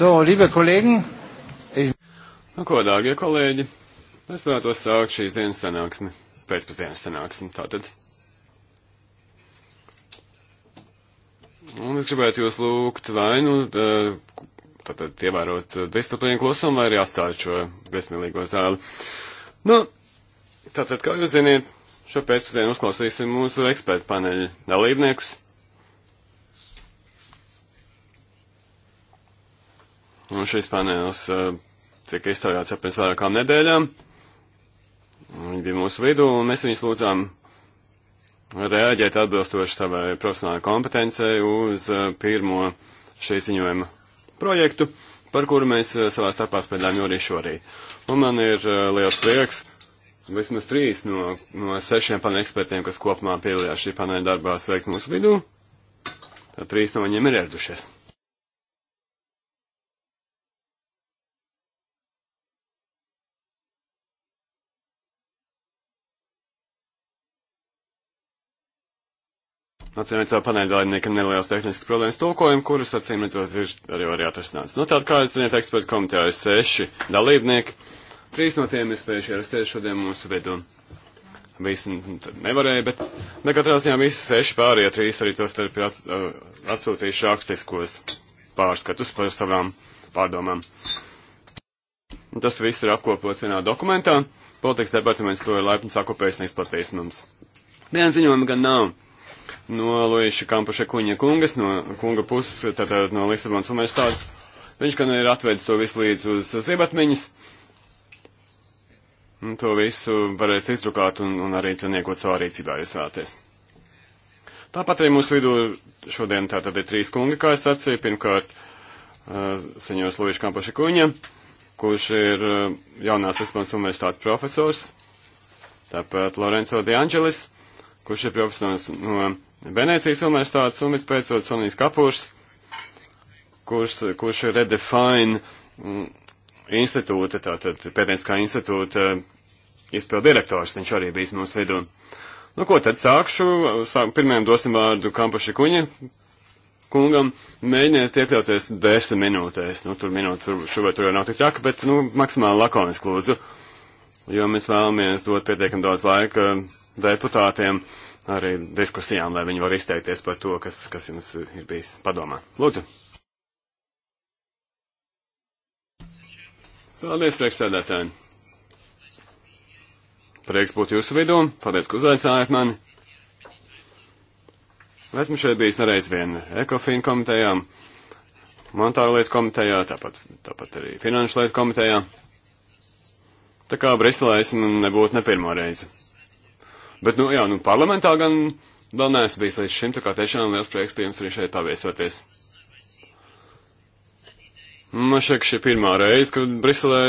So, liebe Kollegen, ich... Nu, ko, dārgie kolēģi, es vēlētos sākt šīs dienas sanāksmi, pēcpusdienas sanāksmi, tātad. Un es gribētu jūs lūgt vai nu, tātad ievērot disciplīnu klusumu vai arī atstāt šo besmīlīgo zāli. Nu, tātad, kā jūs ziniet, šo pēcpusdienu uzklausīsim mūsu ekspertu paneļa dalībniekus. Un šis panelis eh, tika iztaujāts jau pirms vairākām nedēļām. Viņi bija mūsu vidū, un mēs viņus lūdzām reaģēt atbilstoši savai profesionālajai kompetencei uz eh, pirmo šī ziņojuma projektu, par kuru mēs eh, savā starpā spēļām jau arī šorīt. Un man ir liels prieks, vismaz trīs no, no sešiem paneļa ekspertiem, kas kopumā piedalījās šī paneļa darbā, sveikt mūsu vidū. Tad trīs no viņiem ir ieradušies. Atcīmēt savu paneļu dalībniekam nelielas tehniskas problēmas tulkojumu, kuras acīm redzot ir arī arī atrasināts. Nu, tātad, kā es zinu, ekspertu komitejā ir seši dalībnieki. Trīs no tiem ir spējuši ierasties šodien mūsu vidū. Visi nevarēja, bet ne katrā ziņā visi seši pārējie trīs arī to starp uh, atsūtījuši rakstiskos pārskatus par savām pārdomām. Tas viss ir apkopots vienā dokumentā. Politikas departaments to ir laipni sakopējis un izplatījis mums. Viena ziņojuma gan nav no Luīša Kampuša kuņa kungas, no kunga puses, tātad no Lisabonas universitātes. Viņš gan ir atvedis to visu līdz uz zibatmiņas. Un to visu varēs izdrukāt un, un arī ceniekot savā rīcībā, jūs vēlaties. Tāpat arī mūsu vidū šodien tātad ir trīs kungi, kā es sacīju. Pirmkārt, uh, senjors Luīša Kampuša kuņa, kurš ir uh, jaunās Lisabonas universitātes profesors. Tāpat Lorenzo De Angelis, kurš ir profesors no Venēcijas universitātes un vispēcot Sonijas Kapurs, kurš, kurš redefine mm, institūta, tātad pētnieciskā institūta eh, izpildu direktors, viņš arī bijis mūsu vidū. Nu, ko tad sākšu? Sāk, pirmajam dosim vārdu Kampuši Kuņa kungam. Mēģiniet iekļauties desmit minūtēs. Nu, tur minūte šobrīd tur jau nav tik jaka, bet, nu, maksimāli lakoniski lūdzu, jo mēs vēlamies dot pietiekam daudz laika eh, deputātiem arī diskusijām, lai viņi var izteikties par to, kas, kas jums ir bijis padomā. Lūdzu! Paldies, priekšsēdētāji! Prieks būt jūsu vidū. Paldies, ka uzaicinājāt mani. Esmu šeit bijis nereiz vien Ekofīna komitejā, Monetāra lieta komitejā, tāpat, tāpat arī Finanšu lieta komitejā. Tā kā Briselē esmu nebūtu ne pirmo reizi. Bet, nu, jā, nu, parlamentā gan vēl neesmu bijis līdz šim, tā kā tiešām liels prieks pie jums arī šeit paviesoties. Man šķiet, ka šī pirmā reize, kad Briselē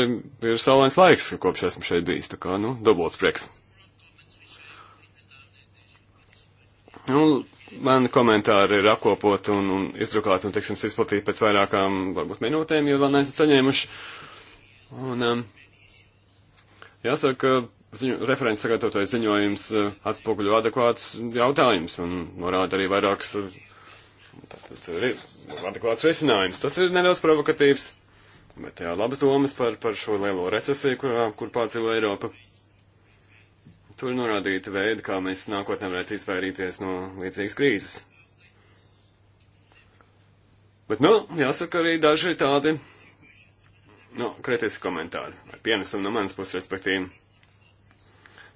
ir saulains laiks, kopš esmu šeit bijis, tā kā, nu, dobots prieks. Nu, man komentāri ir apkopot un, un izdrukāt un, teiksim, izplatīt pēc vairākām, varbūt, minūtēm, jo vēl neesmu saņēmuši. Un, um, jāsaka, ziņu, referents sagatavotais ziņojums eh, atspoguļo adekvātus jautājumus un norāda arī vairākas eh, adekvātus risinājumus. Tas ir nedaudz provokatīvs, bet jā, labas domas par, par šo lielo recesiju, kurā, kur pārdzīvo Eiropa. Tur norādīta veida, kā mēs nākotnē varētu izvairīties no līdzīgas krīzes. Bet, nu, jāsaka arī daži tādi, nu, kritiski komentāri ar pienesumu no manas puses, respektīvi.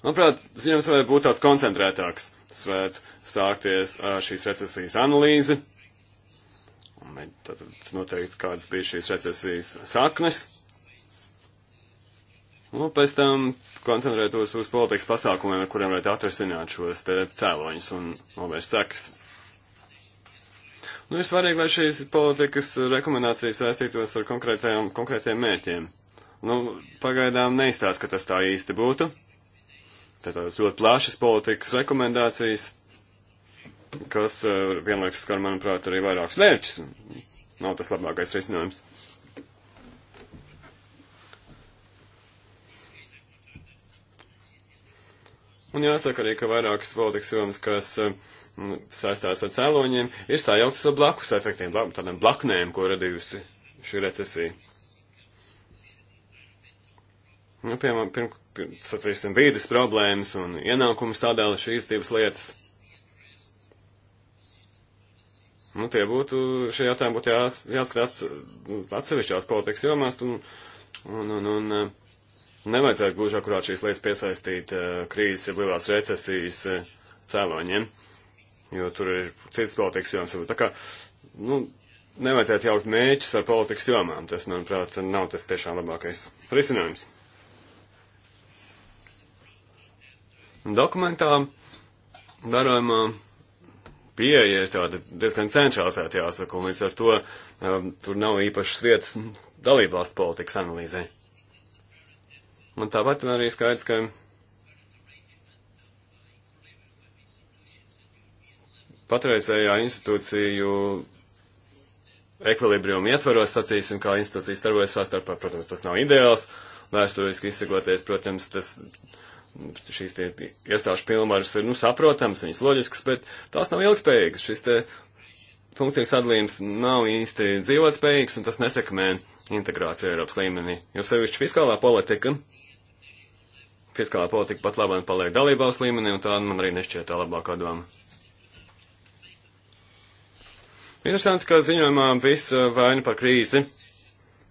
Manuprāt, ziņojums varētu būt tāds koncentrētāks. Tas varētu sākties ar šīs recesijas analīzi. Un tad noteikti kādas bija šīs recesijas saknes. Un pēc tam koncentrētos uz politikas pasākumiem, ar kuriem varētu atrisināt šos te cēloņus un novērst sekas. Nu, ir svarīgi, lai šīs politikas rekomendācijas saistītos ar konkrētiem, konkrētiem mērķiem. Nu, pagaidām neizstāsta, ka tas tā īsti būtu tādas ļoti plašas politikas rekomendācijas, kas eh, vienlaikus skar, manuprāt, arī vairākus mērķus. Nav tas labākais risinājums. Un jāsaka arī, ka vairākas politikas jomas, kas eh, nu, saistās ar cēloņiem, ir sajauktas ar blakus efektiem, tādām blaknēm, ko radījusi šī recesija. Nu, piemēram, pirm, pirm, sacīsim, vīdes problēmas un ienākums tādēļ šīs divas lietas. Nu, tie būtu, šie jautājumi būtu jās, jāskatās nu, atsevišķās politikas jomās, un, un, un, un eh, nevajadzētu gluži akurāt šīs lietas piesaistīt eh, krīzes, ja lielās recesijas eh, cēloņiem, jo tur ir citas politikas jomas. Tā kā, nu, nevajadzētu jaukt mēķus ar politikas jomām, tas, manuprāt, nav tas tiešām labākais risinājums. Dokumentā darojumā pieeja ir tāda diezgan centralizēta jāsaka, un līdz ar to um, tur nav īpašas vietas dalībvalstu politikas analīzē. Un tāpat arī skaidrs, ka patreizējā institūciju ekvilibrium ietvaros, sacīsim, kā institūcijas darbojas sastarpā, protams, tas nav ideāls, vēsturiski izsakoties, protams, tas šīs tie iestāžu pilnvaras ir, nu, saprotams, viņas loģiskas, bet tās nav ilgspējīgas. Šis te funkcijas sadalījums nav īsti dzīvotspējīgs, un tas nesekmē integrāciju Eiropas līmenī. Jo sevišķi fiskālā politika, fiskālā politika pat labāk paliek dalībās līmenī, un tā man arī nešķiet tā labākā doma. Interesanti, ka ziņojumā viss eh, vaina par krīzi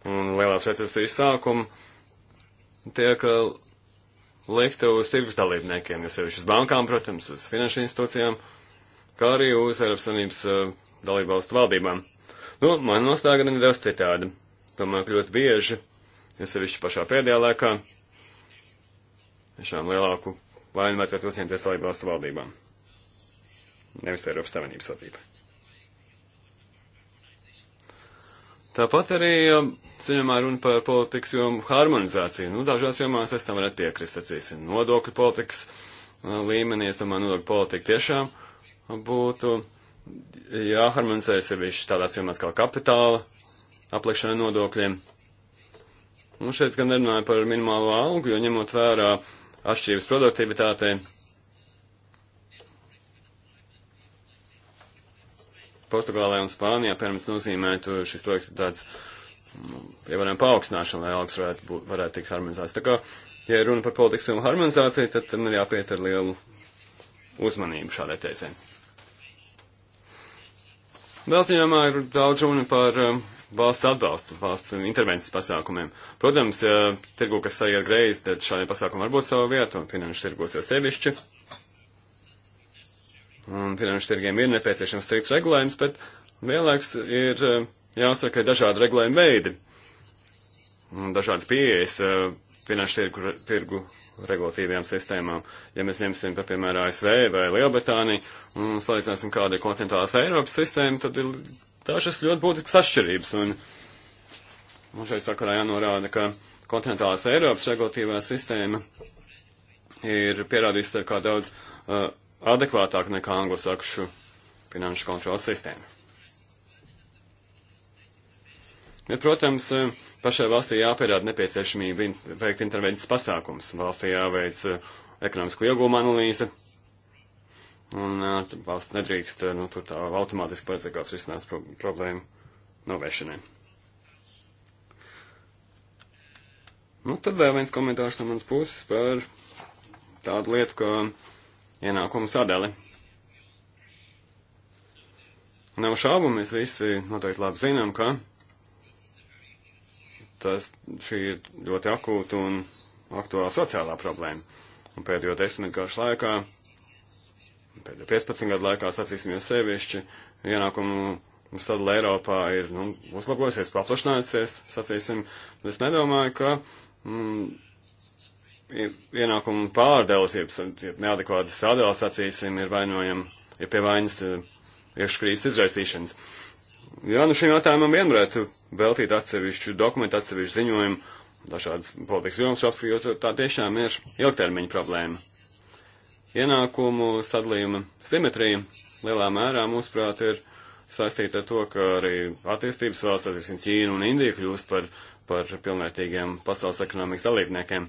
un lielās recesijas sākumu tiek eh, liktu uz tirgus dalībniekiem, jo sevišķi uz bankām, protams, uz finanšu institūcijām, kā arī uz Eiropas Savienības uh, dalību valstu valdībām. Nu, man nostāja gan nedaudz citāda. Tomēr ļoti bieži, jo sevišķi pašā pēdējā laikā, šām lielāku vainu vajadzētu uzņemties dalību valstu valdībām. Nevis Eiropas Savienības valdībai. Tāpat arī um, ceļamā runa par politikas jomu harmonizāciju. Nu, dažās jomās es tam varētu piekrist, acīsim, nodokļu politikas uh, līmenī, es domāju, nodokļu politika tiešām būtu jāharmonizē sevišķi tādās jomās kā kapitāla, aplikšana nodokļiem. Nu, šeit gan nerunāju par minimālo algu, jo ņemot vērā atšķirības produktivitātei, Portugālē un Spānijā, pirms nozīmētu šis projekts tāds, nu, piemēram, paaugstināšana, lai algas varētu, būt, varētu tikt harmonizēts. Tā kā, ja runa par politikas jomu harmonizāciju, tad tam ir jāpiet ar lielu uzmanību šādai teicē. Vēl ziņāmā ir daudz runa par um, valsts atbalstu, valsts intervences pasākumiem. Protams, ja tirgu, kas sajā greizi, tad šādiem pasākumiem var būt savu vietu, un finanšu tirgos jau sevišķi un finanšu tirgiem ir nepieciešams strikts regulējums, bet vienlaiks ir eh, jāsaka, ka dažādi regulējumi veidi un dažādas pieejas eh, finanšu tirgu, tirgu regulatīvajām sistēmām. Ja mēs ņemsim, par, piemēram, ASV vai Lielbritāniju un salīdzināsim, kāda ir kontinentālās Eiropas sistēma, tad ir dažas ļoti būtiskas atšķirības. Un, un šai sakarā jānorāda, ka kontinentālās Eiropas regulatīvā sistēma ir pierādījusi, kā daudz uh, adekvātāka nekā anglosakšu finanšu kontrolas sistēma. Ja, protams, pašai valstī jāpierāda nepieciešamība veikt intervences pasākums. Valstī jāveic eh, ekonomisko iegūmu analīze, un eh, valsts nedrīkst eh, nu, tur tā automātiski paredzēt kāds risinās pro problēmu novēršanai. Nu, tad vēl viens komentārs no manas puses par tādu lietu, ka ienākumu sadali. Nav šaubu, mēs visi noteikti labi zinām, ka tas, šī ir ļoti akūta un aktuāla sociālā problēma. Un pēdējo desmitgažu laikā, pēdējo 15 gadu laikā, sacīsim jau sevišķi, ienākumu sadala Eiropā ir nu, uzlabojusies, paplašinājusies, sacīsim. Es nedomāju, ka mm, ienākumu pārdalsības, neadekvātas sādēlas acīsim ir vainojami, ir pie vainas eh, iekškrīzes izraisīšanas. Jā, nu šim jautājumam vienvarētu veltīt atsevišķu dokumentu, atsevišķu ziņojumu, dažādas politikas jomas apskatīt, jo tā tiešām ir ilgtermiņa problēma. Ienākumu sadalījuma simetrija lielā mērā, mūsuprāt, ir saistīta ar to, ka arī attīstības valsts, attīstīsim Ķīnu un Indiju, kļūst par, par pilnvērtīgiem pasaules ekonomikas dalībniekiem.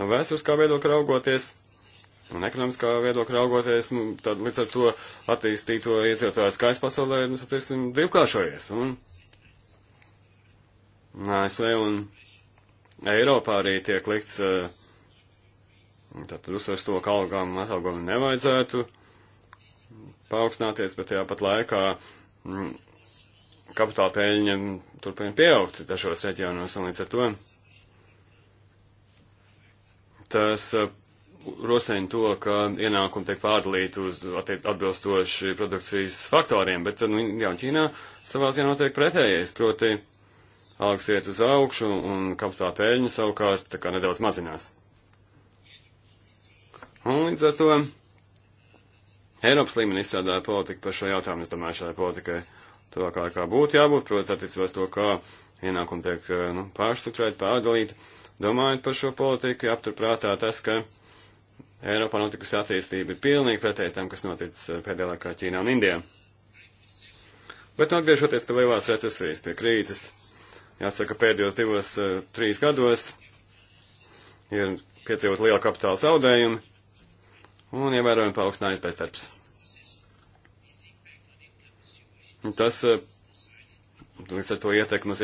No vēsturiskā viedokļa raugoties un ekonomiskā viedokļa raugoties, nu, tad līdz ar to attīstīto iedzīvotāju skaits pasaulē ir, nu, sacīsim, divkāršojies. Un ASV un Eiropā arī tiek likts, eh, tad uzsvers to, ka algām atalgojumi nevajadzētu paaugstināties, bet tajāpat laikā mm, kapitāla pēļņa turpina pieaugt dažos reģionos un līdz ar to tas uh, rosina to, ka ienākumi tiek pārdalīti uz atbilstoši produkcijas faktoriem, bet, nu, jā, Ķīnā savā ziņā notiek pretējais, proti algas iet uz augšu un kapitāla pēļņa savukārt tā kā nedaudz mazinās. Un līdz ar to Eiropas līmenī izstrādāja politika par šo jautājumu, es domāju, šai politikai to kā, kā būtu jābūt, proti attiecībās to, kā ienākumi tiek, uh, nu, pārstruktūrēti, pārdalīti. Domājot par šo politiku, jāapturprātā tas, ka Eiropā notikusi attīstība ir pilnīgi pretēji tam, kas noticis eh, pēdējā laikā Ķīnā un Indijā. Bet nu, atgriežoties pie lielās recesijas, pie krīzes, jāsaka, pēdējos divos, eh, trīs gados ir piedzīvot lielu kapitāla zaudējumu un ievērojami paaugstinājies bezdarbs. Tas eh, Līdz ar to ietekme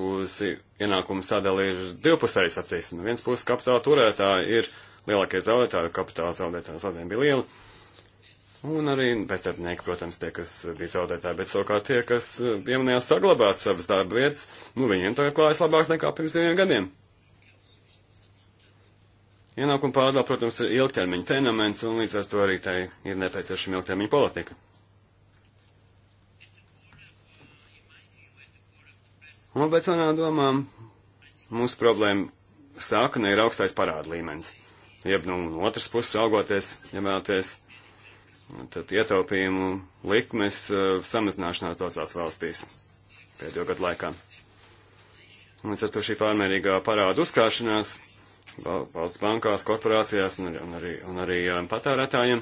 uz ienākumu sadali ir divpusēji sacīsim. No vienas puses kapitāla turētāji ir lielākie zaudētāji, kapitāla zaudētāji zaudējumi bija lieli. Un arī bezdarbnieki, protams, tie, kas bija zaudētāji, bet savukārt tie, kas eh, pieminējās saglabāt savas darba vietas, nu viņiem tagad klājas labāk nekā pirms diviem gadiem. Ienākuma pārdala, protams, ir ilgtermiņa fenomens, un līdz ar to arī tai ir nepieciešama ilgtermiņa politika. Un pēc manām domām mūsu problēma sākuma ir augstais parāda līmenis. Jeb nu, no otras puses augoties, ja vēlaties, tad ietaupījumu likmes uh, samazināšanās daudzās valstīs pēdējo gadu laikā. Un līdz ar to šī pārmērīgā parāda uzkrāšanās valsts bankās, korporācijās un, un arī, un arī um, patērētājiem.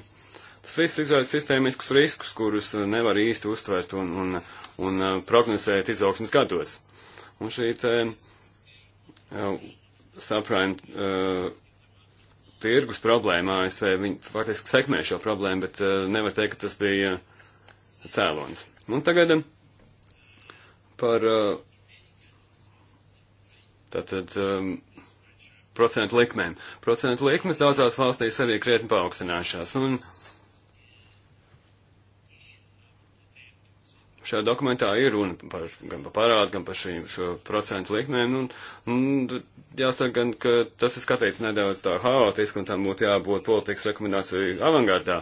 Tas viss izraisa sistēmiskus riskus, kurus eh, nevar īsti uztvert un, un, un eh, prognozēt izaugsmas gados. Un šī te subprime tirgus problēma ASV, eh, viņi faktiski sekmē šo problēmu, bet eh, nevar teikt, ka tas bija eh, cēlonis. Un tagad par tātad procentu likmēm. Procentu likmes daudzās valstīs arī krietni paaugstinājušās. Un šajā dokumentā ir runa par, gan par parādu, gan par šīm šo procentu likmēm, un, un jāsaka gan, ka tas ir skatīts nedaudz tā haotiski, un tam būtu jābūt politikas rekomendāciju avangardā.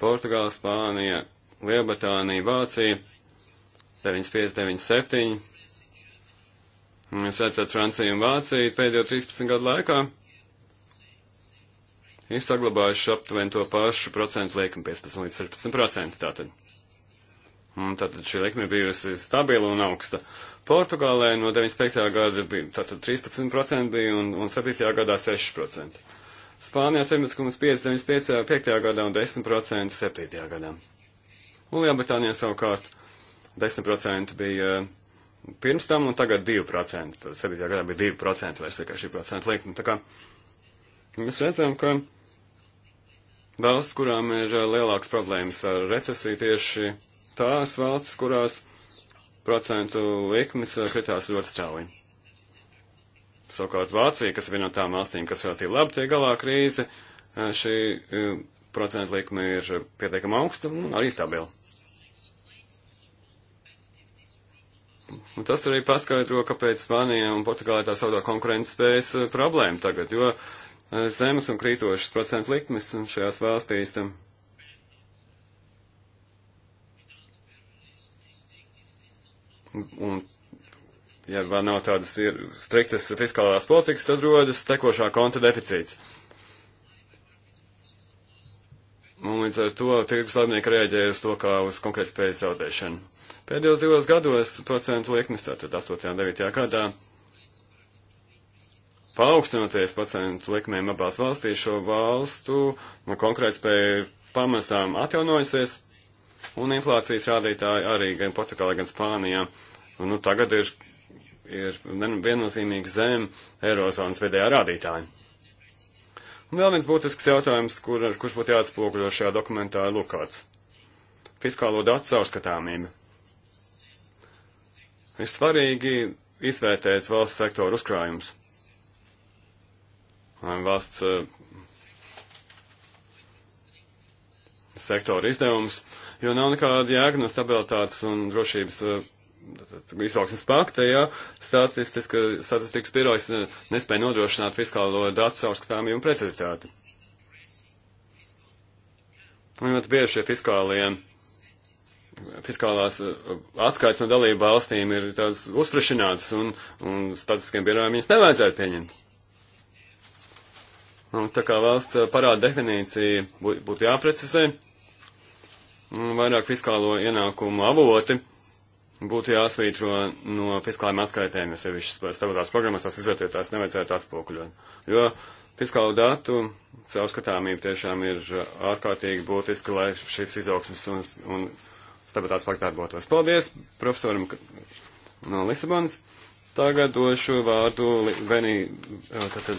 Portugāla, Spānija, Lielbritānija, Vācija, 95, 97. Jūs redzat Franciju un Vāciju pēdējo 13 gadu laikā. Ir saglabājuši aptuveni to pašu procentu liekumu 15 līdz 16 procentu tātad. Un mm, tātad šī likme bijusi stabila un augsta. Portugālē no 95. gada bija tātad 13% bija un, un 7. gadā 6%. Spānijā 7,5, 95. 5. gadā un 10% 7. gadā. Un Lielbritānijā savukārt 10% bija eh, pirms tam un tagad 2%. Tad 7. gadā bija 2% vairs tikai šī procenta likme. Tā kā mēs redzam, ka valsts, kurām ir eh, lielākas problēmas ar recesiju tieši tās valstis, kurās procentu likmes eh, kritās ļoti strauji. Savukārt Vācija, kas ir viena no tām valstīm, kas relatīvi labi tiek galā krīze, eh, šī eh, procentu likme ir pietiekama augsta un arī stabila. Un tas arī paskaidro, kāpēc Spānijā un Portugālē tā saudā konkurences spējas problēma tagad, jo zemes un krītošas procentu likmes šajās valstīs. Um, un ja vēl nav tādas striktas fiskālās politikas, tad rodas tekošā konta deficīts. Un līdz ar to tirgus labnieki reaģēja uz to kā uz konkrētas spējas zaudēšanu. Pēdējos divos gados procentu likmes, tātad 8. un 9. gadā, paaugstinoties pacientu likmēm abās valstīs, šo valstu nu, konkrētspēja pamazām atjaunojusies. Un inflācijas rādītāji arī gan Portugālē, gan Spānijā. Un, nu, tagad ir, ir viennozīmīgi zem Eirozonas vidējā rādītāja. Un vēl viens būtisks jautājums, kur, kurš būtu jāatspoguļo šajā dokumentā, ir lukāts. Fiskālo datu caurskatāmība. Ir svarīgi izvērtēt valsts sektoru uzkrājumus. Valsts eh, sektora izdevumus jo nav nekāda jēga no stabilitātes un drošības eh, izaugsmes pakta, ja statistiska, statistikas birojas eh, nespēja nodrošināt fiskālo datu savskatāmību un precizitāti. Un ļoti bieži šie fiskālie, fiskālās eh, atskaits no dalību valstīm ir tāds uzfrešināts un, un statistiskiem birojiem viņas nevajadzētu pieņemt. Un nu, tā kā valsts parāda definīcija būtu jāprecizē, vairāk fiskālo ienākumu avoti būtu jāsvītro no fiskālajiem atskaitēm, jo sevišķi stabilitātes programmas tās izvērtētās nevajadzētu atspoguļot. Jo fiskālo datu caurskatāmība tiešām ir uh, ārkārtīgi būtiska, lai šis izaugsmes un, un stabilitātes pakts darbotos. Paldies profesoram no Lisabonas. Tagad došu vārdu Venī, tātad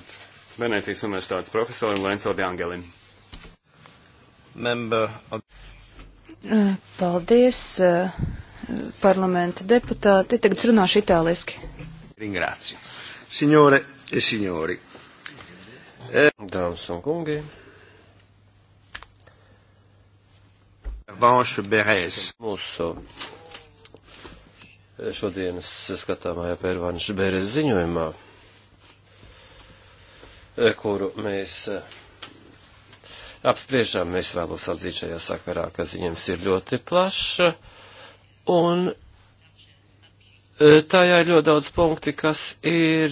Venēcijas universitātes profesoram Lenso Diangelim. Member of... Paldies, eh, parlamenta deputāti. Tagad es runāšu itāliski. Ringrācija. Signore e signori. E... Dāmas un kungi. Vanšu Berēs. Mūsu eh, šodienas skatāmajā pērvanšu Berēs ziņojumā, kuru mēs apspriežam. Es vēlos atzīt šajā sakarā, ka ziņams ir ļoti plaša, un e, tajā ir ļoti daudz punkti, kas ir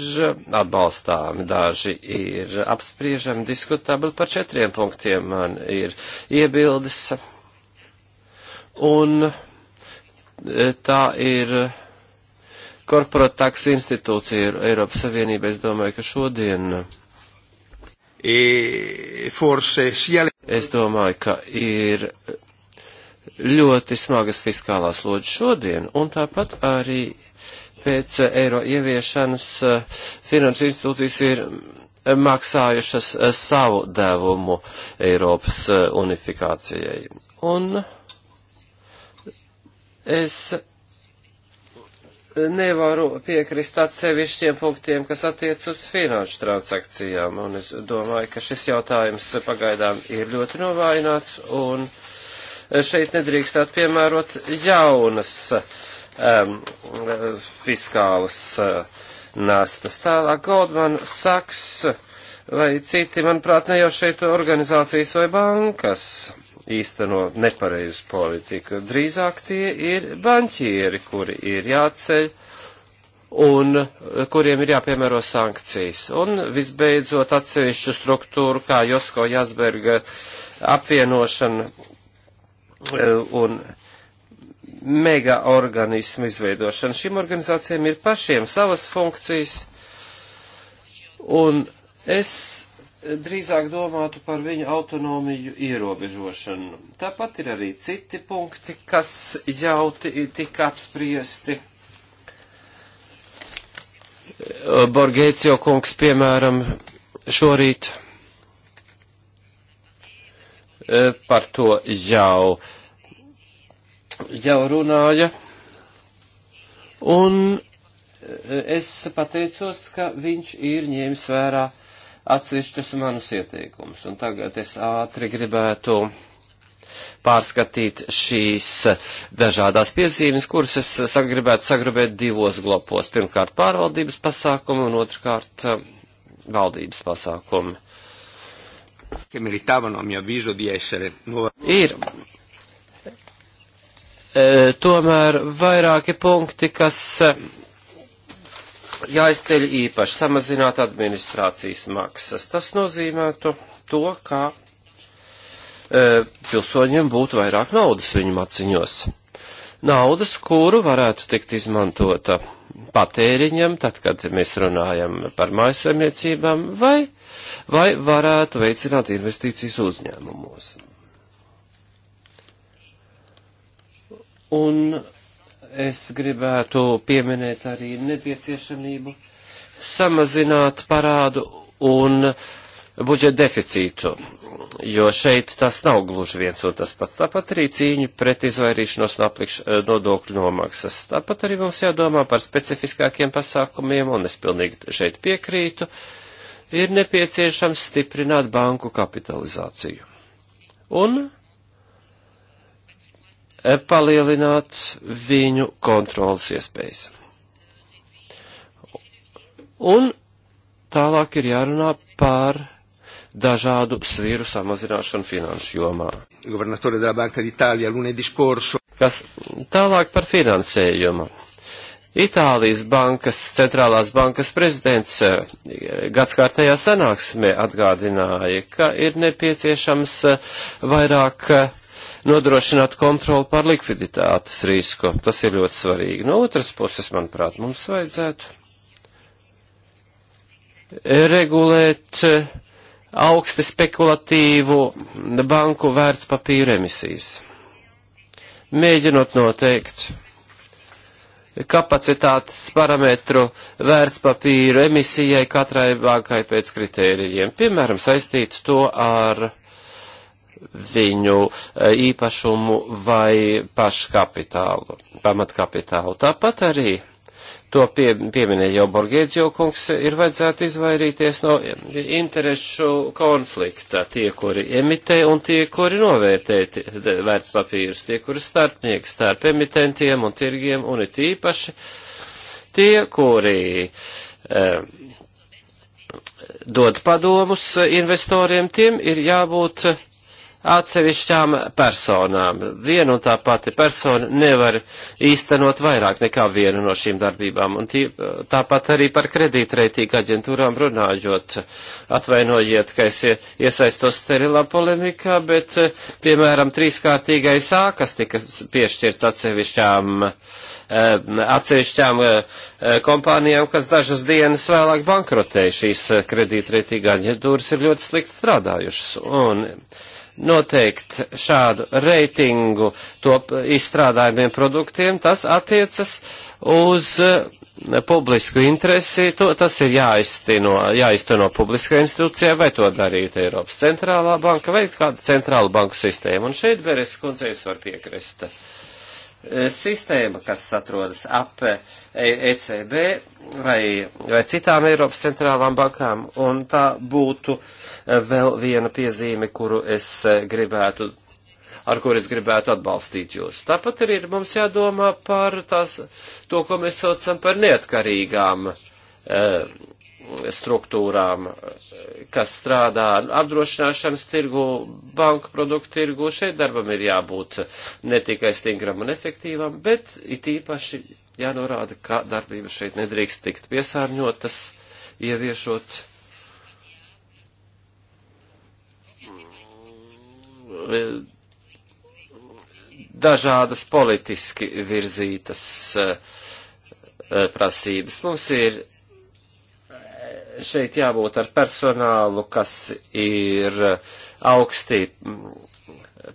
atbalstāmi, daži ir apspriežami, diskutabli par četriem punktiem man ir iebildes, un e, tā ir korporatāks institūcija Eiropas Savienība, es domāju, ka šodien E es domāju, ka ir ļoti smagas fiskālās lodzes šodien, un tāpat arī pēc eiro ieviešanas eh, finanšu institūcijas ir maksājušas eh, savu devumu Eiropas eh, unifikācijai. Un es nevaru piekrist atsevišķiem punktiem, kas attiec uz finanšu transakcijām, un es domāju, ka šis jautājums pagaidām ir ļoti novājināts, un šeit nedrīkstāt piemērot jaunas um, fiskālas uh, nastas. Tālāk Goldman Sachs vai citi, manuprāt, ne jau šeit organizācijas vai bankas īsteno nepareizu politiku. Drīzāk tie ir banķieri, kuri ir jāceļ un eh, kuriem ir jāpiemēro sankcijas. Un visbeidzot atsevišķu struktūru, kā Josko Jasberga apvienošana eh, un mega organismu izveidošana. Šīm organizācijām ir pašiem savas funkcijas, un es drīzāk domātu par viņu autonomiju ierobežošanu. Tāpat ir arī citi punkti, kas jau tika apspriesti. Borgēcio kungs, piemēram, šorīt e, par to jau, jau runāja. Un e, es pateicos, ka viņš ir ņēmis vērā atsevišķus manus ieteikumus. Un tagad es ātri gribētu pārskatīt šīs dažādās piezīmes, kuras es sagribētu sagribēt divos glopos. Pirmkārt, pārvaldības pasākumi un otrkārt, eh, valdības pasākumi. Ir eh, tomēr vairāki punkti, kas eh, jāizceļ īpaši samazināt administrācijas maksas. Tas nozīmētu to, ka e, pilsoņiem būtu vairāk naudas viņu maciņos. Naudas, kuru varētu tikt izmantota patēriņam, tad, kad mēs runājam par mājasemniecībām, vai, vai varētu veicināt investīcijas uzņēmumos. Un es gribētu pieminēt arī nepieciešamību samazināt parādu un budžeta deficītu, jo šeit tas nav gluži viens un tas pats. Tāpat arī cīņu pret izvairīšanos no aplikš, eh, nodokļu nomaksas. Tāpat arī mums jādomā par specifiskākiem pasākumiem, un es pilnīgi šeit piekrītu, ir nepieciešams stiprināt banku kapitalizāciju. Un Eh, palielināt viņu kontrolas iespējas. Un tālāk ir jārunā par dažādu svīru samazināšanu finanšu jomā. Kas tālāk par finansējumu? Itālijas bankas, centrālās bankas prezidents eh, gadskārtējā sanāksmē atgādināja, ka ir nepieciešams eh, vairāk nodrošināt kontroli pār likviditātes risku. Tas ir ļoti svarīgi. No otras puses, manuprāt, mums vajadzētu regulēt eh, augsti spekulatīvu banku vērtspapīru emisijas. Mēģinot noteikt kapacitātes parametru vērtspapīru emisijai katrai bankai pēc kritērijiem, piemēram, saistīt to ar viņu e, īpašumu vai paškapitālu, pamatkapitālu. Tāpat arī to pie, pieminēja jau Borgēdzio kungs, ir vajadzētu izvairīties no interešu konflikta. Tie, kuri emitē un tie, kuri novērtē vērtspapīrus, tie, kuri starpnieki starp emitentiem un tirgiem un it īpaši tie, kuri. Eh, dod padomus investoriem, tiem ir jābūt eh, atsevišķām personām. Viena un tā pati persona nevar īstenot vairāk nekā vienu no šīm darbībām. Un tī, tāpat arī par kredītreitīgu aģentūrām runājot. Atvainojiet, ka es iesaistos sterilā polemikā, bet, piemēram, trīskārtīgais A, kas tika piešķirts atsevišķām, eh, atsevišķām eh, kompānijām, kas dažas dienas vēlāk bankrotēja, šīs eh, kredītreitīgā aģentūras ir ļoti slikti strādājušas. Un, noteikt šādu reitingu to izstrādājumiem produktiem, tas attiecas uz eh, publisku interesi, to, tas ir jāiztino, jāiztino publiskā institūcijā, vai to darītu Eiropas centrālā banka, vai kāda centrāla banku sistēma. Un šeit Beres kundzei es varu piekrist. Uh, E, sistēma, kas atrodas ap ECB e vai, vai citām Eiropas centrālām bankām, un tā būtu e, vēl viena piezīme, kuru es gribētu, ar kuru es gribētu atbalstīt jūs. Tāpat arī ir mums jādomā par tās, to, ko mēs saucam par neatkarīgām eh, struktūrām, kas strādā apdrošināšanas tirgu, banku produktu tirgu. Šeit darbam ir jābūt ne tikai stingram un efektīvam, bet it īpaši jānorāda, ka darbība šeit nedrīkst tikt piesārņotas, ieviešot dažādas politiski virzītas eh, prasības. Mums ir šeit jābūt ar personālu, kas ir augstī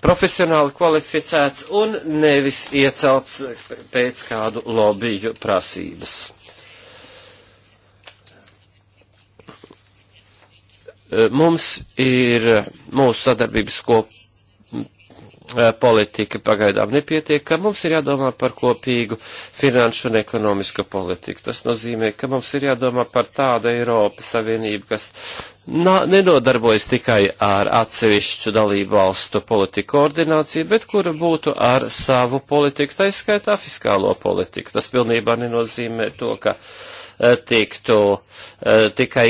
profesionāli kvalificēts un nevis iecelts pēc kādu lobiju prasības. Mums ir mūsu sadarbības kopums Eh, politika pagaidām nepietiek, ka mums ir jādomā par kopīgu finanšu un ekonomisku politiku. Tas nozīmē, ka mums ir jādomā par tādu Eiropas Savienību, kas nenodarbojas tikai ar atsevišķu dalību valstu politiku koordināciju, bet kura būtu ar savu politiku, tā izskaitā fiskālo politiku. Tas pilnībā nenozīmē to, ka eh, tiktu eh, tikai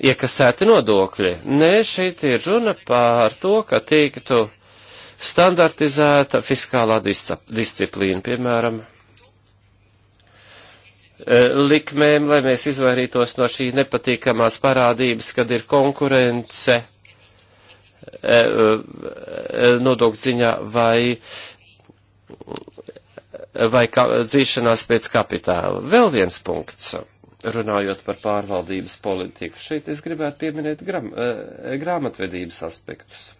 iekasēti nodokļi. Nē, šeit ir runa par to, ka tiktu standartizēta fiskālā disciplīna, piemēram, e, likmēm, lai mēs izvairītos no šī nepatīkamās parādības, kad ir konkurence e, e, nodokļu ziņā vai, vai kā, dzīšanās pēc kapitāla. Vēl viens punkts, runājot par pārvaldības politiku. Šeit es gribētu pieminēt gram, grāmatvedības aspektus.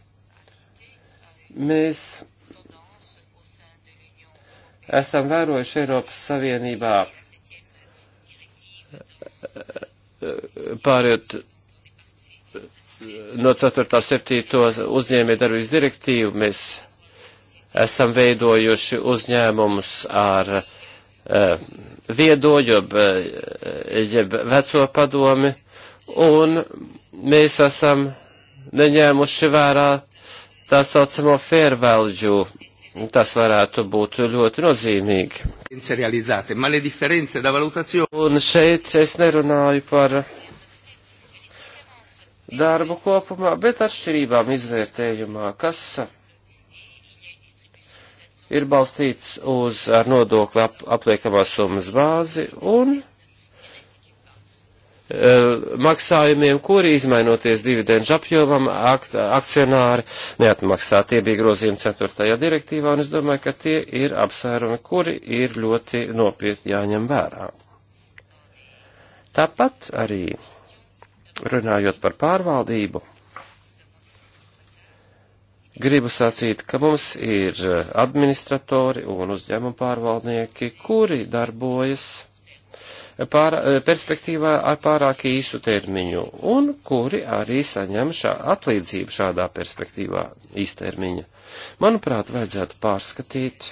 Mēs esam vērojuši Eiropas Savienībā pāriet no 4.7. uzņēmē darbības direktīvu, mēs esam veidojuši uzņēmumus ar uh, viedo, jeb, eh, jeb veco padomi, un mēs esam neņēmuši vērā tā saucamo fairvalue. Tas varētu būt ļoti nozīmīgi. Un šeit es nerunāju par darbu kopumā, bet atšķirībām izvērtējumā, kas ir balstīts uz ar nodokli ap, apliekamās summas bāzi un Eh, maksājumiem, kuri izmainoties dividendžu apjomam, akt, akcionāri neatmaksā. Tie bija grozījumi 4. direktīvā, un es domāju, ka tie ir apsvērumi, kuri ir ļoti nopietni jāņem vērā. Tāpat arī runājot par pārvaldību, gribu sacīt, ka mums ir administratori un uzņēmuma pārvaldnieki, kuri darbojas pār, eh, perspektīvā ar pārāk īsu termiņu, un kuri arī saņem šā atlīdzību šādā perspektīvā īstermiņa. Manuprāt, vajadzētu pārskatīt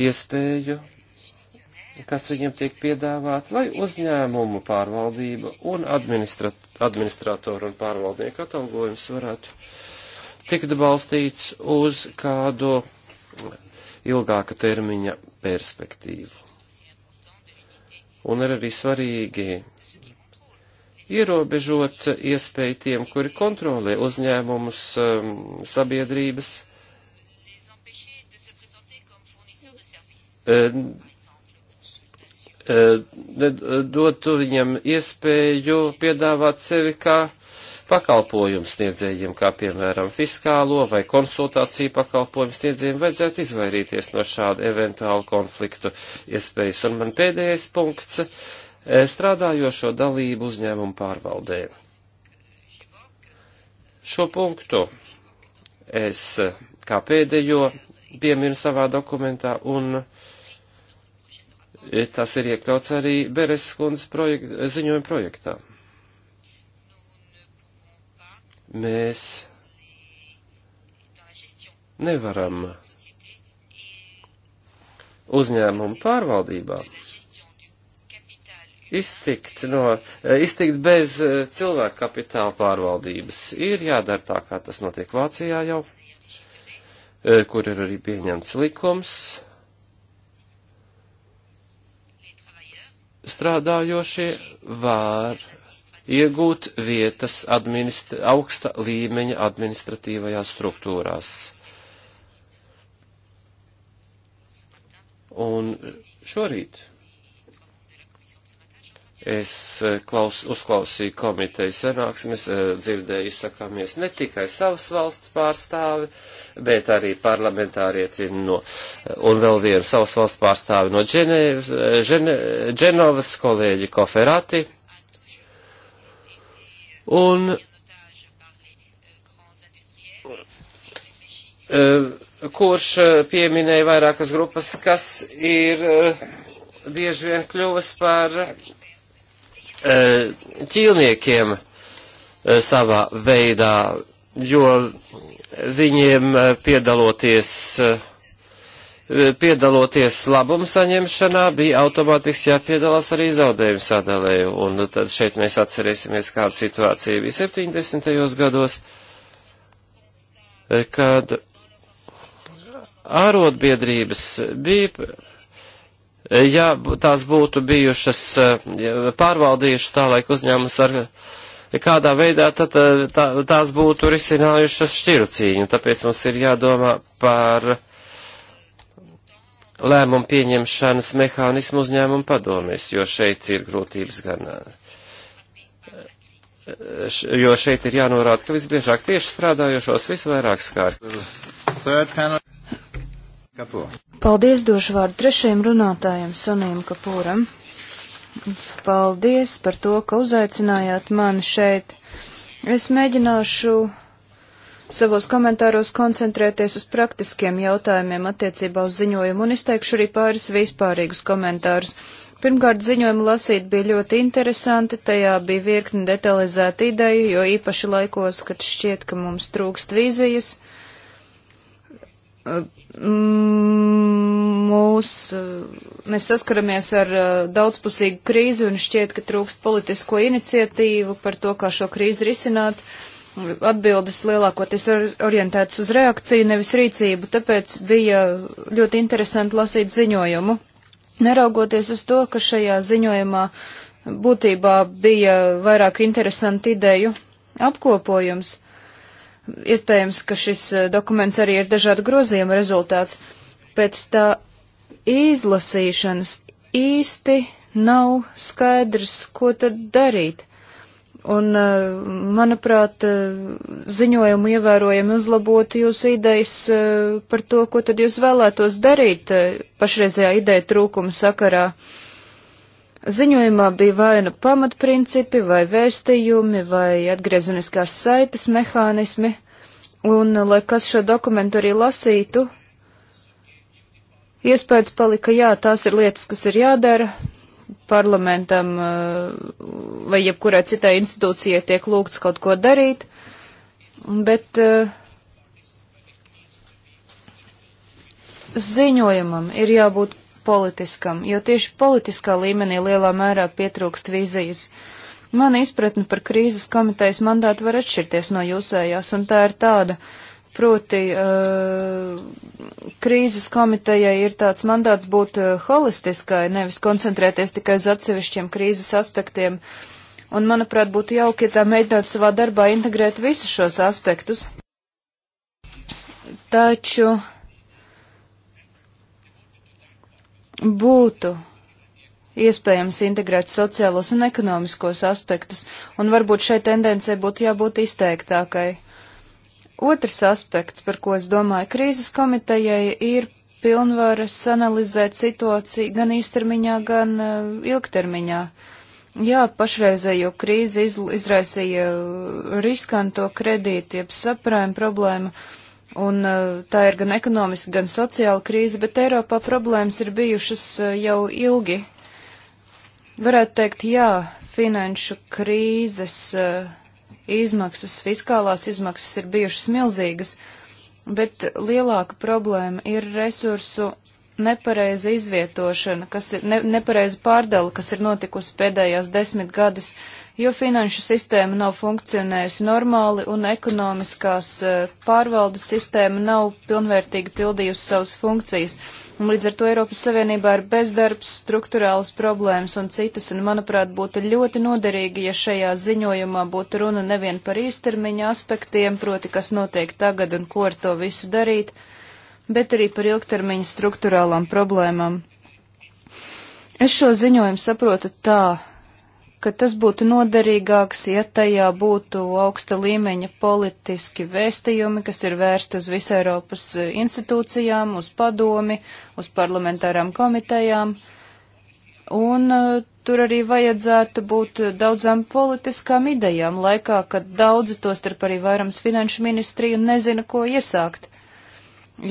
iespēju, kas viņam tiek piedāvāt, lai uzņēmumu pārvaldība un administrat, administratoru un pārvaldnieku atalgojums varētu tikt balstīts uz kādu ilgāka termiņa perspektīvu un ir arī svarīgi ierobežot iespēju tiem, kuri kontrolē uzņēmumus, um, sabiedrības, uh, uh, dot viņam iespēju piedāvāt sevi kā pakalpojumu sniedzējiem, kā piemēram fiskālo vai konsultāciju pakalpojumu sniedzējiem, vajadzētu izvairīties no šāda eventuāla konfliktu iespējas. Un man pēdējais punkts e, - strādājošo dalību uzņēmumu pārvaldē. Šo punktu es e, kā pēdējo pieminu savā dokumentā un e, tas ir iekļauts arī Beres kundzes projek ziņojuma projektā mēs nevaram uzņēmumu pārvaldībā iztikt, no, iztikt bez eh, cilvēku kapitāla pārvaldības. Ir jādara tā, kā tas notiek Vācijā jau, eh, kur ir arī pieņemts likums. Strādājošie var iegūt vietas augsta līmeņa administratīvajās struktūrās. Un šorīt es e, klaus, uzklausīju komiteju sanāksmes, e, dzirdēju izsakāmies ne tikai savas valsts pārstāvi, bet arī parlamentārieci no, e, un vēl vienu savas valsts pārstāvi no Ženevas, Ženevas kolēģi Koferati Un eh, kurš eh, pieminēja vairākas grupas, kas ir eh, bieži vien kļuvis par ķīlniekiem savā veidā, jo viņiem piedaloties uh, piedaloties labumu saņemšanā, bija automātiski jāpiedalās arī zaudējumu sadalē. Un nu, tad šeit mēs atcerēsimies, kāda situācija bija 70. gados, kad ārotbiedrības bija, ja tās būtu bijušas pārvaldījušas tā laika uzņēmums ar kādā veidā, tad tā, tās būtu risinājušas šķiru cīņu. Tāpēc mums ir jādomā par lēmumu pieņemšanas mehānismu uzņēmumu padomēs, jo šeit ir grūtības gan. Eh, jo šeit ir jānorāda, ka visbiežāk tieši strādājošos visvairāk skār. Paldies, došu vārdu trešajam runātājam, Sonijam Kapūram. Paldies par to, ka uzaicinājāt mani šeit. Es mēģināšu savos komentāros koncentrēties uz praktiskiem jautājumiem attiecībā uz ziņojumu un izteikšu arī pāris vispārīgus komentārus. Pirmkārt, ziņojumu lasīt bija ļoti interesanti, tajā bija virkni detalizēta ideja, jo īpaši laikos, kad šķiet, ka mums trūkst vīzijas, mūs, mēs saskaramies ar daudzpusīgu krīzi un šķiet, ka trūkst politisko iniciatīvu par to, kā šo krīzi risināt. Uh, atbildes lielākoties orientētas uz reakciju, nevis rīcību, tāpēc bija ļoti interesanti lasīt ziņojumu. Neraugoties uz to, ka šajā ziņojumā būtībā bija vairāk interesanti ideju apkopojums, iespējams, ka šis eh, dokuments arī ir dažādu grozījumu rezultāts, pēc tā izlasīšanas īsti nav skaidrs, ko tad darīt. Un, uh, manuprāt, uh, ziņojumu ievērojami uzlabotu jūsu idejas uh, par to, ko tad jūs vēlētos darīt pašreizējā ideja trūkuma sakarā. Ziņojumā bija vai nu pamatprincipi, vai vēstījumi, vai atgriezeniskās saites mehānismi, un, lai kas šo dokumentu arī lasītu, iespējas palika, jā, tās ir lietas, kas ir jādara, parlamentam eh, vai jebkurai citai institūcijai tiek lūgts kaut ko darīt, bet eh, ziņojumam ir jābūt politiskam, jo tieši politiskā līmenī lielā mērā pietrūkst vīzijas. Mana izpratne par krīzes komitejas mandātu var atšķirties no jūsējās, un tā ir tāda, uh, Proti, eh, krīzes komitejai ir tāds mandāts būt eh, holistiskai, nevis koncentrēties tikai uz atsevišķiem krīzes aspektiem. Un, manuprāt, būtu jauki, ja tā mēģinātu savā darbā integrēt visus šos aspektus. Taču būtu iespējams integrēt sociālos un ekonomiskos aspektus, un varbūt šai tendencē būtu jābūt izteiktākai. Otrs aspekts, par ko es domāju, krīzes komitejai ir pilnvaras analizēt situāciju gan īstermiņā, gan uh, ilgtermiņā. Jā, pašreizējo krīzi iz, izraisīja riskanto kredītu, jeb saprājuma problēma, un uh, tā ir gan ekonomiska, gan sociāla krīze, bet Eiropā problēmas ir bijušas uh, jau ilgi. Varētu teikt, jā, finanšu krīzes. Uh, izmaksas, fiskālās izmaksas ir bijušas milzīgas, bet lielāka problēma ir resursu nepareiza izvietošana, kas ir ne, nepareiza pārdala, kas ir notikusi pēdējās desmit gadus, jo finanšu sistēma nav funkcionējusi normāli un ekonomiskās eh, pārvaldes sistēma nav pilnvērtīgi pildījusi savas funkcijas. Un līdz ar to Eiropas Savienībā ir bezdarbs, struktūrāls problēmas un citas, un manuprāt, būtu ļoti noderīgi, ja šajā ziņojumā būtu runa nevien par īstermiņa aspektiem, proti, kas notiek tagad un ko ar to visu darīt, bet arī par ilgtermiņa struktūrālām problēmām. Es šo ziņojumu saprotu tā, ka tas būtu noderīgāks, ja tajā būtu augsta līmeņa politiski vēstījumi, kas ir vērsti uz visu Eiropas e, institūcijām, uz padomi, uz parlamentārām komitejām. Un e, tur arī vajadzētu būt daudzām politiskām idejām laikā, kad daudzi to starp arī vairums finanšu ministriju nezina, ko iesākt.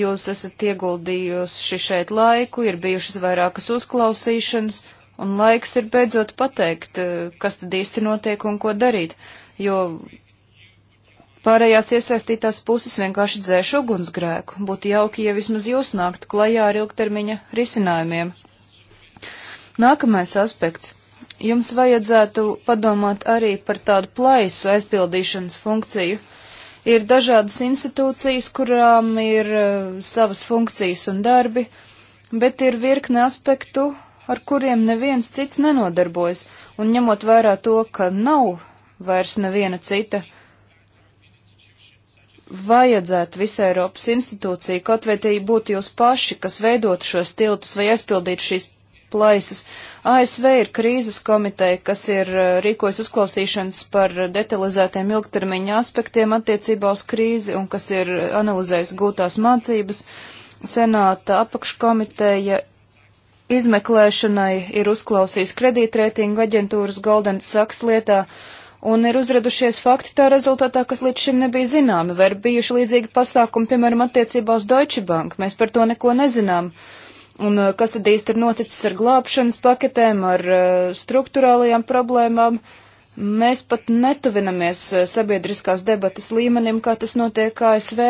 Jūs esat ieguldījusi šeit laiku, ir bijušas vairākas uzklausīšanas Un laiks ir beidzot pateikt, eh, kas tad īsti notiek un ko darīt, jo pārējās iesaistītās puses vienkārši dzēš ugunsgrēku. Būtu jauki, ja vismaz jūs nākt klajā ar ilgtermiņa risinājumiem. Nākamais aspekts. Jums vajadzētu padomāt arī par tādu plaisu aizpildīšanas funkciju. Ir dažādas institūcijas, kurām ir uh, savas funkcijas un darbi, bet ir virkne aspektu, ar kuriem neviens cits nenodarbojas, un ņemot vērā to, ka nav vairs neviena cita, vajadzētu visai Eiropas institūcija, kaut vai tie būtu jūs paši, kas veidotu šos tiltus vai aizpildītu šīs plaisas. ASV ir krīzes komiteja, kas ir uh, rīkojas uzklausīšanas par detalizētiem ilgtermiņa aspektiem attiecībā uz krīzi un kas ir uh, analizējis gūtās mācības. Senāta apakškomiteja izmeklēšanai ir uzklausījis kredītreitingu aģentūras Golden Sachs lietā, un ir uzredušies fakti tā rezultātā, kas līdz šim nebija zināmi, vai ir bijuši līdzīgi pasākumi, piemēram, attiecībā uz Deutsche Bank. Mēs par to neko nezinām. Un eh, kas tad īsti ir noticis ar glābšanas paketēm, ar eh, struktūrālajām problēmām? Mēs pat netuvinamies eh, sabiedriskās debatas līmenim, kā tas notiek ASV.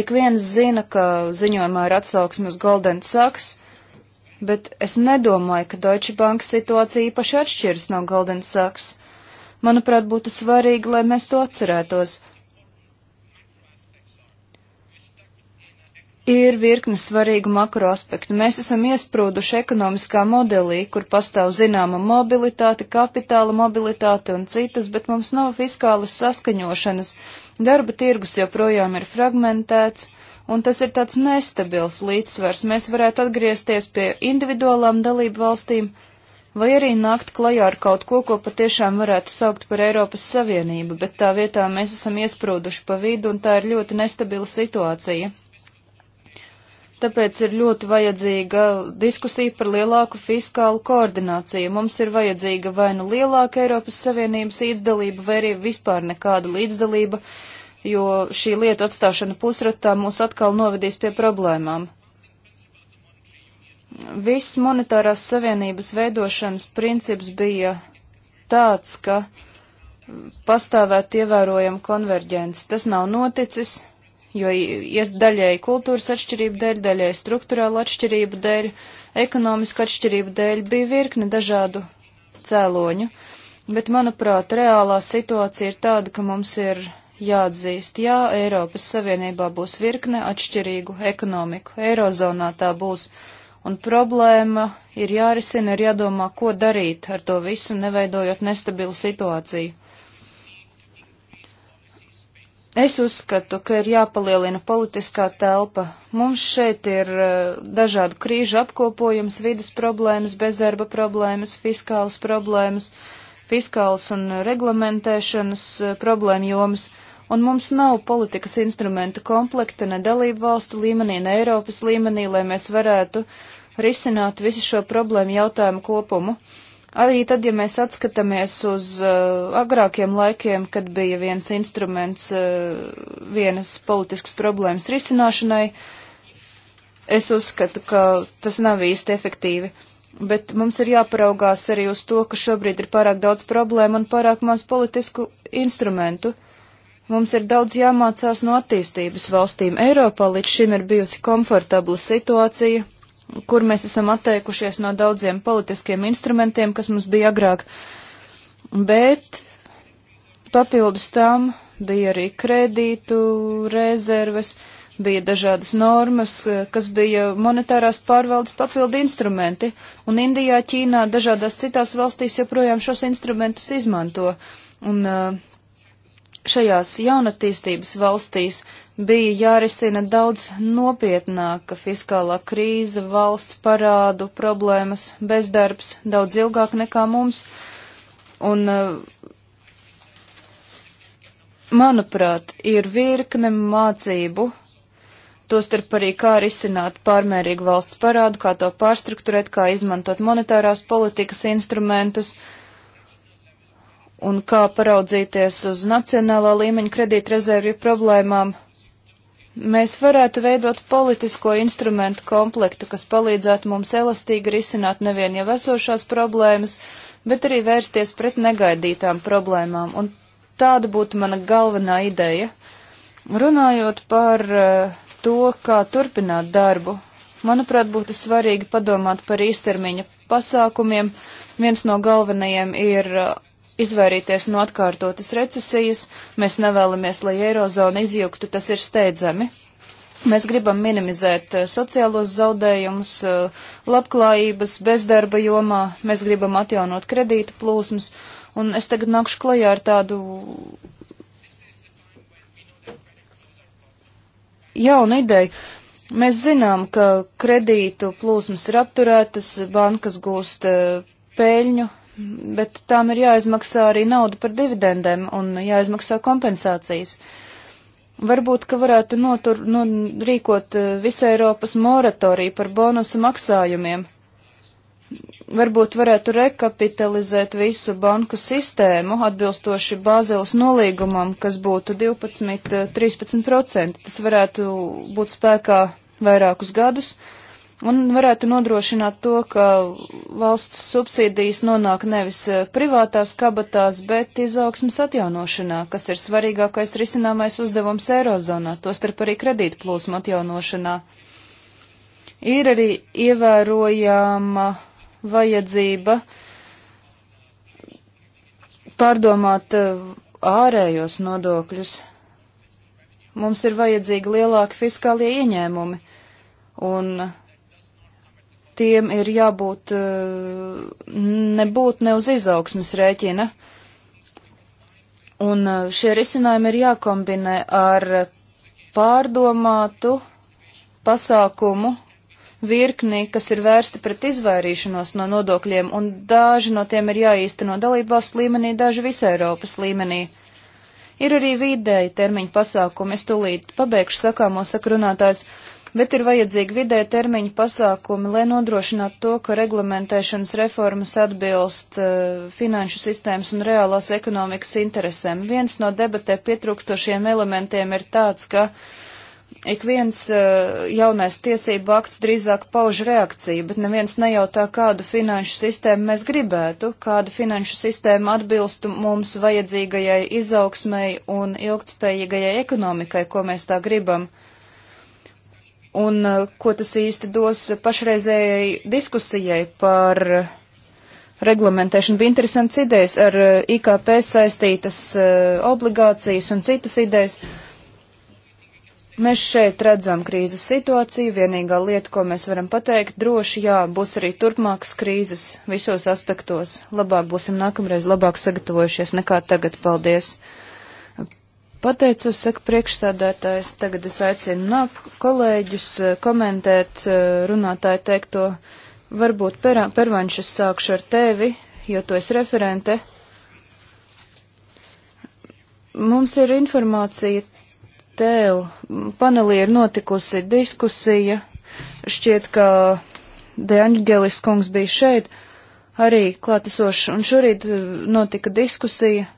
Ik viens zina, ka ziņojumā ir atsauksme uz Golden Sachs, bet es nedomāju, ka Deutsche Bank situācija īpaši atšķiras no Golden Sachs. Manuprāt, būtu svarīgi, lai mēs to atcerētos. Ir virkne svarīgu makro aspektu. Mēs esam iesprūduši ekonomiskā modelī, kur pastāv zināma mobilitāte, kapitāla mobilitāte un citas, bet mums nav fiskālas saskaņošanas. Darba tirgus joprojām ir fragmentēts un tas ir tāds nestabils līdzsvars. Mēs varētu atgriezties pie individuālām dalību valstīm, vai arī nākt klajā ar kaut ko, ko patiešām varētu saukt par Eiropas Savienību, bet tā vietā mēs esam iesprūduši pa vidu, un tā ir ļoti nestabila situācija. Tāpēc ir ļoti vajadzīga diskusija par lielāku fiskālu koordināciju. Mums ir vajadzīga vai nu lielāka Eiropas Savienības līdzdalība, vai arī vispār nekāda līdzdalība, uh, jo šī lieta atstāšana pusratā mūs atkal novedīs pie problēmām. Viss monetārās savienības veidošanas princips bija tāds, ka pastāvētu ievērojama konverģence. Tas nav noticis, jo daļēji kultūras atšķirība dēļ, daļēji struktūrāla atšķirība dēļ, ekonomiska atšķirība dēļ bija virkne dažādu cēloņu. Bet, manuprāt, reālā situācija ir tāda, ka mums ir jāatzīst, jā, Eiropas Savienībā būs virkne atšķirīgu ekonomiku, Eirozonā tā būs, un problēma ir jārisina, ir jādomā, ko darīt ar to visu, neveidojot nestabilu situāciju. Es uzskatu, ka ir jāpalielina politiskā telpa. Mums šeit ir eh, dažādu krīžu apkopojums, vidas problēmas, bezdarba problēmas, fiskālas problēmas, fiskālas un reglamentēšanas eh, problēma jomas. Uh, un mums nav politikas instrumenta komplekta ne dalību valstu līmenī, ne Eiropas līmenī, lai mēs varētu risināt visu šo problēmu jautājumu kopumu. Arī tad, ja mēs atskatāmies uz uh, agrākiem laikiem, kad bija viens instruments uh, vienas politiskas problēmas risināšanai, es uzskatu, ka tas nav īsti efektīvi. Bet mums ir jāparaugās arī uz to, ka šobrīd ir pārāk daudz problēmu un pārāk maz politisku instrumentu. Uh, Mums ir daudz jāmācās no attīstības valstīm. Eiropā līdz šim ir bijusi komfortabla situācija, kur mēs esam atteikušies no daudziem politiskiem instrumentiem, kas mums bija agrāk. Bet papildus tam bija arī kredītu rezerves, bija dažādas normas, kas bija monetārās pārvaldes papildu instrumenti, un Indijā, Ķīnā, dažādās citās valstīs joprojām šos instrumentus izmanto. Un, uh, šajās jaunatīstības valstīs bija jārisina daudz nopietnāka fiskālā krīze, valsts parādu problēmas, bezdarbs daudz ilgāk nekā mums. Un, eh, manuprāt, ir virkne mācību, tostarp arī kā risināt pārmērīgu valsts parādu, kā to pārstruktūrēt, kā izmantot monetārās politikas instrumentus. Uh, un kā paraudzīties uz nacionālā līmeņa kredītrezervju problēmām, mēs varētu veidot politisko instrumentu komplektu, kas palīdzētu mums elastīgi risināt nevien jau esošās problēmas, bet arī vērsties pret negaidītām problēmām, un tāda būtu mana galvenā ideja. Runājot par eh, to, kā turpināt darbu, manuprāt, būtu svarīgi padomāt par īstermiņa pasākumiem. Viens no galvenajiem ir eh, izvairīties no atkārtotas recesijas, mēs nevēlamies, lai eirozona izjuktu, tas ir steidzami. Mēs gribam minimizēt eh, sociālos zaudējumus, eh, labklājības, bezdarba jomā, mēs gribam atjaunot kredītu plūsmas, un es tagad nākšu klajā ar tādu jaunu ideju. Mēs zinām, ka kredītu plūsmas ir apturētas, bankas gūst eh, pēļņu, bet tām ir jāizmaksā arī nauda par dividendēm un jāizmaksā kompensācijas. Varbūt, ka varētu notur, nu, rīkot eh, visai Eiropas moratoriju par bonusu maksājumiem. Varbūt varētu rekapitalizēt visu banku sistēmu atbilstoši Bāzeles nolīgumam, kas būtu 12-13%. Eh, Tas varētu būt spēkā vairākus gadus. Uh, un varētu nodrošināt to, ka valsts subsīdijas nonāk nevis eh, privātās kabatās, bet izaugsmas atjaunošanā, kas ir svarīgākais risināmais uzdevums Eirozonā, tostarp arī kredītu plūsmu atjaunošanā. Ir arī ievērojama vajadzība pārdomāt eh, ārējos nodokļus. Mums ir vajadzīgi lielāki fiskālie ieņēmumi, un tiem ir jābūt eh, nebūt ne uz izaugsmas rēķina. Un eh, šie risinājumi ir jākombinē ar pārdomātu pasākumu virkni, kas ir vērsti pret izvairīšanos no nodokļiem, un daži no tiem ir jāīsteno dalībvalsts līmenī, daži visā Eiropas līmenī. Ir arī vidēji termiņu pasākumi, es tūlīt pabeigšu sakāmo sakrunātājs. Uh, bet ir vajadzīgi vidē termiņa pasākumi, lai nodrošinātu to, ka reglamentēšanas reformas atbilst uh, finanšu sistēmas un reālās ekonomikas interesēm. Viens no debatē pietrūkstošiem elementiem ir tāds, ka ik viens uh, jaunais tiesību akts drīzāk pauž reakciju, bet neviens nejautā, kādu finanšu sistēmu mēs gribētu, kādu finanšu sistēmu atbilstu mums vajadzīgajai izaugsmai un ilgtspējīgajai ekonomikai, ko mēs tā gribam. Uh, un uh, ko tas īsti dos pašreizējai diskusijai par reglamentēšanu. Bija interesants idejas ar uh, IKP saistītas uh, obligācijas un citas idejas. Mēs šeit redzam krīzes situāciju. Vienīgā lieta, ko mēs varam pateikt, droši jā, būs arī turpmākas krīzes visos aspektos. Labāk būsim nākamreiz labāk sagatavojušies nekā tagad. Paldies! Pateicu, saka priekšsādātājs, tagad es aicinu nāk kolēģus eh, komentēt eh, runātāju teikto. Varbūt per, pervanš es sākšu ar tevi, jo tu esi referente. Mums ir informācija tev. Panelī ir notikusi diskusija. Šķiet, ka Deanģelis kungs bija šeit arī klātesošs, un šorīt eh, notika diskusija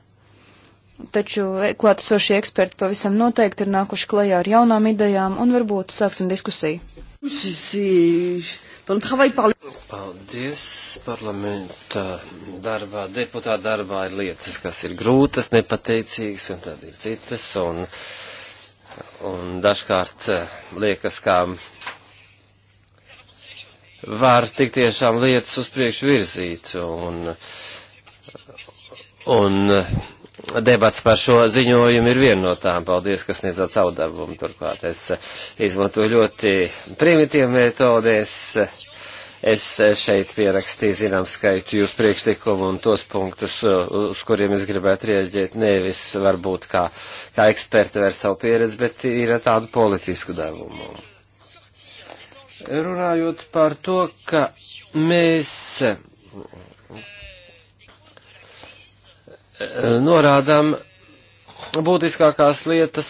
taču klātesošie eksperti pavisam noteikti ir nākuši klajā ar jaunām idejām un varbūt sāksim diskusiju. Paldies! Parlamenta darbā, deputāta darbā ir lietas, kas ir grūtas, nepateicīgas, un tad ir citas, un, un dažkārt eh, liekas, kā var tik tiešām lietas uz priekšu virzīt, un, un debats par šo ziņojumu ir viena no tām. Paldies, kas sniedzāt savu devumu. Turklāt es izmantoju ļoti primitīvu metodi. Es, es šeit pierakstīju zinām skaitu jūs priekšlikumu un tos punktus, uz kuriem es gribētu rieģēt. Nevis varbūt kā, kā eksperti ar savu pieredzi, bet ir tādu politisku devumu. Runājot par to, ka mēs norādām būtiskākās lietas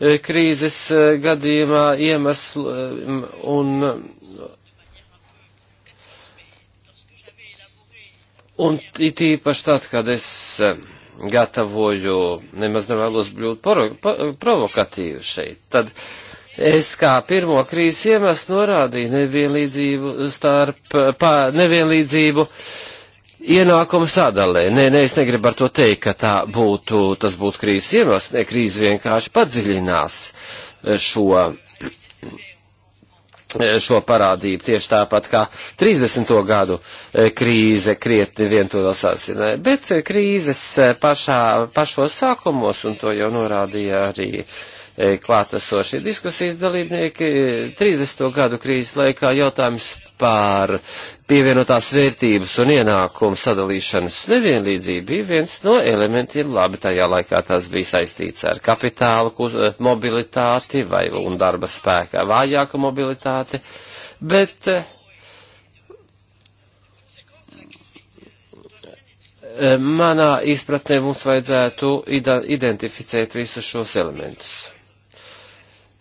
e, krīzes e, gadījumā iemeslu e, un, un it īpaši tad, kad es gatavoju, nemaz nevēlos kļūt provokatīvu šeit, tad es kā pirmo krīzes iemeslu norādīju nevienlīdzību starp, pā, nevienlīdzību uh, ienākuma sadalē. Nē, nē, es negribu ar to teikt, ka tā būtu, tas būtu krīzes iemesls, ne krīze vienkārši padziļinās šo, šo parādību, tieši tāpat kā 30. gadu eh, krīze krietni vien to vēl sasināja, bet eh, krīzes eh, pašā, pašos sākumos, un to jau norādīja arī uh, E, klātesošie diskusijas dalībnieki. 30. E, gadu krīzes laikā jautājums par pievienotās vērtības un ienākumu sadalīšanas nevienlīdzību bija viens no elementiem. Labi, tajā laikā tas bija saistīts ar kapitālu e, mobilitāti vai un darba spēkā vājāku mobilitāti, bet manā izpratnē mums vajadzētu identificēt visus šos elementus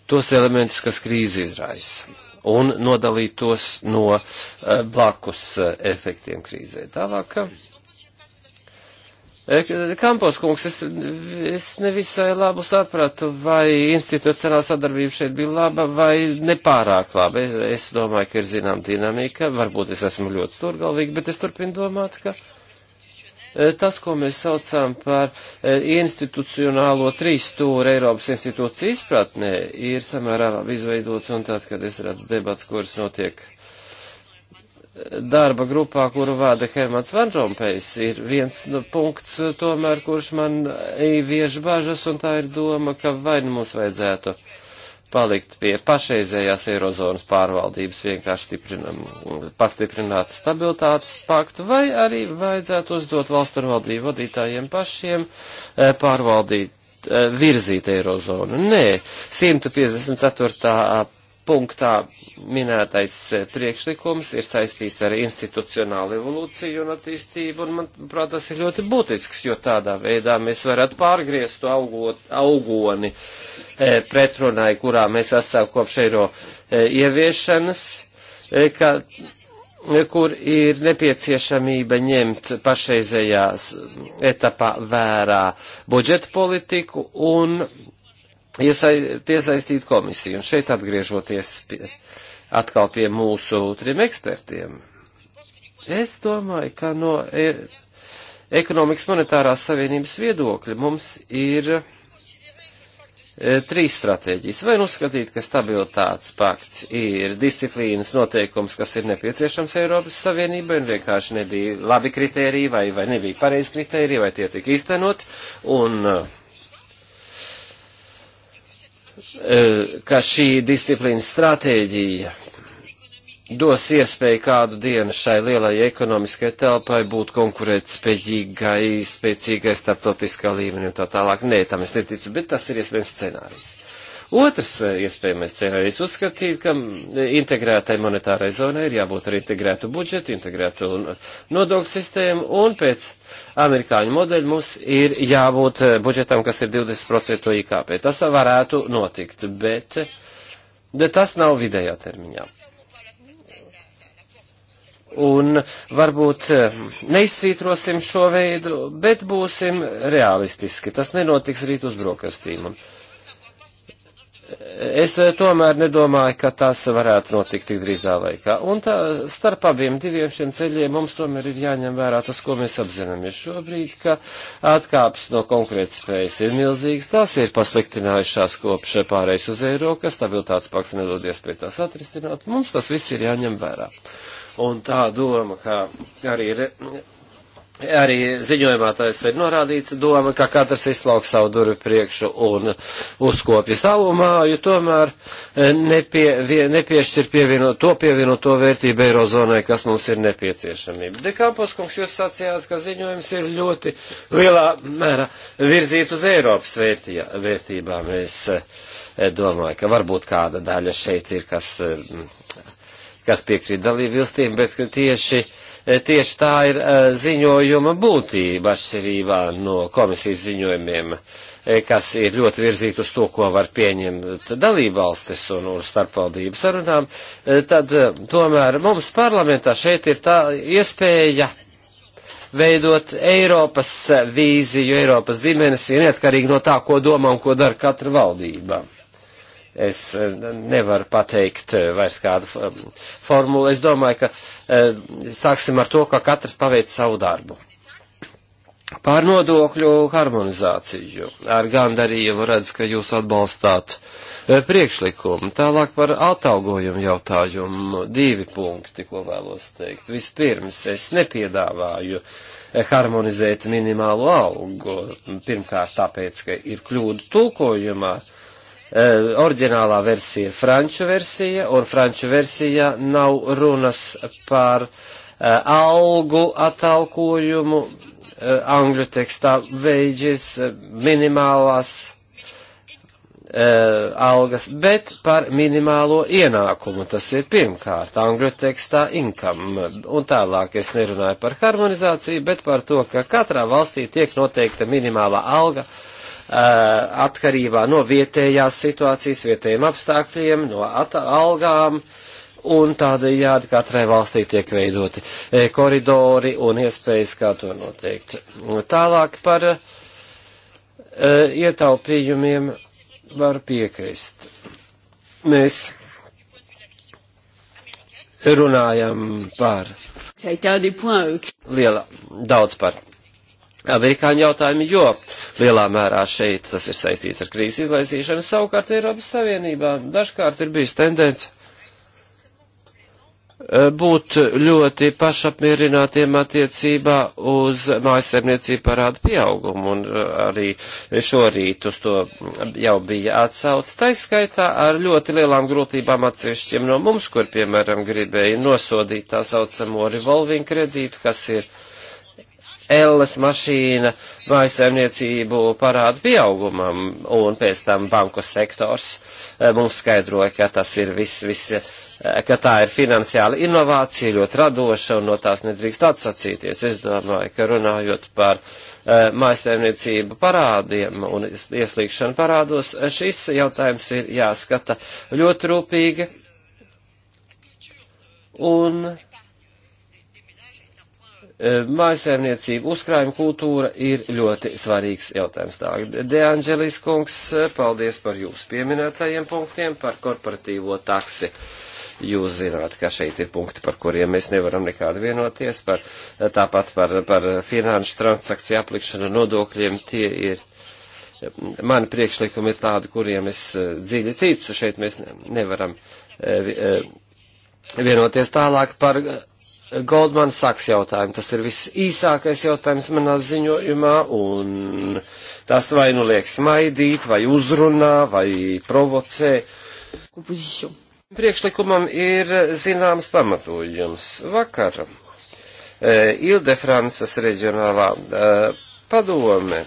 tos elementus, kas krīzi izraisa, un nodalīt tos no eh, blakus eh, efektiem krīzē. Tālāk. Eh, Kampos kungs, es, es nevisai labu sapratu, vai institucionālā sadarbība šeit bija laba vai nepārāk laba. Es domāju, ka ir zinām dinamika, varbūt es esmu ļoti stūrgalvīgi, bet es turpinu domāt, ka. Uh, Eh, tas, ko mēs saucam par eh, institucionālo trīsstūru Eiropas institūciju izpratnē, ir samērā labi izveidots, un tad, kad es redzu debats, kuras notiek eh, darba grupā, kuru vada Hermans Van Rompējs, ir viens nu, punkts tomēr, kurš man viež bažas, un tā ir doma, ka vai nu mums vajadzētu uh, palikt pie pašreizējās Eirozonas pārvaldības, vienkārši pastiprināt stabilitātes paktu, vai arī vajadzētu uzdot valstu un valdību vadītājiem pašiem eh, pārvaldīt, eh, virzīt Eirozonu. Nē, 154 punktā minētais eh, priekšlikums ir saistīts ar institucionālu evolūciju un attīstību, un, manuprāt, tas ir ļoti būtisks, jo tādā veidā mēs varētu pārgriezt augot, augoni uh, E, pretrunai, kurā mēs esam kopš eiro e, ieviešanas, e, ka kur ir nepieciešamība ņemt pašreizējās etapā vērā budžeta politiku un iesai, piesaistīt komisiju. Un šeit atgriežoties pie, atkal pie mūsu trim ekspertiem. Es domāju, ka no e ekonomikas monetārās savienības viedokļa mums ir E, trīs stratēģijas. Vai nu skatīt, ka stabilitātes pakts ir disciplīnas noteikums, kas ir nepieciešams Eiropas Savienībai, un vienkārši nebija labi kritēriji, vai, vai nebija pareizi kritēriji, vai tie tika iztenot, un e, ka šī disciplīnas stratēģija dos iespēju kādu dienu šai lielai ekonomiskai telpai būt konkurētspējīgai, spēcīgai starptautiskā līmenī un tā tālāk. Nē, tam es neticu, bet tas ir iespējams scenārijs. Otrs e, iespējamais scenārijs uzskatīt, ka e, integrētai monetārai zonai ir jābūt ar integrētu budžetu, integrētu e, nodokļu sistēmu, un pēc amerikāņu modeļa mums ir jābūt budžetam, kas ir 20% IKP. Tas varētu notikt, bet, bet tas nav vidējā termiņā un varbūt eh, neizsvītrosim šo veidu, bet būsim realistiski. Tas nenotiks rīt uz brokastīm. Es eh, tomēr nedomāju, ka tas varētu notikt tik drīzā laikā. Un tā, starp abiem diviem šiem ceļiem mums tomēr ir jāņem vērā tas, ko mēs apzināmies šobrīd, ka atkāpes no konkrētas spējas ir milzīgas. Tās ir pasliktinājušās kopš pārējais uz eiro, ka stabilitātes paks nedodies pie tās atrisināt. Mums tas viss ir jāņem vērā. Uh, Un tā doma, kā arī, re, arī ziņojumā tas ir norādīts, doma, ka katrs izslauk savu durvi priekšu un uzkopja savu māju, tomēr e, nepie, vie, nepiešķir pievienot to pievienoto vērtību Eirozonai, kas mums ir nepieciešamība. Dekampos, kungs, jūs sacījāt, ka ziņojums ir ļoti lielā mērā virzīt uz Eiropas vērtijā, vērtībām. Es e, domāju, ka varbūt kāda daļa šeit ir, kas e, kas piekrīt dalībvalstīm, bet tieši, eh, tieši tā ir eh, ziņojuma būtība atšķirībā no komisijas ziņojumiem, eh, kas ir ļoti virzīti uz to, ko var pieņemt dalībvalstis un, un starpvaldības sarunām, tad tomēr mums parlamentā šeit ir tā iespēja veidot Eiropas vīziju, Eiropas dimensiju, neatkarīgi no tā, ko domā un ko dara katra valdība. Es eh, nevaru pateikt eh, vairs kādu eh, formulu. Es domāju, ka sāksim ar to, ka katrs paveic savu darbu. Par nodokļu harmonizāciju ar gandarījumu redz, ka jūs atbalstāt priekšlikumu. Tālāk par atalgojumu jautājumu divi punkti, ko vēlos teikt. Vispirms es nepiedāvāju harmonizēt minimālo algu, pirmkārt tāpēc, ka ir kļūda tulkojumā. Uh, Eh, Orģinālā versija ir franču versija, un franču versijā nav runas par eh, algu atalkojumu. Eh, angļu tekstā veidžis minimālās algas, bet par minimālo ienākumu. Tas ir pirmkārt angļu tekstā income. Un tālāk es nerunāju par harmonizāciju, bet par to, ka katrā valstī tiek noteikta minimālā alga uh, Eh, atkarībā no vietējās situācijas, vietējiem apstākļiem, no algām, un tādējādi katrai valstī tiek veidoti eh, koridori un iespējas, kā to noteikt. Tālāk par eh, ietaupījumiem var piekrist. Mēs runājam par euh, liela daudz par amerikāņu jautājumi, jo lielā mērā šeit tas ir saistīts ar krīzes izlaisīšanu. Savukārt Eiropas Savienībā dažkārt ir bijis tendence e, būt ļoti pašapmierinātiem attiecībā uz mājasemniecību parādu pieaugumu, un e, arī šorīt uz to jau bija atsauc. Taiskaitā ar ļoti lielām grūtībām atsevišķiem no mums, kur, piemēram, gribēja nosodīt tā saucamo revolving kredītu, kas ir Elles mašīna mājasaimniecību parādu pieaugumam, un pēc tam banku sektors eh, mums skaidroja, ka tas ir viss, vis, eh, ka tā ir finansiāla inovācija, ļoti radoša, un no tās nedrīkst atsacīties. Es domāju, ka runājot par eh, mājasaimniecību parādiem un ieslīgšanu parādos, šis jautājums ir jāskata ļoti rūpīgi. Un E, mājasēmniecība, uzkrājuma kultūra ir ļoti svarīgs jautājums. Tā, Deanģelis kungs, e, paldies par jūsu pieminētajiem punktiem par korporatīvo taksi. Jūs zināt, ka šeit ir punkti, par kuriem mēs nevaram nekādu vienoties, par, e, tāpat par, par finanšu transakciju aplikšanu nodokļiem. Tie ir mani priekšlikumi ir tādi, kuriem es dziļi ticu. Šeit mēs nevaram vienoties tālāk par Goldman Sachs jautājumu. Tas ir viss īsākais jautājums manā ziņojumā, un tas vai nu liek smaidīt, vai uzrunā, vai provocē. Priekšlikumam ir zināms pamatojums. Vakar e, Ilde Francas reģionālā e, padome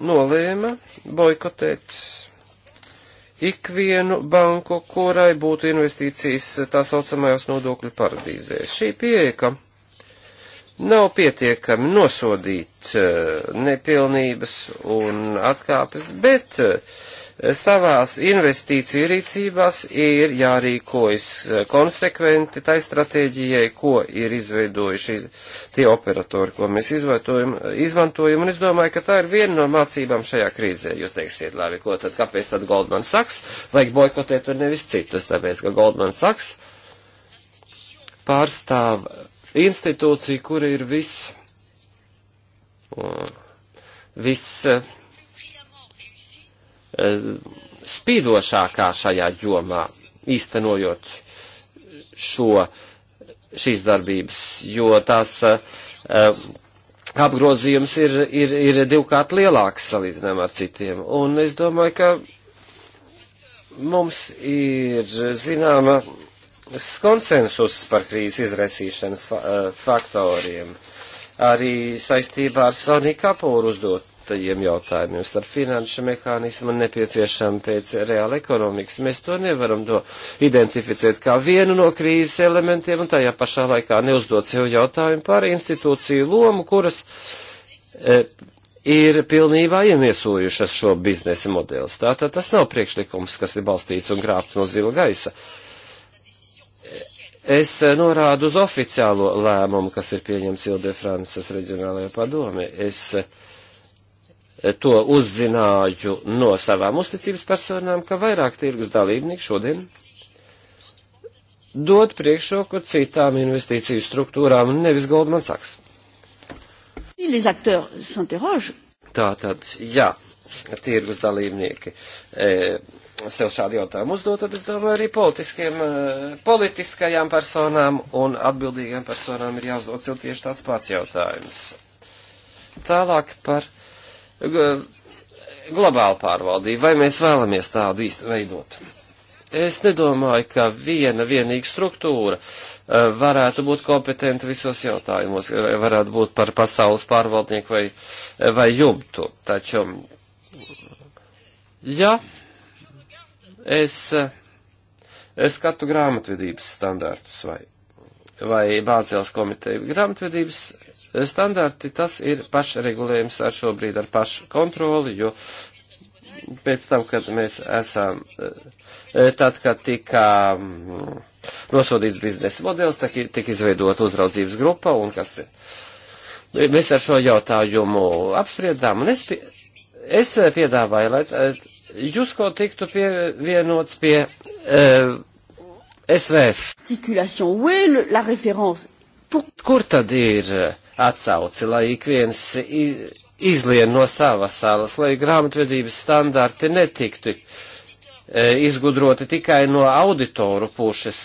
nolēma boikotēt ikvienu banku, kurai būtu investīcijas tā saucamajās nodokļu paradīzēs. Šī pieeja, ka nav pietiekami nosodīt eh, nepilnības un atkāpes, bet uh, savās investīciju rīcībās ir jārīkojas eh, konsekventi tai stratēģijai, ko ir izveidojuši tie operatori, ko mēs izmantojam. Un es domāju, ka tā ir viena no mācībām šajā krīzē. Jūs teiksiet, labi, ko tad, kāpēc tad Goldman Sachs vajag boikotēt un nevis citus, tāpēc, ka Goldman Sachs pārstāv institūciju, kura ir viss. Mm, viss eh, Eh, spīdošākā šajā jomā, īstenojot šo, šīs darbības, jo tās eh, apgrozījums ir, ir, ir divkārt lielāks salīdzinājumā ar citiem. Un es domāju, ka mums ir zināma konsensus par krīzes izraisīšanas eh, faktoriem. Arī saistībā ar Soniju Kapūru uzdot minētajiem jautājumiem. Starp finanšu mehānismu nepieciešama pēc reāla ekonomikas. Mēs to nevaram to identificēt kā vienu no krīzes elementiem un tajā pašā laikā neuzdot sev jautājumu par institūciju lomu, kuras e, ir pilnībā iemiesojušas šo biznesa modelis. Tātad tas nav priekšlikums, kas ir balstīts un grābts no zila gaisa. Es norādu uz oficiālo lēmumu, kas ir pieņemts Ilde Francas reģionālajā padomē. Es to uzzināju no savām uzticības personām, ka vairāk tirgus dalībnieku šodien dod priekšroku citām investīciju struktūrām, nevis Goldman Sachs. Tātad, jā, tirgus dalībnieki e, sev šādu jautājumu uzdot, tad es domāju arī politiskiem, e, politiskajām personām un atbildīgām personām ir jāuzdod sev tieši tāds pats jautājums. Tālāk par globāla pārvaldība, vai mēs vēlamies tādu īsti veidot. Es nedomāju, ka viena vienīga struktūra e, varētu būt kompetenta visos jautājumos, e, varētu būt par pasaules pārvaldnieku vai, e, vai jumtu. Taču, ja es, es skatu grāmatvedības standārtus vai, vai Bāzēlas komiteju grāmatvedības standarti, tas ir pašregulējums ar šobrīd ar pašu kontroli, jo pēc tam, kad mēs esam, eh, tad, kad tika mm, nosodīts biznesa modelis, tika izveidota uzraudzības grupa, un kas ir. Eh, mēs ar šo jautājumu apspriedām, un es, pie, es piedāvāju, lai eh, jūs ko tiktu pievienots pie eh, SVF. Kur tad ir atsauci, lai ik viens izlien no savas salas, lai grāmatvedības standarti netiktu e, izgudroti tikai no auditoru puses,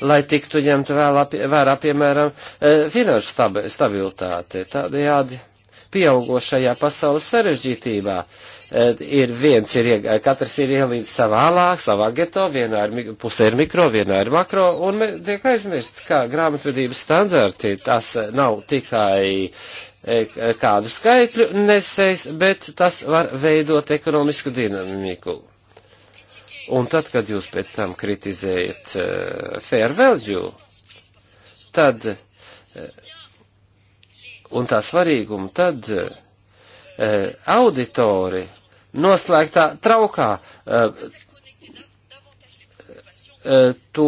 lai tiktu ņemt vērā, piemēram, e, finanšu stabilitāte. Tādējādi pieaugošajā pasaules sarežģītībā. Ir viens, ir, katrs ir ielīdz savā lā, savā geto, vienā ir pusē ir mikro, vienā ir makro, un tiek aizmirsts, kā grāmatvedības standarti, tas nav tikai e, kādu skaitļu nesējs, bet tas var veidot ekonomisku dinamiku. Un tad, kad jūs pēc tam kritizējat uh, fair value, tad uh, un tā svarīgumu, tad e, auditori noslēgtā traukā e, e, to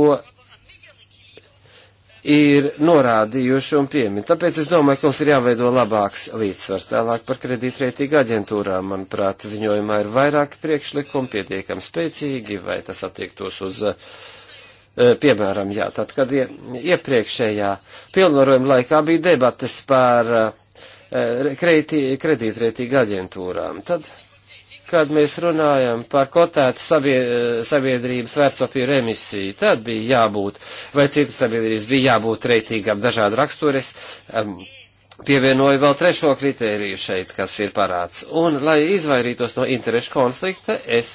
ir norādījuši un piemin. Tāpēc es domāju, ka mums ir jāveido labāks līdzsvars. Tālāk par kredītreitīgu aģentūrām, manuprāt, ziņojumā ir vairāk priekšlikumu, pietiekami spēcīgi, vai tas attiektos uz uh, Eh, piemēram, jā, tad, kad iepriekšējā pilnvarojuma laikā bija debates par eh, kredītrētīgu aģentūrām, tad, kad mēs runājam par kotētu eh, sabiedrības vērtspapīru emisiju, tad bija jābūt, vai citas sabiedrības bija jābūt reitīgām dažādu raksturis. Um, pievienoju vēl trešo kritēriju šeit, kas ir parāds. Un, lai izvairītos no interešu konflikta, es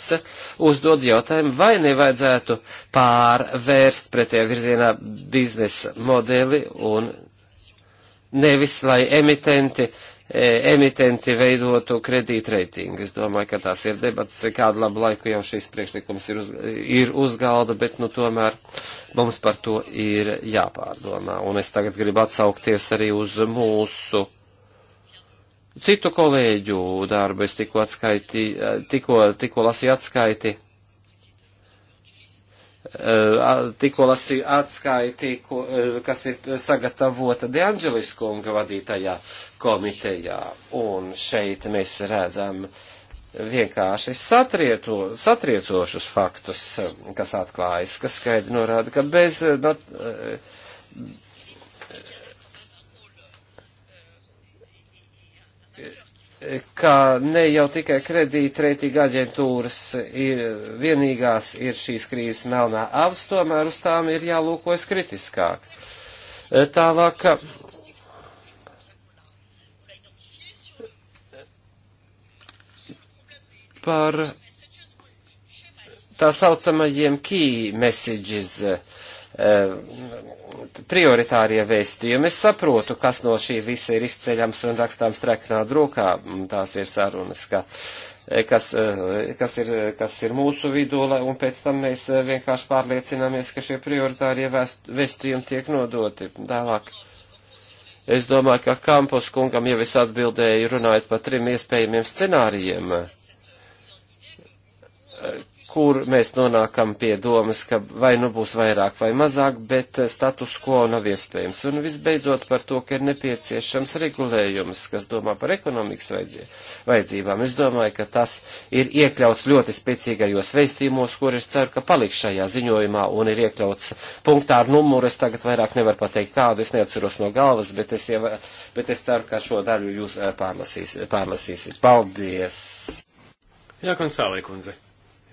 uzdodu jautājumu, vai nevajadzētu pārvērst pretie virzienā biznesa modeli un nevis, lai emitenti uh, E, emitenti veidotu kredītreitingu. Es domāju, ka tās ir debats, kādu labu laiku jau šis priekšlikums ir uz, ir uz galda, bet nu tomēr mums par to ir jāpārdomā. Un es tagad gribu atsaukties arī uz mūsu citu kolēģu darbu. Es tikko atskaiti, tikko, tikko lasīju atskaiti. E, tikko lasīju atskaiti, e, kas ir sagatavota De Angelis kunga vadītajā uh, komitejā. Un šeit mēs redzam vienkārši satrieto, satriecošus faktus, kas atklājas, kas skaidri norāda, ka bez. Bet, ka ne jau tikai kredītreitīga aģentūras ir vienīgās ir šīs krīzes melnā avs, tomēr uz tām ir jālūkojas kritiskāk. Tālāk par tā saucamajiem key messages, eh, prioritārie vēstījumi. Es saprotu, kas no šī visa ir izceļams un rakstām streknā drokā. Mm, tās ir sarunas, ka, eh, kas, eh, kas, ir, kas ir mūsu vidū, un pēc tam mēs vienkārši pārliecināmies, ka šie prioritārie vēstījumi tiek nodoti tālāk. Es domāju, ka Kampus kungam jau es atbildēju runājot par trim iespējamiem scenārijiem kur mēs nonākam pie domas, ka vai nu būs vairāk vai mazāk, bet status quo nav iespējams. Un visbeidzot par to, ka ir nepieciešams regulējums, kas domā par ekonomikas vajadzībām. Es domāju, ka tas ir iekļauts ļoti spēcīgajos veistījumos, kur es ceru, ka paliks šajā ziņojumā un ir iekļauts punktā ar numuru. Es tagad vairāk nevaru pateikt kādu, es neatceros no galvas, bet es, jau, bet es ceru, ka šo daļu jūs eh, pārlasīs, pārlasīsiet. Paldies! Jā, Konsālē kundze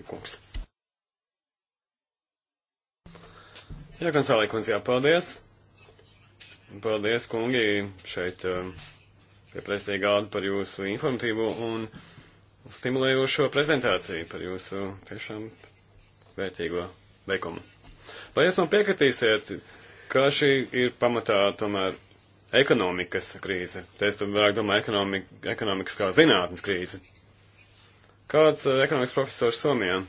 kungs. Jā, Konsālī kundze, jā, paldies. Paldies, kungi, šeit um, pie prezidēgādu par jūsu informatīvu un stimulējošo prezentāciju, par jūsu tiešām vērtīgo veikumu. Vai jūs man piekritīsiet, ka šī ir pamatā tomēr ekonomikas krīze? Te es vairāk domāju ekonomik, ekonomikas kā zinātnes krīze. Kāds eh, ekonomikas profesors Somijā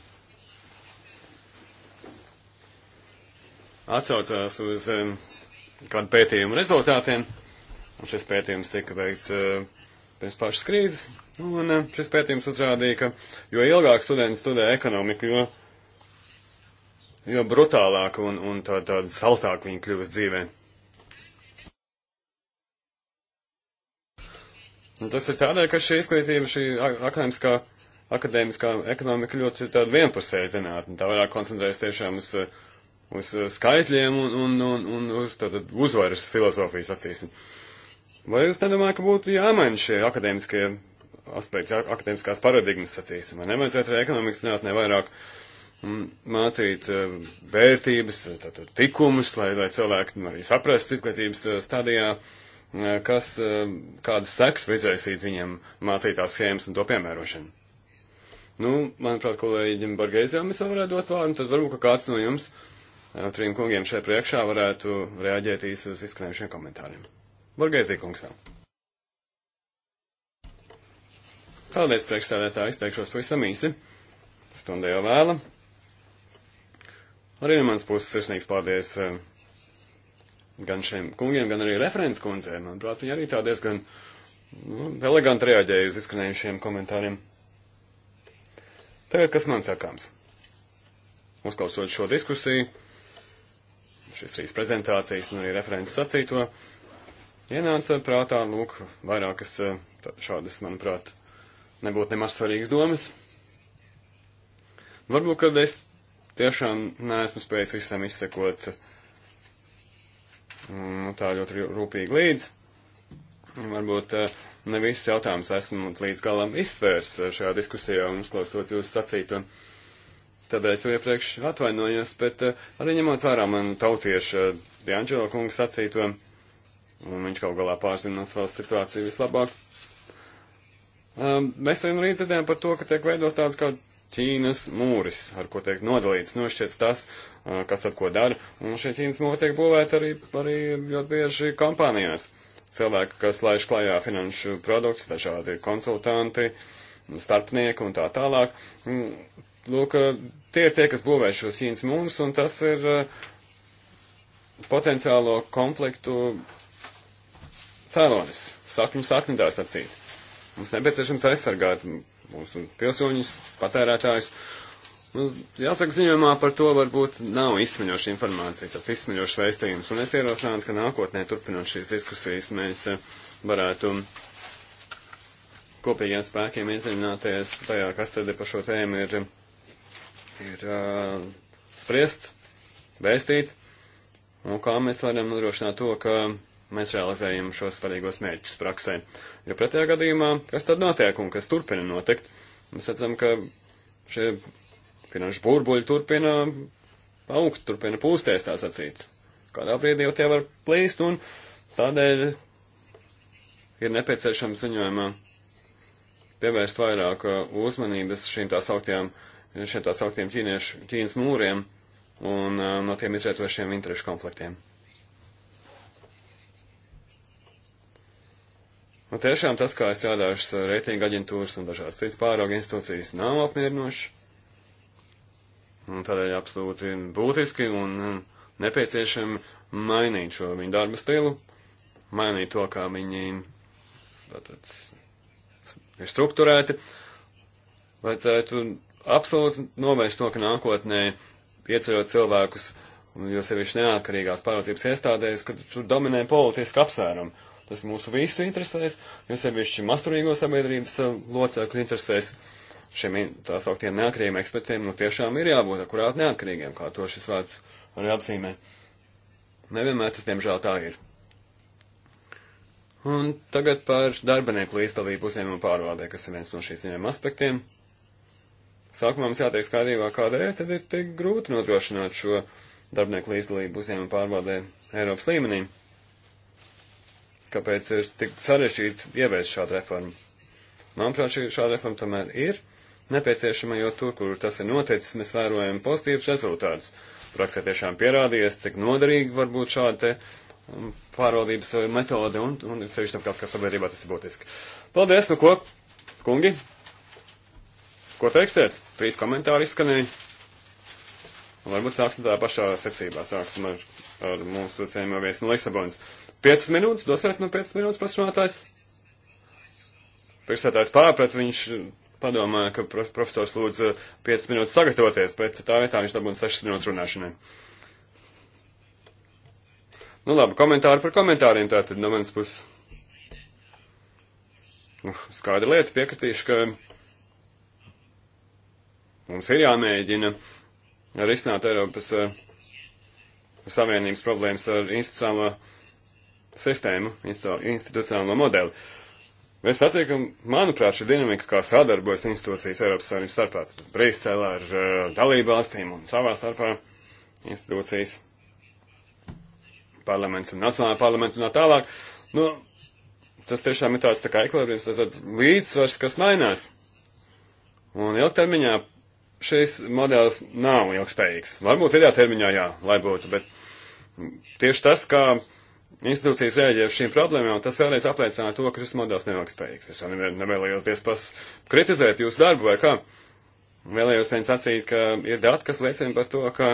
atsaucās uz kādu pētījumu rezultātiem, un šis pētījums tika veikts eh, pirms pašas krīzes, un eh, šis pētījums uzrādīja, ka jo ilgāk studenti studē ekonomiku, jo, jo brutālāk un, un tā, tāda saltāk viņi kļūst dzīvē. Un tas ir tādēļ, ka šī izglītība, šī akadēmiskā akadēmiskā ekonomika ļoti tāda vienpusēja zinātne. Tā vairāk koncentrējas tiešām uz, uz skaitļiem un, un, un, un uz tātad uzvaras filozofijas acīsim. Vai jūs nedomājat, ka būtu jāmaina šie akadēmiskie aspekti, akadēmiskās paradigmas, sacīsim, vai nevajadzētu arī ekonomikas zinātnē vairāk mm, mācīt eh, vērtības, tātad tikumus, lai, lai cilvēki nu, arī saprastu izglītības eh, stadijā, eh, kas, kādas seks izraisīt viņiem mācītās schēmas un to piemērošanu. Nu, manuprāt, kolēģim Bargeizijam es vēl varētu dot vārdu, tad varbūt, ka kāds no jums, trim kungiem šeit priekšā, varētu reaģēt īsi uz izskanējušiem komentāriem. Bargeizija kungs vēl. Paldies, priekšstādētāji, izteikšos pavisam īsi. Stundē jau vēla. Arī no mans puses sirsnīgs paldies gan šiem kungiem, gan arī referents kundzēm. Manuprāt, viņi arī tā diezgan nu, eleganti reaģēja uz izskanējušiem komentāriem. Tagad, kas man sakāms? Uzklausot šo diskusiju, šīs trīs prezentācijas un arī referents sacīto, ienāca prātā, lūk, vairākas eh, šādas, manuprāt, nebūtu nemaz svarīgas domas. Varbūt, kad es tiešām neesmu spējis visam izsekot nu, tā ļoti rūpīgi līdzi. Varbūt eh, ne visus jautājumus esmu līdz galam iztvērs šajā diskusijā un uzklausot jūsu sacīto. Tādēļ es jau iepriekš atvainojos, bet eh, arī ņemot vērā manu tautiešu eh, Dianģelo kungu sacīto, un viņš kaut galā pārzina no savas situāciju vislabāk. Um, mēs arī rīt dzirdējām par to, ka tiek veidos tāds kā Ķīnas mūris, ar ko tiek nodalīts, nošķiets tas, eh, kas tad ko dara, un šie Ķīnas mūri tiek būvēti arī, arī ļoti bieži kompānijās cilvēki, kas laiž klajā finanšu produktus, dažādi konsultanti, starpnieki un tā tālāk. Mm, Lūk, tie ir tie, kas būvē šos ķīnas mūrus, un tas ir eh, potenciālo konfliktu cēlonis, sakņu saknidās acīt. Mums nepieciešams aizsargāt mūsu pilsoņus, patērētājus, Jāsaka, ziņojumā par to varbūt nav izsmeļoša informācija, tas izsmeļošs veistījums, un es ierosinātu, ka nākotnē, turpinot šīs diskusijas, mēs eh, varētu kopīgiem spēkiem iedziļināties tajā, kas tad par šo tēmu ir, ir uh, spriests, vēstīt, un kā mēs varam nodrošināt to, ka mēs realizējam šos svarīgos mērķus praksē. Jo pretējā gadījumā, kas tad notiek un kas turpina notikt, mēs redzam, ka šie finanšu burbuļi turpina augt, turpina pūsties, tā sacīt. Kādā brīdī jau tie var plīst, un tādēļ ir nepieciešams ziņojumā pievērst vairāk uh, uzmanības šīm tā sauktiem, šiem tā sauktiem ķīniešu, ķīnas mūriem un uh, no tiem izrietošiem interešu konfliktiem. Un nu, tiešām tas, kā es strādājušas uh, reitinga aģentūras un dažādas citas pārauga institūcijas, nav apmierinoši. Un tādēļ absolūti būtiski un um, nepieciešami mainīt šo viņu darba stilu, mainīt to, kā viņi tātad, ir strukturēti. Vajadzētu absolūti novērst to, ka nākotnē ieceļot cilvēkus, jo sevišķi neatkarīgās pārvaldības iestādēs, kad tur dominē politiski apsvērumi. Tas mūsu visu interesēs, jo sevišķi masturīgo sabiedrības uh, locekļu interesēs. Uh, šiem tā sauktiem neatkarīgiem ekspertiem nu tiešām ir jābūt akurāt neatkarīgiem, kā to šis vārds arī apzīmē. Nevienmēr tas, diemžēl, tā ir. Un tagad par darbinieku līdzdalību uzņēmumu pārvaldē, kas ir viens no šīs ziņām aspektiem. Sākumā mums jātiek skaidrībā, kādēļ tad ir tik grūti nodrošināt šo darbinieku līdzdalību uzņēmumu pārvaldē Eiropas līmenī. Kāpēc ir tik sarežģīti ieviest šādu reformu? Manuprāt, šī, šāda reforma tomēr ir nepieciešama, jo tur, kur tas ir noticis, mēs vērojam pozitīvus rezultātus. Praksē tiešām pierādījies, cik noderīgi var būt šāda te um, pārvaldības uh, metode, un, un sevišķi tāpēc, ka sabiedrībā tas ir būtiski. Paldies, nu ko, kungi, ko teiksiet? Trīs komentāri izskanēja. Varbūt sāksim tā pašā secībā, sāksim ar, ar mūsu cienījamo viesi no Lisabonas. 5 minūtes, dosiet man 5 minūtes prasrunātājs. Priekšsētājs pārprat, viņš padomāja, ka profesors lūdza 5 minūtes sagatavoties, bet tā vietā viņš dabūna 6 minūtes runāšanai. Nu labi, komentāri par komentāriem tātad no manas puses. Nu, skaidra lieta piekritīšu, ka mums ir jāmēģina risināt Eiropas uh, Savienības problēmas ar institucionālo sistēmu, institucionālo modeli. Uh, Es sacīju, ka, manuprāt, šī dinamika, kā sadarbojas institūcijas Eiropas Savienības starpā, Brīselē ar uh, dalību valstīm un savā starpā institūcijas, parlaments un nacionālā parlamenta un tā tālāk, nu, tas tiešām ir tāds tā kā ekvilibrijums, tāds līdzsvars, kas mainās. Un ilgtermiņā šis modelis nav ilgspējīgs. Varbūt vidējā termiņā jā, lai būtu, bet tieši tas, kā. Ka institūcijas rēģēja uz šīm problēmām, tas vēlreiz apliecināja to, ka šis modelis neilgspējīgs. Es jau nevēlējos tiespas kritizēt jūsu darbu vai kā. Vēlējos vien sacīt, ka ir dati, kas liecina par to, ka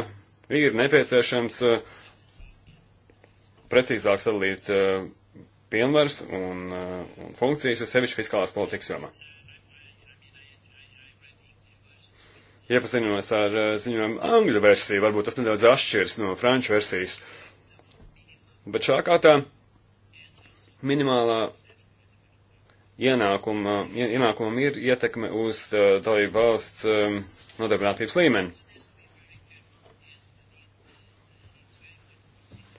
ir nepieciešams uh, precīzāk sadalīt uh, pilnvars un, uh, un funkcijas, jo sevišķi fiskālās politikas jomā. Iepazinos ar ziņojumu angļu versiju, varbūt tas nedaudz atšķirs no franču versijas. Uh, Bet šā kārtā minimālā ienākuma, ienākumam ir ietekme uz uh, dalību valsts um, nodarbinātības līmeni.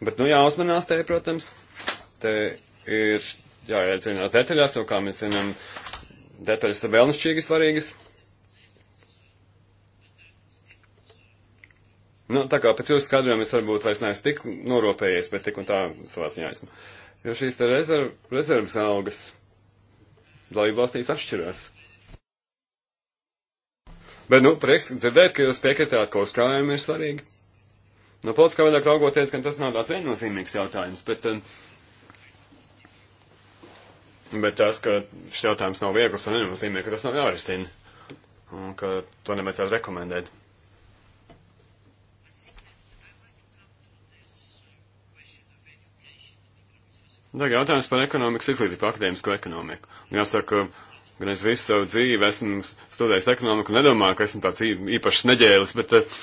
Bet, nu, jāuzmanās te, protams, te ir jāiedzinās detaļās, jo, kā mēs zinām, detaļas ir vēlnišķīgi svarīgas. Nu, tā kā pēc jūsu skaidrojuma es varbūt vairs neesmu tik noropējies, bet tik un tā savā ziņā esmu. Jo šīs te rezerv, rezervas algas dalību valstīs atšķirās. Bet, nu, prieks dzirdēt, ka jūs piekritāt, ka uzkrājumi ir svarīgi. No politiskā veidā raugoties, ka tas nav tāds viennozīmīgs jautājums, bet, um, bet tas, ka šis jautājums nav viegls un nenozīmē, ka tas nav jārisina un ka to nevajadzētu rekomendēt. Tagad jautājums par ekonomikas izglītību, akadēmisko ekonomiku. Un jāsaka, gan es visu savu dzīvi esmu studējis ekonomiku, nedomāju, ka esmu tāds īpašs neģēlis, bet. Eh,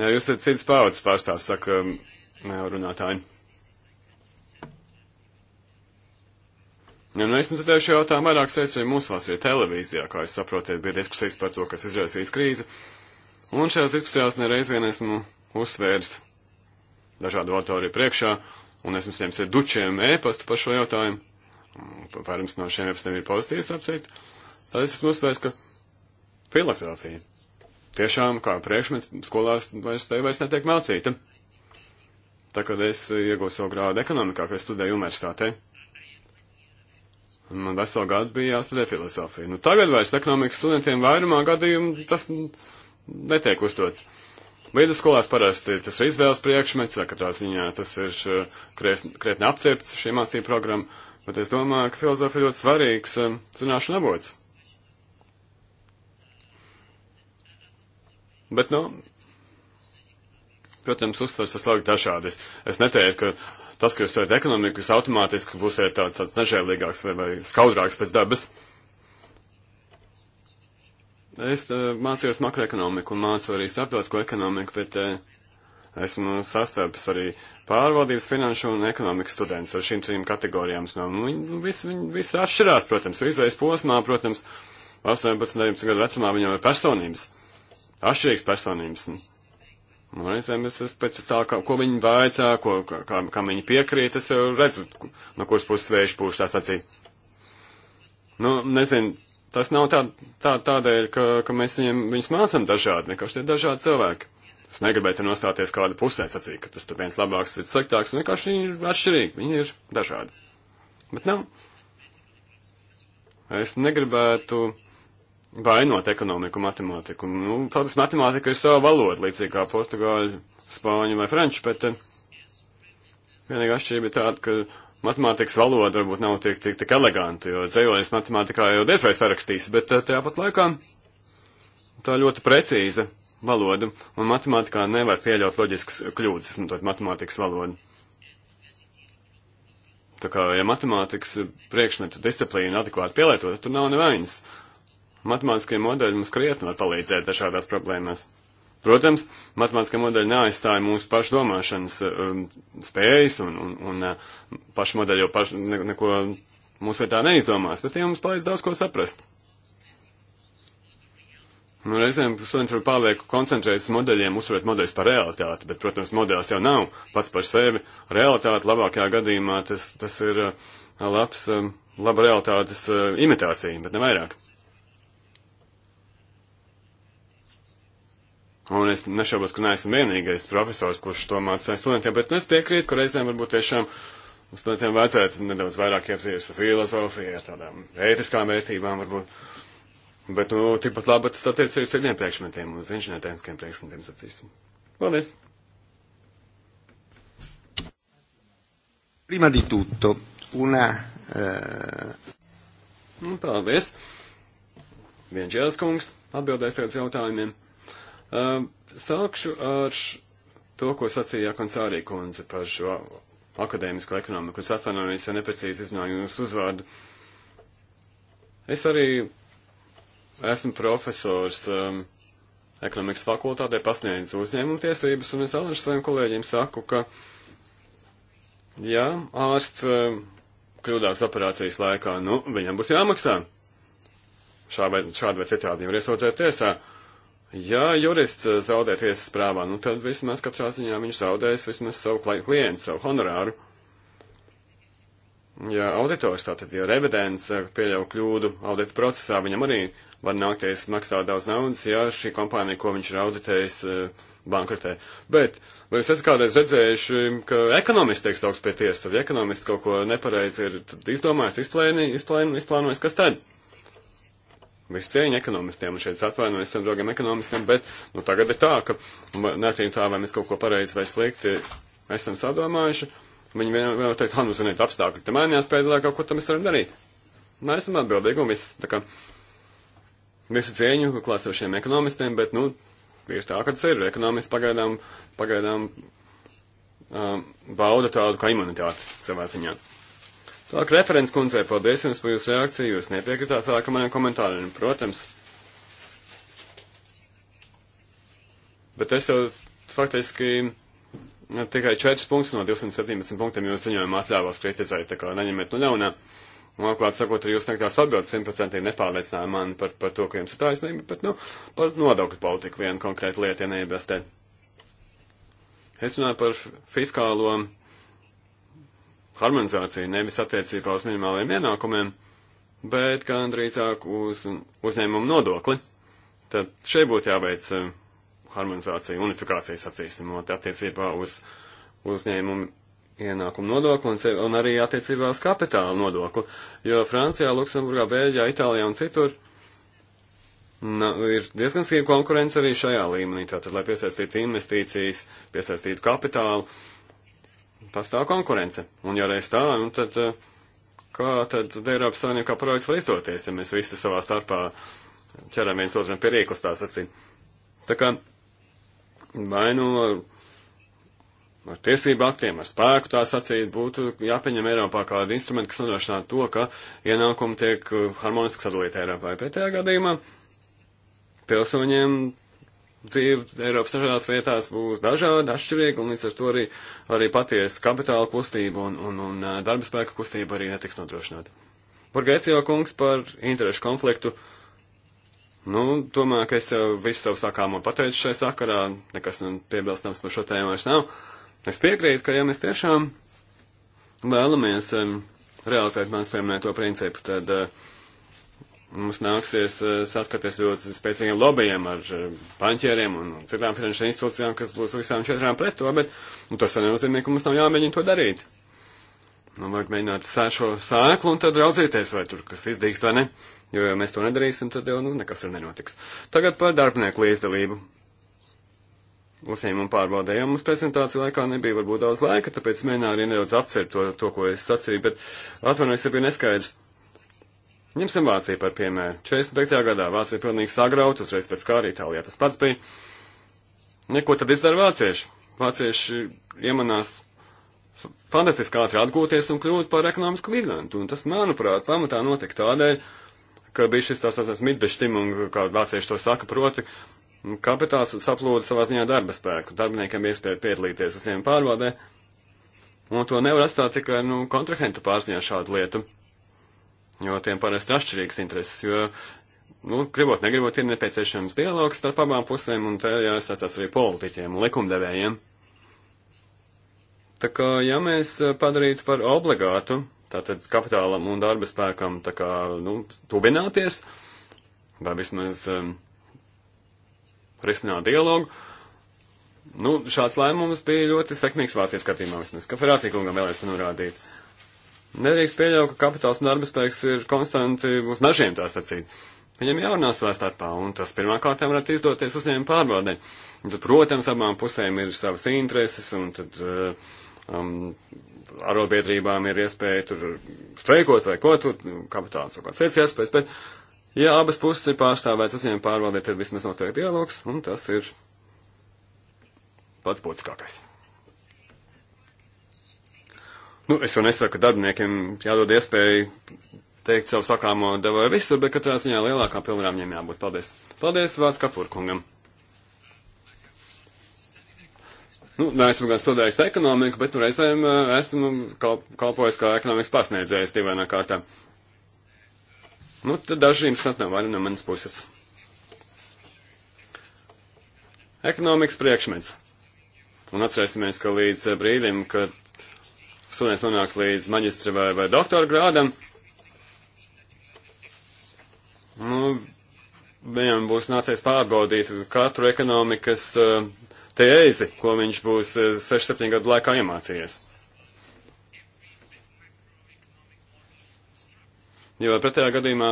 jā, jūs esat citas paudzes pārstāvs, saka runātāji. Ja, nu, esmu dzirdējuši jautājumu vairākas reizes, vai mūsu valsts ir televīzijā, kā jūs saprotiet, bija diskusijas par to, kas izraisīs krīzi. Un šajās diskusijās nereiz vien esmu uzsvērs dažādu autori priekšā, un es visiem ir dučiem ēpastu par šo jautājumu. Vairums no šiem ēpastiem ir pozitīvs, apcīt. Tad es esmu uzsvērts, ka filozofija tiešām kā priekšmets skolās vairs te vairs netiek mācīta. Tā kad es iegūstu savu grādu ekonomikā, kad studēju universitātē, man veselu gadu bija jāstudē filozofija. Nu, tagad vairs ekonomikas studentiem vairumā gadījumu tas netiek uzdots. Vidusskolās parasti tas ir izvēles priekšmets, vai katrā ziņā tas ir eh, krietni apcieps šī mācību programma, bet es domāju, ka filozofija ļoti svarīgs eh, zināšanu avots. Bet, nu, protams, uztvers tas labi dažādas. Es neteiktu, ka tas, ka jūs stojat ekonomiku, jūs automātiski būsiet tāds, tāds nežēlīgāks vai, vai skaudrāks pēc dabas. Uh, Es eh, mācījos makroekonomiku un mācu arī starptautisko ekonomiku, bet eh, esmu sastapis arī pārvaldības, finanšu un ekonomikas students ar šīm trim kategorijām. Nu, viņi nu, visi, viņi visi atšķirās, protams, izvēles posmā, protams, 18, 19 gadu vecumā viņam ir personības, atšķirīgas personības. Nu, un reizēm es esmu pēc tā, kā, ko viņi vaicā, ko, kā, kā viņi piekrīt, es jau redzu, no kuras puses vējš pūš tā sacīt. Nu, nezinu, tas nav tā, tā, tādēļ, ka, ka mēs viņiem, viņus mācam dažādi, vienkārši tie ir dažādi cilvēki. Es negribēju te nostāties kādu pusē, sacīt, ka tas tur viens labāks, cits sliktāks, un vienkārši viņi ir atšķirīgi, viņi ir dažādi. Bet nav. Es negribētu vainot ekonomiku, matemātiku. Nu, tādas matemātika ir sava valoda, līdzīgi kā portugāļu, spāņu vai franču, bet eh, vienīgā atšķirība ir tāda, ka matemātikas valoda varbūt nav tik, tik, tik eleganta, jo dzējoties matemātikā jau diez vai sarakstīs, bet eh, tāpat laikā tā ļoti precīza valoda, un matemātikā nevar pieļaut loģiskas kļūdas, izmantot nu, matemātikas valodu. Tā kā, ja matemātikas priekšmetu disciplīna adekvāti pielietot, tad tur nav nevainas. Matemātiskie modeļi mums krietni var palīdzēt dažādās problēmās. Protams, matemātiskā modeļa neaizstāja mūsu pašu domāšanas eh, um, spējas, un, un, un eh, paši modeļi jau paši ne, neko mūsu vietā neizdomās, bet tie mums palīdz daudz ko saprast. Nu, reizēm studenti tur pārlieku koncentrējas uz modeļiem, uzturēt modeļus par realitāti, bet, protams, modelis jau nav pats par sevi. Realitāte labākajā gadījumā tas, tas ir eh, labs, laba realitātes imitācija, bet ne vairāk. Un es nešaubos, ka neesmu vienīgais profesors, kurš to mācīja studentiem, bet nu, es piekrītu, ka reizēm varbūt tiešām studentiem vajadzētu nedaudz vairāk iepazīties ar filozofiju, ar tādām ētiskām vērtībām varbūt. Bet, nu, tikpat labi tas attiecas arī uz citiem priekšmetiem, uz inženiertehniskiem priekšmetiem, sacīsim. Paldies! Prima di tutto, una... Uh... Nu, paldies! Vienģēlis kungs atbildēs tev uz jautājumiem. Um, sākšu ar to, ko sacīja Konsārī kundze par šo akadēmisko ekonomiku. Es atvainojos, ja neprecīzi izrunāju jūsu uzvārdu. Es arī esmu profesors um, ekonomikas fakultātē, pasniedzu uzņēmumu tiesības, un es arī saviem kolēģiem saku, ka, ja ārsts um, kļūdās operācijas laikā, nu, viņam būs jāmaksā. Šā vai, šādi vai citādi jau ir iesaudzēt tiesā. Uh, Ja jurists eh, zaudē tiesas prāvā, nu tad vismaz katrā ziņā viņš zaudēs vismaz savu klientu, savu honorāru. Ja auditors, tātad, ja revidents eh, pieļauj kļūdu audita procesā, viņam arī var nākties maksāt daudz naudas, ja šī kompānija, ko viņš ir auditējis, eh, bankrotē. Bet vai es esmu kādreiz redzējuši, ka ekonomists tiek saukts pie tiesas, tad ja ekonomists kaut ko nepareizi ir izdomājis, izplēni, izplēni, izplānojis, kas tad? Viss cieņa ekonomistiem, un šeit atvainojos saviem draugiem ekonomistiem, bet nu, tagad ir tā, ka neatkarīgi tā, vai mēs kaut ko pareizi vai slikti esam sadomājuši, viņi vienmēr vien teikt, nu, ziniet, apstākļi te mainījās pēdējā, kaut ko tam mēs varam darīt. Mēs esam atbildīgi, un viss, tā kā, visu cieņu klāsošiem ekonomistiem, bet, nu, ir tā, ka tas ir. Ekonomisti pagaidām, pagaidām um, bauda tādu kā imunitāti savā ziņā. Tālāk referents kundzei, paldies jums par jūsu reakciju, jūs nepiekritāt vēl, ka maniem komentāriem, protams. Bet es jau faktiski nu, tikai 4 punktus no 217 punktiem jūs ziņojumu atļāvos kritizēt, tā kā neņemiet no ļaunā. Man klāt sakot, arī jūs nektās atbildes simtprocentīgi nepārliecināja mani par, par to, ka jums ir taisnība, bet, nu, par nodokļu politiku vienu konkrētu lietu, ja neiebilstēt. Es runāju par fiskālo harmonizāciju nevis attiecībā uz minimāliem ienākumiem, bet gan drīzāk uz uzņēmumu nodokli. Tad šeit būtu jāveic eh, harmonizācija, unifikācija, sacīstamot attiecībā uz uzņēmumu ienākumu nodokli un, un arī attiecībā uz kapitālu nodokli, jo Francijā, Luksemburgā, Bēļģijā, Itālijā un citur na, ir diezgan sīva konkurence arī šajā līmenī, tātad, lai piesaistītu investīcijas, piesaistītu kapitālu, uh, pastāv konkurence. Un ja reiz tā, nu tad eh, kā tad Eiropas Savienība kā projekts var izdoties, ja mēs visi savā starpā ķeram viens otram pie rīklas tās acīm. Tā kā vai nu ar tiesību aktiem, ar spēku tā sacīt, būtu jāpieņem Eiropā kādi instrumenti, kas nodrošinātu to, ka ienākumi tiek eh, harmoniski sadalīti Eiropā. Pretējā gadījumā pilsoņiem dzīve Eiropas dažādās vietās būs dažāda, atšķirīga, un līdz ar to arī, arī patiesa kapitāla kustība un, un, un darba spēka kustība arī netiks nodrošināta. Borgēcijo kungs par interešu konfliktu. Nu, domāju, ka es jau visu savu sakāmo pateicu šai sakarā, nekas nu, piebilstams par šo tēmu vairs nav. Es piekrītu, ka ja mēs tiešām vēlamies um, realizēt mans pieminēto principu, tad uh, Mums nāksies eh, saskarties ļoti spēcīgiem lobbyiem ar banķieriem eh, un citām finanšu institūcijām, kas būs visām četrām pret to, bet nu, tas vēl nenozīmē, ka mums nav jāmēģina to darīt. Nu, vajag mēģināt sēšo sēklu un tad raudzīties, vai tur kas izdīgs vai ne. Jo, ja mēs to nedarīsim, tad jau nu, nekas tur nenotiks. Tagad par darbinieku līdzdalību. Uzņēmumu pārbaudējām. Mums prezentāciju laikā nebija varbūt daudz laika, tāpēc mēģināju arī nedaudz apcert to, to, ko es sacīju, bet atvainojos, ja bija neskaidrs. Ņemsim Vāciju par piemēru. 45. gadā Vācija pilnīgi sagrauta, uzreiz pēc kā arī Itālijā tas pats bija. Neko tad izdara vācieši. Vācieši iemanās fantastiski ātri atgūties un kļūt par ekonomisku migrantu. Un tas, manuprāt, pamatā notika tādēļ, ka bija šis tās tāds midbeštim, kā vācieši to saka, proti, kapitāls saplūda savā ziņā darba spēku. Darbiniekam iespēja piedalīties uz viņiem pārvaldē. Un to nevar atstāt tikai, nu, kontrahentu pārziņā šādu lietu jo tiem parasti ir atšķirīgas intereses, jo, nu, gribot, negribot, ir nepieciešams dialogs starp abām pusēm, un te jāsaistās arī politiķiem un likumdevējiem. Tā kā, ja mēs eh, padarītu par obligātu, tātad kapitālam un darba spēkam, tā kā, nu, tuvināties, vai vismaz um, risināt dialogu, nu, šāds lēmums bija ļoti sekmīgs Vācijas skatījumā vismaz, ka Ferātī kungam vēlēs norādīt. Uh, Nedrīkst pieļaut, ka kapitāls un darbspēks ir konstanti uz nažiem tā sacīt. Viņam jārunā savā starpā, un tas pirmkārt varētu izdoties uzņēmuma pārbaudē. Tad, protams, abām pusēm ir savas intereses, un tad eh, um, arotbiedrībām ir iespēja tur streikot vai ko tur, nu, kapitāls vai kāds cits iespējas, bet ja abas puses ir pārstāvētas uzņēmuma pārvaldē, tad vismaz notiek dialogs, un tas ir pats būtiskākais. Nu, es jau nesaku, ka darbiniekiem jādod iespēju teikt savu sakāmo devu vai visur, bet katrā ziņā lielākā pilnvarām viņiem jābūt. Paldies. Paldies Vārts Kapurkungam. Nu, neesmu nu, gan studējis ekonomiku, bet nu reizēm esmu kalp, kalpojis kā ekonomikas pasniedzējs divainā kārtā. Nu, tad daži jums atnāk vairāk no manas puses. Ekonomikas priekšmets. Un atcerēsimies, ka līdz brīdim, kad students nonāks līdz maģistra vai, vai doktora grādam, nu, viņam būs nācies pārbaudīt katru ekonomikas uh, eh, tēzi, ko viņš būs 6-7 eh, gadu laikā iemācījies. Jo pretējā gadījumā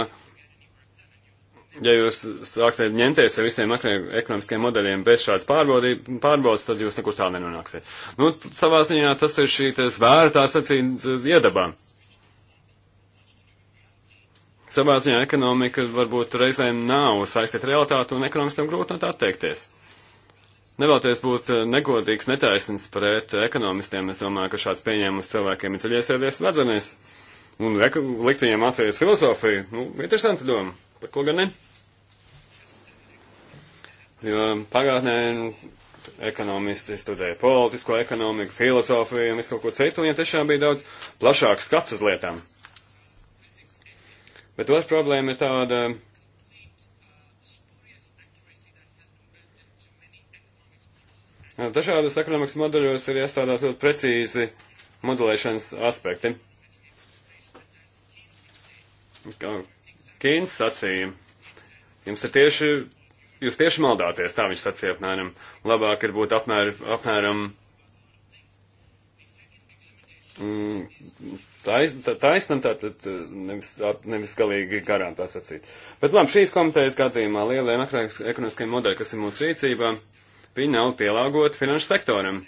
ja jūs sāksiet ņemties ar visiem ekonomiskiem modeļiem bez šādas pārbaudas, tad jūs nekur tā nenonāksiet. Nu, savā ziņā tas ir šī svērtā sacīta uh, iedabā. Savā ziņā ekonomika varbūt reizēm nav saistīta realitāti un ekonomistam grūti no tā atteikties. Nevēlties būt uh, negodīgs, netaisnīgs pret ekonomistiem, es domāju, ka šāds pieņēmums cilvēkiem ir iesēdies svedzenēs un likt viņiem atcerēties filozofiju. Nu, interesanti doma, par ko gan ne? Jo pagātnē nu, ekonomisti studēja politisko ekonomiku, filozofiju un visu kaut ko citu, un viņiem tiešām bija daudz plašāks skats uz lietām. Bet otrs problēma ir tāda Dažādos ekonomikas modeļos ir iestādāt ļoti precīzi modelēšanas aspekti. Kīns sacīja, jums ir tieši Jūs tieši maldāties, tā viņš sacīja apmēram. Labāk ir būt apmēr, apmēram mm, taisnam, tais, tātad nevis, nevis galīgi garām tā sacīt. Bet labi, šīs komitejas gadījumā lielie makroekonomiskie modeļi, kas ir mūsu rīcībā, viņi nav pielāgoti finanšu sektoram.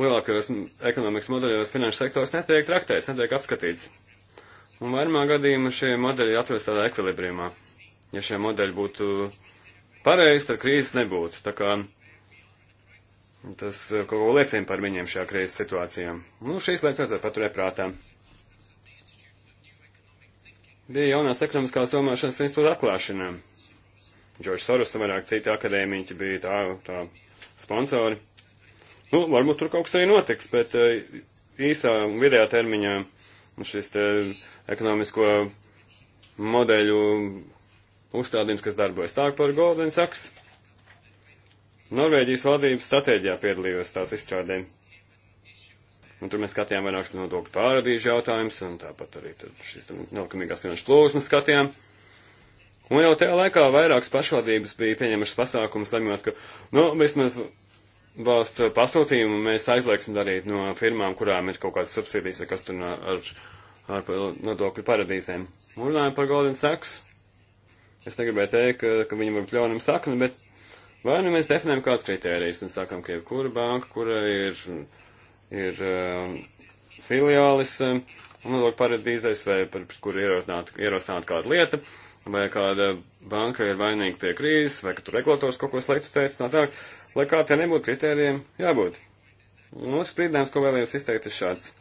Lielākajos ekonomikas modeļos finanšu sektors netiek traktēts, netiek apskatīts. Un vairumā gadījumā šie modeļi atrodas tādā ekvilibrijumā. Ja šie modeļi būtu pareizi, tad krīzes nebūtu. Tā kā tas kaut ko liecina par viņiem šajā krīzes situācijā. Nu, šīs lietas vajadzētu paturēt prātā. Bija jaunās ekonomiskās domāšanas institūta atklāšana. Džordžs Soros un vairāk citi akadēmiķi bija tā, tā sponsori. Nu, varbūt tur kaut kas arī notiks, bet eh, īsā un vidējā termiņā šis te eh, ekonomisko modeļu uzstādījums, kas darbojas. Sāk par Goldman Sachs. Norvēģijas valdības stratēģijā piedalījos tās izstrādē. Un tur mēs skatījām vairākus nodokļu pārādīžu jautājumus, un tāpat arī šīs nelikumīgās finanšu plūsmas skatījām. Un jau tajā laikā vairākas pašvaldības bija pieņemušas pasākumus, lemjot, ka, nu, vismaz valsts pasūtījumu mēs aizliegsim darīt no firmām, kurām ir kaut kādas subsīdijas vai kas tur ar, ar, ar nodokļu paradīzēm. Un runājam par Golden Sachs. Es negribēju teikt, ka, ka viņam varbūt ļaunam sakni, bet vai nu mēs definējam kāds kritērijs un sakam, ka jebkura banka, kura ir, ir um, filiālis um, nodokļu paradīzēs vai par kuru ierosināta kāda lieta, vai kāda banka ir vainīga pie krīzes, vai ka tur regulators kaut ko sliktu teica, tā tālāk, lai kā tie nebūtu kritērijiem, jābūt. Nu, sprīdinājums, ko vēlējos izteikt, ir šāds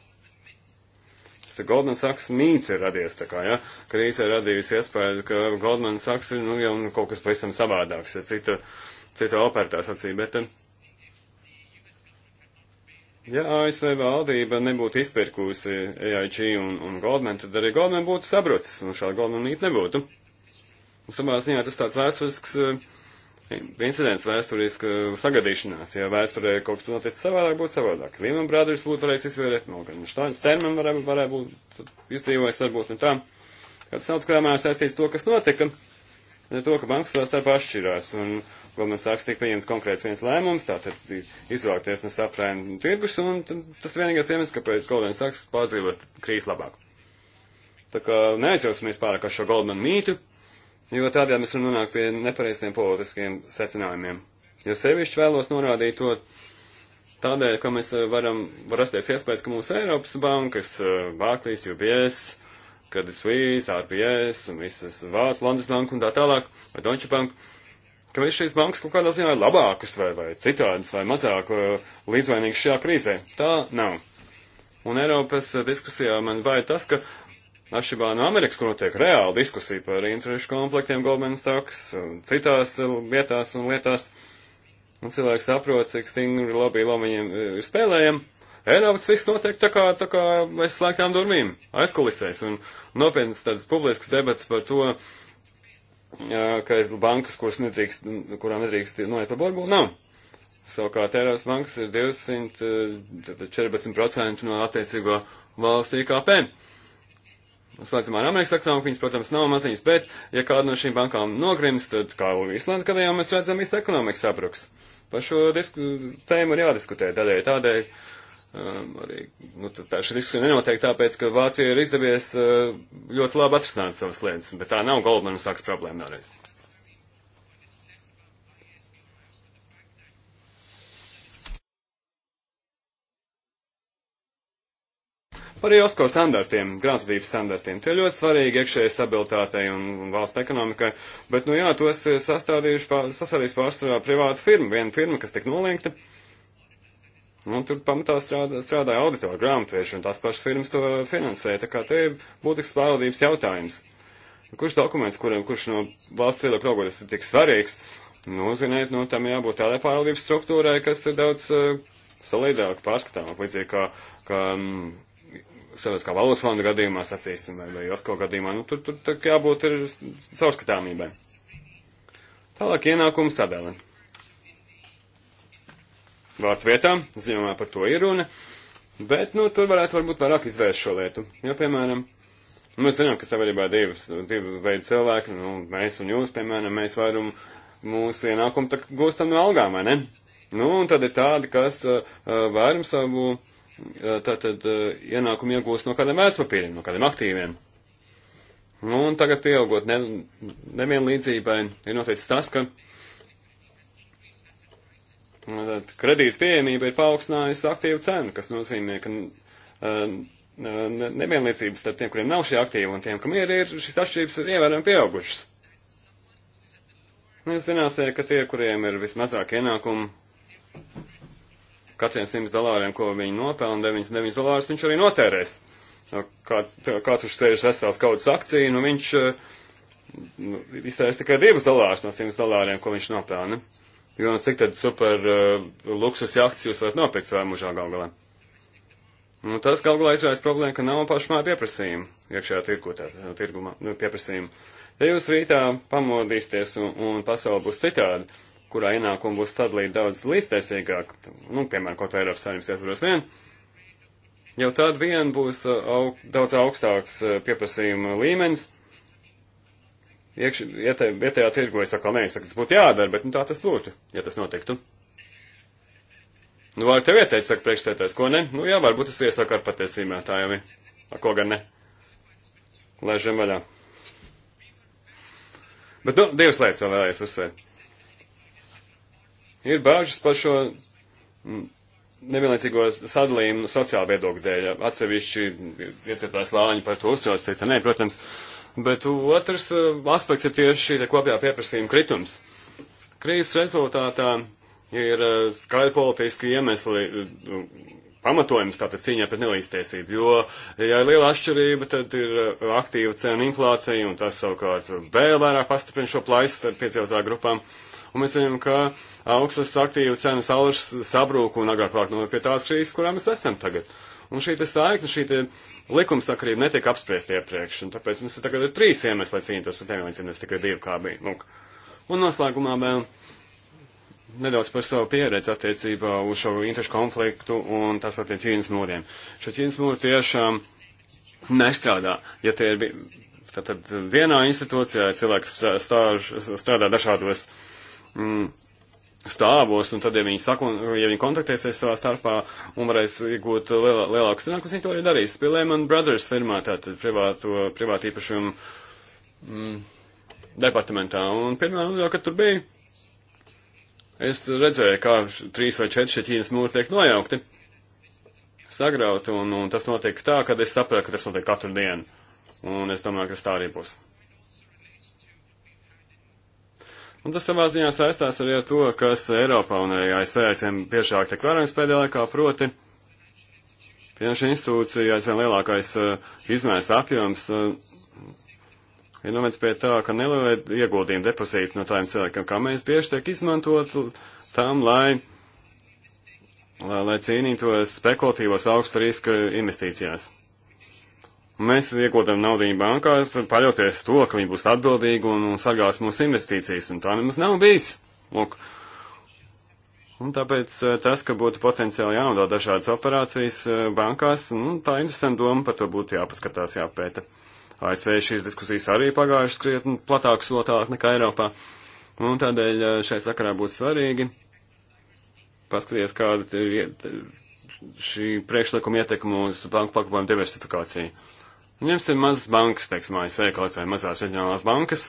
šis Goldman Sachs mīts ir radies, tā kā, ja, krīze ir radījusi iespēju, ka Goldman Sachs ir, nu, jau nu, kaut kas pavisam savādāks, ja cita, cita operā tā sacīja, bet. Eh, ja ASV valdība nebūtu izpirkusi AIG un, un Goldman, tad arī Goldman būtu sabrucis, un šāda Goldman mīta nebūtu. Un savā ziņā tas tāds vēsturisks. Uh, incidents vēsturiski sagadīšanās. Ja vēsturē kaut kas notiek savādāk, būtu savādāk. Lehman Brothers būtu varējis izvērēt, no gan Štāns Terman varētu, varētu būt izdzīvojis varbūt un tā. Kad tas nav tikai mērā saistīts to, kas notika, ne to, ka bankas vēl starp atšķirās. Un Goldman Sachs tika pieņems konkrēts viens lēmums, tātad izvēlēties no saprēna tirgus, un tas vienīgais iemesls, kāpēc Goldman Sachs pārdzīvot krīzes labāk. Tā kā neaizjausmies pārāk ar šo Goldman mītu, jo tādēļ mēs varam nonākt pie nepareiziem politiskiem secinājumiem. Jo sevišķi vēlos norādīt to tādēļ, ka mēs eh, varam, var rasties iespējas, ka mūsu Eiropas bankas, eh, Barclays, UBS, Credit Suisse, RBS un visas Vācu Landesbanka un tā tālāk, vai Deutsche Bank, ka visas šīs bankas kaut kādā ziņā ir labākas vai, vai citādas vai mazāk eh, līdzvainīgas šajā krīzē. Tā nav. Un Eiropas diskusijā man vajag tas, ka Atšķirībā no Amerikas, kur notiek reāla diskusija par interešu komplektiem Goldman Sachs, um, citās um, vietās un lietās, un cilvēks saprot, cik stingri lobby lomiņiem uh, ir spēlējami, Eiropas viss notiek tā kā, tā kā aiz slēgtām durvīm, aizkulisēs, un nopietnas tādas publiskas debats par to, ka ir bankas, kuras nedrīkst, kurām nedrīkst noiet pa borbu, nav. Savukārt Eiropas bankas ir 214% uh, no attiecīgo valstu IKP slēdzamā ar Amerikas ekonomiku, viņas, protams, nav maziņas, bet, ja kāda no šīm bankām nogrims, tad, kā Īslandes gadījumā, mēs redzam, visa ekonomika sabruks. Par šo disku, tēmu ir jādiskutē, tādēļ, tādēļ um, arī nu, tā, šī diskusija nenotiek tāpēc, ka Vācija ir izdevies uh, ļoti labi atrisināt savas lietas, bet tā nav Goldman Sachs problēma vēlreiz. Par IOSCO standartiem, grāmatvedības standartiem. Tie ļoti svarīgi iekšējai stabilitātei un, un valsts ekonomikai, bet, nu jā, tos sastādījuši, pār, sastādījuši pārsvarā privāta firma, viena firma, kas tik nolinkta. Un tur pamatā strādā, strādāja auditori, grāmatvieši, un tās pašas firmas to finansēja. Tā kā te ir būtisks pārvaldības jautājums. Kurš dokuments, kuram, kurš no valsts viedokļa raugoties ir tik svarīgs, nu, ziniet, nu, tam jābūt tādai pārvaldības struktūrai, kas ir daudz uh, eh, solidārāk, pārskatāmāk, līdzīgi kā, kā um, sabiedriskā valodas fonda gadījumā, sacīsim, vai, vai Josko gadījumā, nu, tur, tur, tur jābūt ir caurskatāmībai. Tālāk ienākums sadēlē. Vārds vietā, ziņojumā par to ir runa, bet, nu, tur varētu varbūt vairāk izvērst šo lietu. Jo, piemēram, nu, mēs zinām, ka sabiedrībā divas, divi veidi cilvēki, nu, mēs un jūs, piemēram, mēs vairumu mūsu ienākumu gūstam no algām, vai ne? Nu, un tad ir tādi, kas uh, eh, eh, vairumu savu uh, tātad ienākumu iegūst no kādiem vērtspapīriem, no kādiem aktīviem. Nu, un tagad pieaugot ne, nevienlīdzībai ir noteicis tas, ka nu, tātad, kredīta pieejamība ir paaugstinājusi aktīvu cenu, kas nozīmē, ka ne, nevienlīdzības starp tiem, kuriem nav šie aktīvi un tiem, kam ir, ir šīs atšķirības ir ievērojami pieaugušas. Nu, jūs zināsiet, ka tie, kuriem ir vismazāk ienākumu, katriem 100 dolāriem, ko viņi nopelna, 99 dolārus viņš arī notērēs. Nu, kāds, kāds viņš sēž vesels kaudzes akciju, nu viņš eh, nu, iztērēs tikai 2 dolārus no 100 dolāriem, ko viņš nopelna. Jo nu, cik tad super uh, luksus jahts jūs varat nopirkt savā mužā gal galā? Nu, tas gal galā izraisa problēmu, ka nav pašmā pieprasījuma iekšējā tirgu, tā, tirgumā, nu, pieprasījuma. Ja jūs rītā pamodīsieties un, un pasauli būs citādi, kurā ienākumi būs sadalīti daudz līdztaisīgāk, nu, piemēram, kaut vai Eiropas saimnības ietvaros vien, jau tad vien būs uh, aug, daudz augstāks uh, pieprasījuma līmenis. Iekš, ietē, vietējā tirgu es atkal neizsaku, tas būtu jādara, bet nu, tā tas būtu, ja tas notiktu. Nu, var tev ieteikt, saka priekšstētājs, ko ne? Nu, jā, varbūt tas iesaka ar patiesībā, tā jau ir. Ar ko gan ne? Lēžam vaļā. Bet, nu, divas lietas vēl vēlējos uzsvērt. Ir bāžas par šo nevienlaicīgo sadalījumu sociāla viedokļa dēļ. Atsevišķi iecietās lāņi par to uztrauc, cita nē, protams. Bet otrs uh, aspekts ir tieši šī kopējā pieprasījuma kritums. Krīzes rezultātā ir uh, skaidri politiski iemesli uh, pamatojums tātad cīņā pret nelīdztiesību, jo, ja ir liela atšķirība, tad ir aktīva cena inflācija, un tas savukārt vēl vairāk pastiprina šo plaisu starp piedzīvotā grupām. Uh, un mēs zinām, ka augstas aktīvu cenu salas sabrūk un agrāk vēl no nu, pie tādas krīzes, kurā mēs esam tagad. Un šī saikne, šī likumsakarība netiek apspriesta iepriekš, un tāpēc mums tagad ir trīs iemesli, lai cīnītos par nevienlīdzību, nevis tikai divi, kā bija. Lūk. Un noslēgumā vēl nedaudz par savu pieredzi attiecībā uz šo interešu konfliktu un tās attiecībā ķīnas mūriem. Šo ķīnas mūru tiešām nestrādā, ja tie ir Tātad vienā institūcijā cilvēks stāž, strādā dažādos mm, stāvos, un tad, ja viņi, saku, ja viņi kontaktēsies savā starpā un varēs iegūt lielā, lielākus zinākumus, viņi to arī darīs. Pie Lehman Brothers firmā, tātad privāto, privātu īpašumu mm, departamentā. Un pirmā nodaļā, kad tur biju, es redzēju, kā trīs vai četri šie ķīnas mūri tiek nojaukti, sagrauti, un, un tas notiek tā, kad es sapratu, ka tas notiek katru dienu. Un es domāju, ka tas tā arī būs. Un tas savā ziņā saistās arī ar to, kas Eiropā un arī ASV aizvien biežāk tiek vērojams pēdējā laikā, proti, finanšu institūcija aizvien lielākais uh, izmērs apjoms uh, ir novēc pie tā, ka nelielai ieguldījumi depozīti no tādiem cilvēkiem, kā mēs bieži tiek izmantot tam, lai, lai, lai cīnītos spekulatīvos augsta riska investīcijās. Mēs iekotam naudu bankās, paļauties to, ka viņi būs atbildīgi un, un sagās mūsu investīcijas, un tā nemaz nav bijis. Lūk. Un tāpēc eh, tas, ka būtu potenciāli jānodod dažādas operācijas eh, bankās, nu, tā interesanta doma par to būtu jāpaskatās, jāpēta. ASV šīs diskusijas arī pagājušas krietni platāk slotāk nekā Eiropā, un tādēļ eh, šai sakarā būtu svarīgi paskatīties, kāda ir šī priekšlikuma ietekme uz banku pakalpojumu diversifikāciju. Un jums ir mazas bankas, teiksim, ASV kaut vai mazās reģionālās bankas.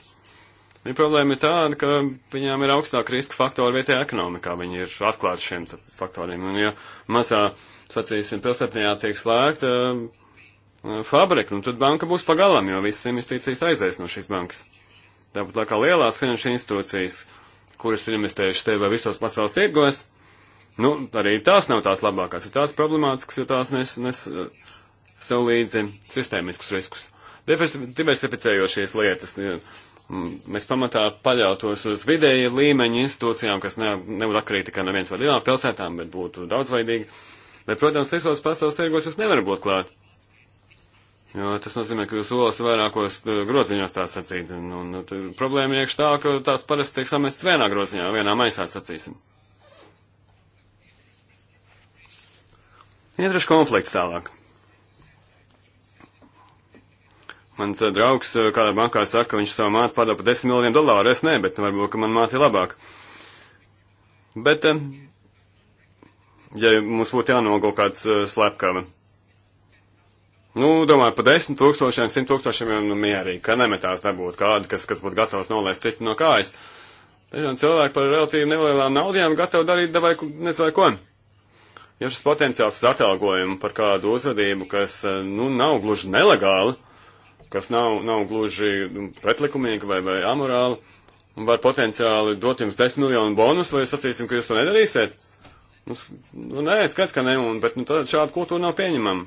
Ja problēma ir tāda, ka viņām ir augstāka riska faktori vietējā ekonomikā. Viņi ir atklāti šiem faktoriem. Un, ja mazā, sacīsim, pilsētnējā tiek slēgta uh, fabrika, nu, tad banka būs pagalam, jo visas investīcijas aizies no šīs bankas. Tāpat laikā lielās finanšu institūcijas, kuras ir investējušas tev vai visos pasaules tirgos, nu, arī tās nav tās labākās. Ir tās problemātiskas, jo tās nes, nes sev līdzi sistēmiskus riskus. Diversificējošies lietas. Mēs pamatā paļautos uz vidēja līmeņa institūcijām, kas ne, nebūtu atkarīgi tikai no vienas vai divām pilsētām, bet būtu daudzveidīgi. Bet, protams, visos pasaules tirgos jūs nevarat būt klāt. Jo tas nozīmē, ka jūs olas vairākos eh, groziņos tā sacīt. Un, un, un problēma iekš tā, ka tās parasti tiek samestas vienā groziņā, vienā maisā sacīsim. Interešu konflikts tālāk. Mans eh, draugs eh, kādā bankā saka, ka viņš savu māti padara par 10 miljoniem dolāru. Es nē, bet varbūt, ka man māte ir labāka. Bet, eh, ja mums būtu jānolgo kāds slepkava, nu, domāju, par 10 tūkstošiem, 100 tūkstošiem jau nu, mierīgi, ka nemetās nebūtu kādu, kas, kas būtu gatavs nolaist citu no kājas. Dažādi cilvēki par relatīvi nelielām naudām gatavi darīt davai, nezinu, ko. Ja šis potenciāls uz atalgojumu par kādu uzvedību, kas, nu, nav gluži nelegāli, kas nav, nav gluži nu, pretlikumīgi vai, vai amorāli, un var potenciāli dot jums 10 miljonu bonus, vai jūs sacīsim, ka jūs to nedarīsiet? Mums, nu, nu, nē, skats, ka ne, un, bet nu, šāda kultūra nav pieņemama.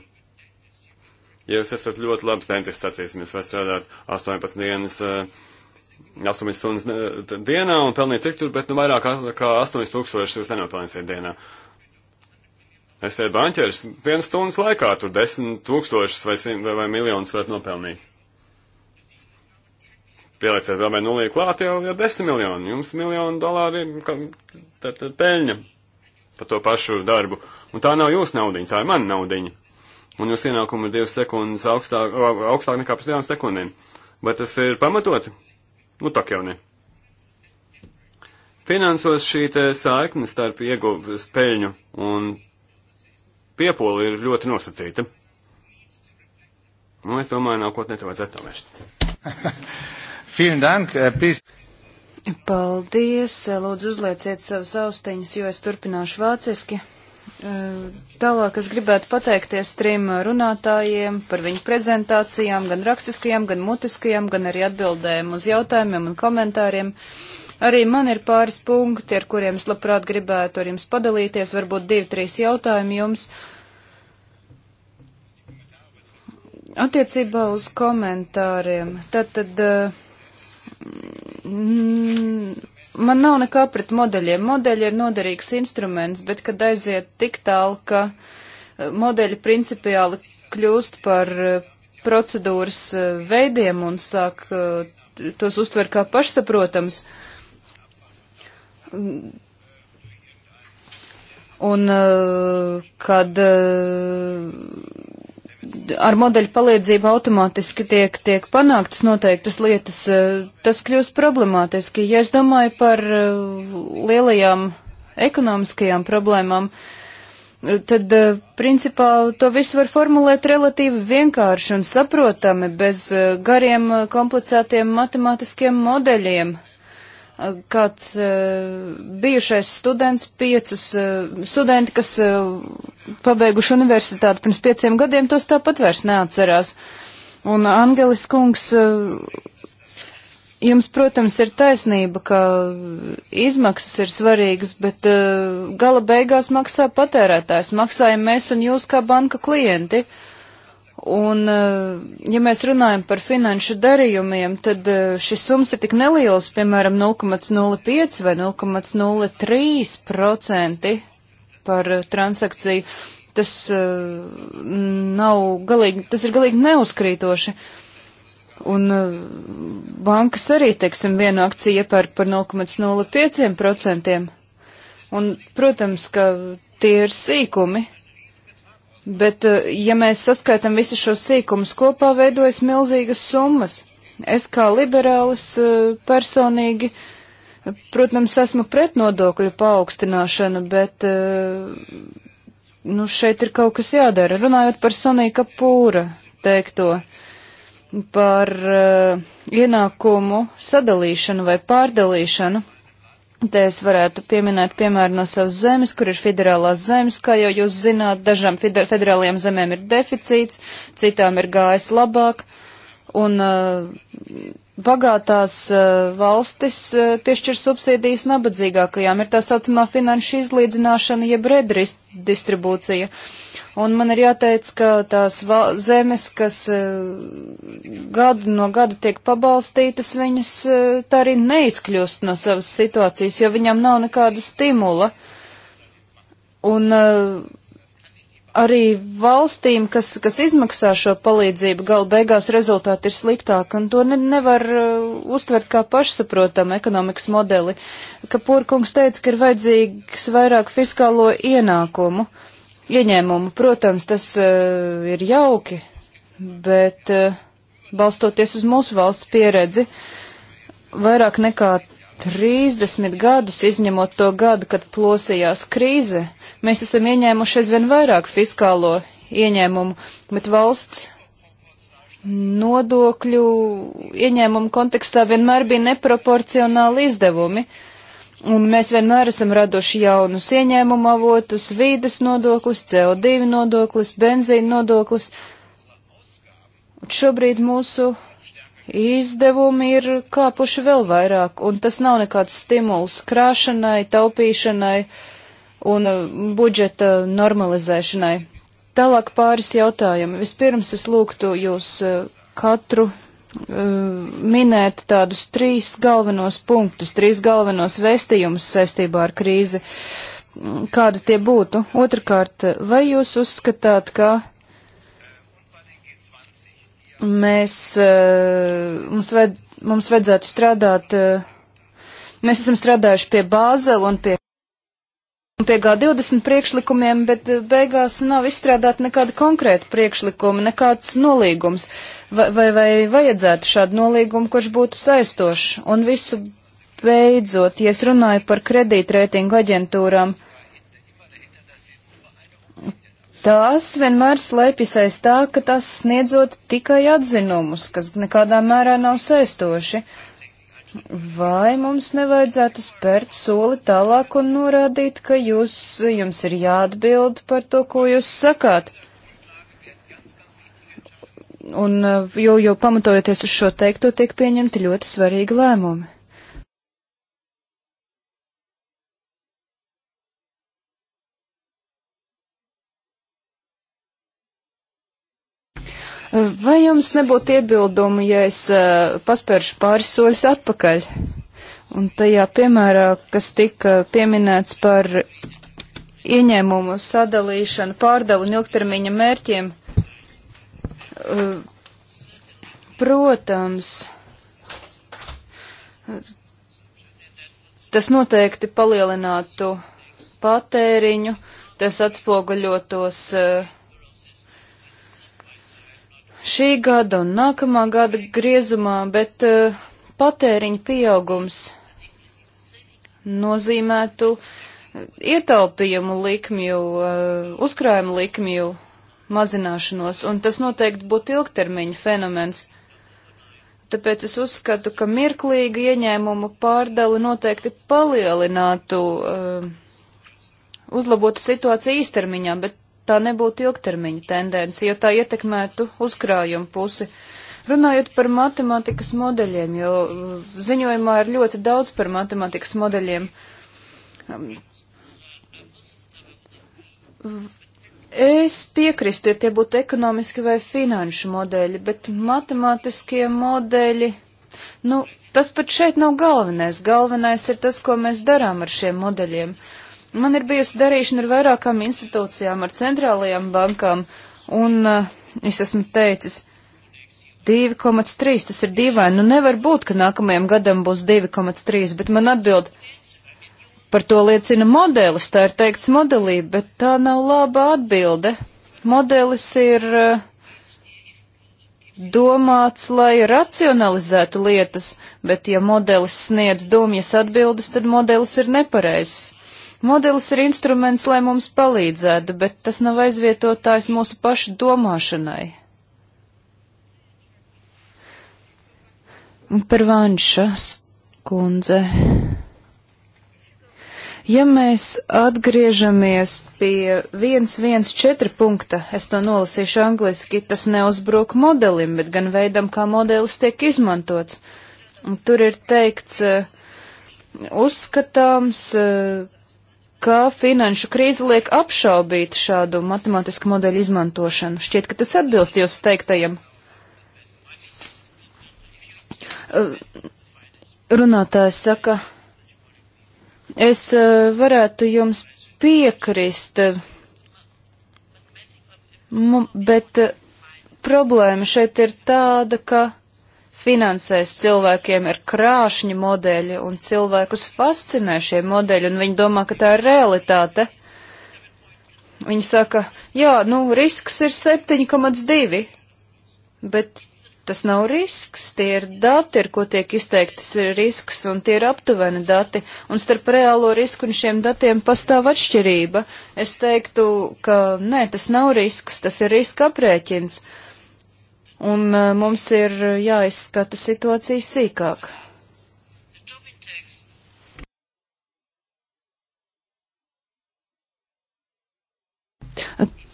Ja jūs esat ļoti labs dentists, sacīsim, jūs varat strādāt 18 dienas, 8 eh, stundas dienā un pelnīt cik tur, bet nu vairāk kā 8 tūkstoši jūs nenopelnīsiet dienā. Uh, Es te banķeris vienas stundas laikā tur desmit tūkstošus vai, simt, vai, vai miljonus varat nopelnīt. Pielieciet vēl vai nulī klāt jau, jau desmit miljoni. Jums miljonu dolāri kā, tā, tā, peļņa par to pašu darbu. Un tā nav jūsu naudiņa, tā ir mana naudiņa. Un jūsu ienākumi ir divas sekundes augstāk, augstāk nekā pēc divām sekundēm. Vai tas ir pamatoti? Nu, tā jau ne. Finansos šī saikne starp ieguvumu spēļņu un piepola ir ļoti nosacīta. Nu, es domāju, nākotnē to vajadzētu novērst. Vielen Dank, eh, Pīs. Paldies, eh, lūdzu uzlieciet savus austiņus, jo es turpināšu vāciski. Eh, tālāk es gribētu pateikties trim runātājiem par viņu prezentācijām, gan rakstiskajām, gan mutiskajām, gan arī atbildēm uz jautājumiem un komentāriem. Uh, Arī man ir pāris punkti, ar kuriem es labprāt gribētu ar jums padalīties, varbūt divi, trīs jautājumi jums. Attiecībā uz komentāriem. Tātad. Mm, man nav nekā pret modeļiem. Modeļi ir noderīgs instruments, bet kad aiziet tik tālu, ka e, modeļi principiāli kļūst par e, procedūras e, veidiem un sāk tos uztver kā pašsaprotams, uh, Un uh, kad uh, ar modeļu palīdzību automātiski tiek, tiek panāktas noteiktas lietas, uh, tas kļūst problemātiski. Ja es domāju par lielajām ekonomiskajām problēmām, tad, principā, to visu var formulēt relatīvi vienkārši un saprotami, bez gariem, komplicētiem matemātiskiem modeļiem kāds eh, bijušais students, piecas eh, studenti, kas eh, pabeiguši universitāti pirms pieciem gadiem, tos tāpat vairs neatcerās. Un Angelis kungs, jums, protams, ir taisnība, ka izmaksas ir svarīgas, bet gala beigās maksā patērētājs, maksājam mēs un jūs kā banka klienti. Uh, Un, eh, ja mēs runājam par finanšu darījumiem, tad eh, šis sums ir tik neliels, piemēram, 0,05 vai 0,03% par eh, transakciju. Tas nav galīgi, tas ir galīgi neuzkrītoši. Un bankas arī, teiksim, vienu akciju iepērk par 0,05%. Un, protams, ka tie ir sīkumi Bet, eh, ja mēs saskaitam visu šo sīkumus kopā, veidojas milzīgas summas. Es kā liberālis eh, personīgi, protams, esmu pret nodokļu paaugstināšanu, bet, eh, nu, šeit ir kaut kas jādara. Runājot par Sonīka Pūra teikto par ienākumu sadalīšanu vai pārdalīšanu. Te es varētu pieminēt piemēru no savas zemes, kur ir federālās zemes, kā jau jūs zināt, dažām federālajām zemēm ir deficīts, citām ir gājis labāk, un uh, bagātās uh, valstis uh, piešķir subsīdijas nabadzīgākajām, ir tā saucamā finanšu izlīdzināšana jeb redistribūcija. Redis Un man ir jāteic, ka tās zemes, kas e, gadu no gada tiek pabalstītas, viņas e, tā arī neizkļūst no savas situācijas, jo viņām nav nekāda stimula. Un e, arī valstīm, kas, kas izmaksā šo palīdzību, gala beigās rezultāti ir sliktāki, un to ne, nevar uh, uztvert kā pašsaprotamu ekonomikas modeli, ka Pūrkungs teica, ka ir vajadzīgs vairāk fiskālo ienākumu. Uh, ieņēmumu. Protams, tas uh, ir jauki, bet uh, balstoties uz mūsu valsts pieredzi, vairāk nekā 30 gadus, izņemot to gadu, kad plosījās krīze, mēs esam ieņēmuši aizvien vairāk fiskālo ieņēmumu, bet valsts nodokļu ieņēmumu kontekstā vienmēr bija neproporcionāli izdevumi. Uh, Un mēs vienmēr esam radoši jaunus ieņēmumu avotus, vīdes nodoklis, CO2 nodoklis, benzīna nodoklis. Un šobrīd mūsu izdevumi ir kāpuši vēl vairāk, un tas nav nekāds stimuls krāšanai, taupīšanai un uh, budžeta normalizēšanai. Tālāk pāris jautājumi. Vispirms es lūgtu jūs uh, katru Uh, minēt tādus trīs galvenos punktus, trīs galvenos vēstījumus saistībā ar krīzi. Mm, kādi tie būtu? Otrakārt, vai jūs uzskatāt, ka mēs, uh, mums, ved, mums vajadzētu strādāt, uh, mēs esam strādājuši pie Bāzela un pie pie G20 priekšlikumiem, bet eh, beigās nav izstrādāta nekāda konkrēta priekšlikuma, nekāds nolīgums, vai, vai, vai vajadzētu šādu nolīgumu, kurš būtu saistošs. Un visu beidzot, ja es runāju par kredītreitingu aģentūrām, tās vienmēr slēpjas aiz tā, ka tās sniedzot tikai atzinumus, kas nekādā mērā nav saistoši. Vai mums nevajadzētu spērt soli tālāk un norādīt, ka jūs, jums ir jāatbild par to, ko jūs sakāt? Un, jo, jo pamatojoties uz šo teikto, tiek pieņemti ļoti svarīgi lēmumi. Vai jums nebūtu iebildumu, ja es uh, paspēršu pāris soļus atpakaļ? Un tajā piemērā, kas tika pieminēts par ieņēmumu sadalīšanu, pārdalu un ilgtermiņa mērķiem, uh, protams, tas noteikti palielinātu patēriņu, tas atspoguļotos uh, šī gada un nākamā gada griezumā, bet uh, patēriņa pieaugums nozīmētu eh, ietaupījumu likmju, uh, eh, uzkrājumu likmju mazināšanos, un tas noteikti būtu ilgtermiņa fenomens. Tāpēc es uzskatu, ka mirklīga ieņēmuma pārdali noteikti palielinātu, uh, uzlabotu situāciju īstermiņā, bet tā nebūtu ilgtermiņa tendence, jo tā ietekmētu uzkrājumu pusi. Runājot par matemātikas modeļiem, jo mm, ziņojumā ir ļoti daudz par matemātikas modeļiem. Mm, es piekrīstu, ja tie būtu ekonomiski vai finanšu modeļi, bet matemātiskie modeļi, nu, tas pat šeit nav galvenais. Galvenais ir tas, ko mēs darām ar šiem modeļiem. Uh, Man ir bijusi darīšana ar vairākām institūcijām, ar centrālajām bankām, un uh, es esmu teicis, 2,3 tas ir dīvaini. Nu nevar būt, ka nākamajam gadam būs 2,3, bet man atbild, par to liecina modelis, tā ir teikts modelī, bet tā nav laba atbilde. Modelis ir uh, domāts, lai racionalizētu lietas, bet ja modelis sniedz domjas atbildes, tad modelis ir nepareizs. Modelis ir instruments, lai mums palīdzētu, bet tas nav aizvietotājs mūsu pašu domāšanai. Par vanšas kundze. Ja mēs atgriežamies pie 114 punkta, es to nolasīšu angliski, tas neuzbruk modelim, bet gan veidam, kā modelis tiek izmantots. Un tur ir teikts, eh, uzskatāms, eh, ka finanšu krīze liek apšaubīt šādu matemātisku modeļu izmantošanu. Šķiet, ka tas atbilst jūsu teiktajam. Runātājs saka, es varētu jums piekrist, bet problēma šeit ir tāda, ka finansēs. Cilvēkiem ir krāšņi modeļi un cilvēkus fascinē šie modeļi, un viņi domā, ka tā ir realitāte. Viņi saka, jā, nu, risks ir 7,2, bet tas nav risks, tie ir dati, ar ko tiek izteiktas ir risks, un tie ir aptuveni dati, un starp reālo risku un šiem datiem pastāv atšķirība. Es teiktu, ka nē, tas nav risks, tas ir riska aprēķins. Uh, un uh, mums ir uh, jāizskata situācija sīkāk.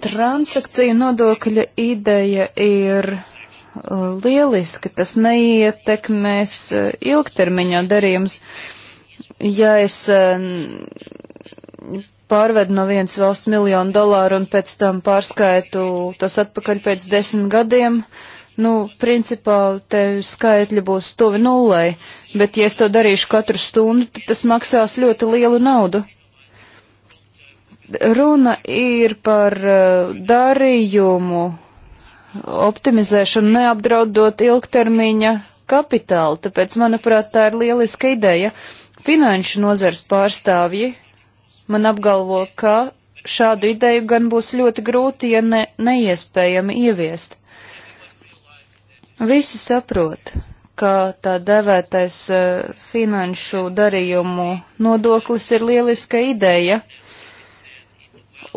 Transakciju nodokļa ideja ir uh, lieliska, tas neietekmēs ilgtermiņā darījums. Ja es pārvedu no vienas valsts miljonu dolāru un pēc tam pārskaitu tos atpakaļ pēc desmit gadiem, nu, principā te skaitļi būs tuvi nullei, bet ja es to darīšu katru stundu, tad tas maksās ļoti lielu naudu. Runa ir par uh, darījumu optimizēšanu neapdraudot ilgtermiņa kapitālu, tāpēc, manuprāt, tā ir lieliska ideja. Finanšu nozars pārstāvji Man apgalvo, ka šādu ideju gan būs ļoti grūti, ja ne, neiespējami ieviest. Visi saprot, ka tā devētais uh, finanšu darījumu nodoklis ir lieliska ideja,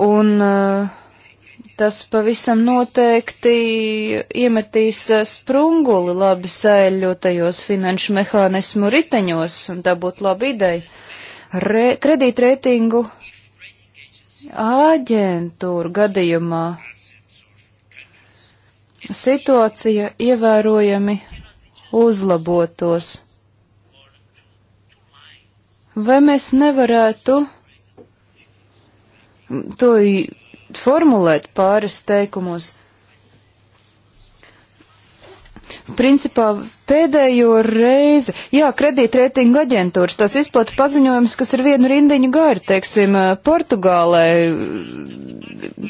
un uh, tas pavisam noteikti iemetīs eh, sprunguli labi sēļotajos finanšu mehānismu riteņos, un tā būtu laba ideja re, kredītreitingu aģentūru gadījumā situācija ievērojami uzlabotos. Vai mēs nevarētu to formulēt pāris teikumos? principā pēdējo reizi, jā, kredītreitinga aģentūras, tās izplata paziņojums, kas ir vienu rindiņu gari, teiksim, Portugālē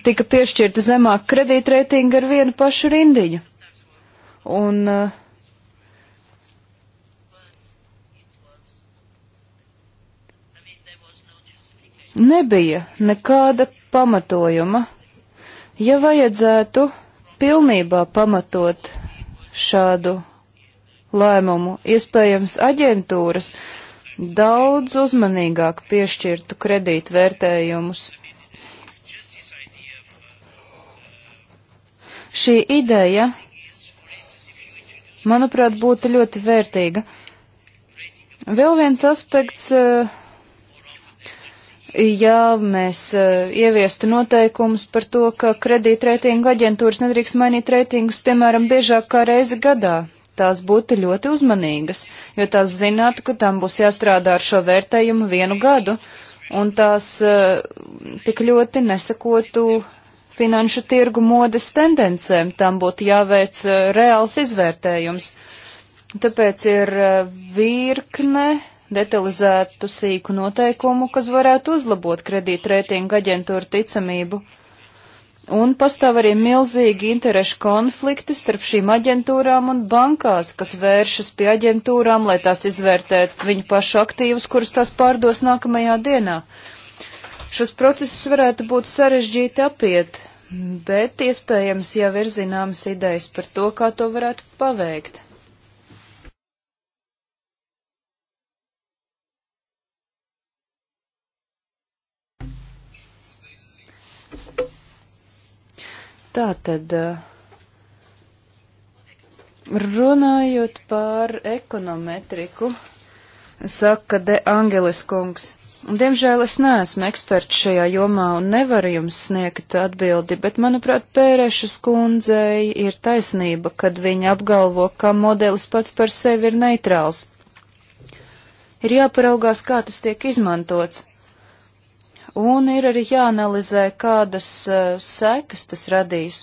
tika piešķirta zemāk kredītreitinga ar vienu pašu rindiņu. Un, Nebija nekāda pamatojuma. Ja vajadzētu pilnībā pamatot šādu lēmumu. Iespējams, aģentūras daudz uzmanīgāk piešķirtu kredītvērtējumus. Šī ideja, manuprāt, būtu ļoti vērtīga. Vēl viens aspekts, eh, ja mēs eh, ieviestu noteikumus par to, ka kredītreitingu aģentūras nedrīkst mainīt reitingus, piemēram, biežāk kā reizi gadā. Tās būtu ļoti uzmanīgas, jo tās zinātu, ka tam būs jāstrādā ar šo vērtējumu vienu gadu, un tās eh, tik ļoti nesakotu finanšu tirgu modes tendencēm, tam būtu jāveic eh, reāls izvērtējums. Tāpēc ir virkne detalizētu sīku noteikumu, kas varētu uzlabot kredītreitinga aģentūra ticamību. Un pastāv arī milzīgi interešu konflikti starp šīm aģentūrām un bankās, kas vēršas pie aģentūrām, lai tās izvērtētu viņu pašu aktīvus, kurus tās pārdos nākamajā dienā. Šos procesus varētu būt sarežģīti apiet, bet iespējams jau ir zināmas idejas par to, kā to varētu paveikt. Tā tad, eh, runājot par ekonometriku, saka De Angelis kungs. Diemžēl es neesmu eksperts šajā jomā un nevaru jums sniegt atbildi, bet, manuprāt, Pērēšas kundzei ir taisnība, kad viņa apgalvo, ka modelis pats par sevi ir neitrāls. Ir jāparaugās, kā tas tiek izmantots un ir arī jāanalizē, kādas eh, sekas tas radīs.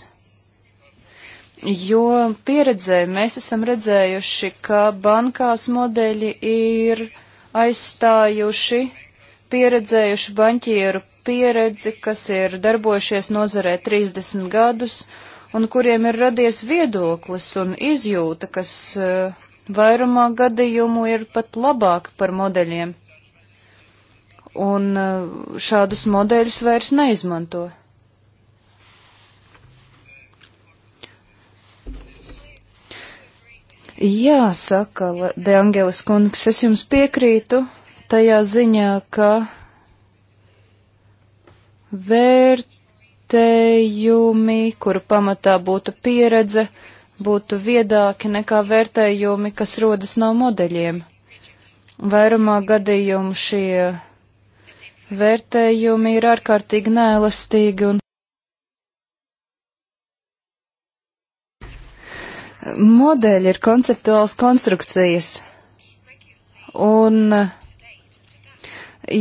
Jo pieredzē mēs esam redzējuši, ka bankās modeļi ir aizstājuši pieredzējuši baņķieru pieredzi, kas ir darbojušies nozarē 30 gadus un kuriem ir radies viedoklis un izjūta, kas eh, vairumā gadījumu ir pat labāka par modeļiem un e, šādus modeļus vairs neizmanto. Jā, saka De Angelis kungs, es jums piekrītu tajā ziņā, ka vērtējumi, kuru pamatā būtu pieredze, būtu viedāki nekā vērtējumi, kas rodas no modeļiem. Vairumā gadījumu šie vērtējumi ir ārkārtīgi nēlastīgi un modeļi ir konceptuāls konstrukcijas. Un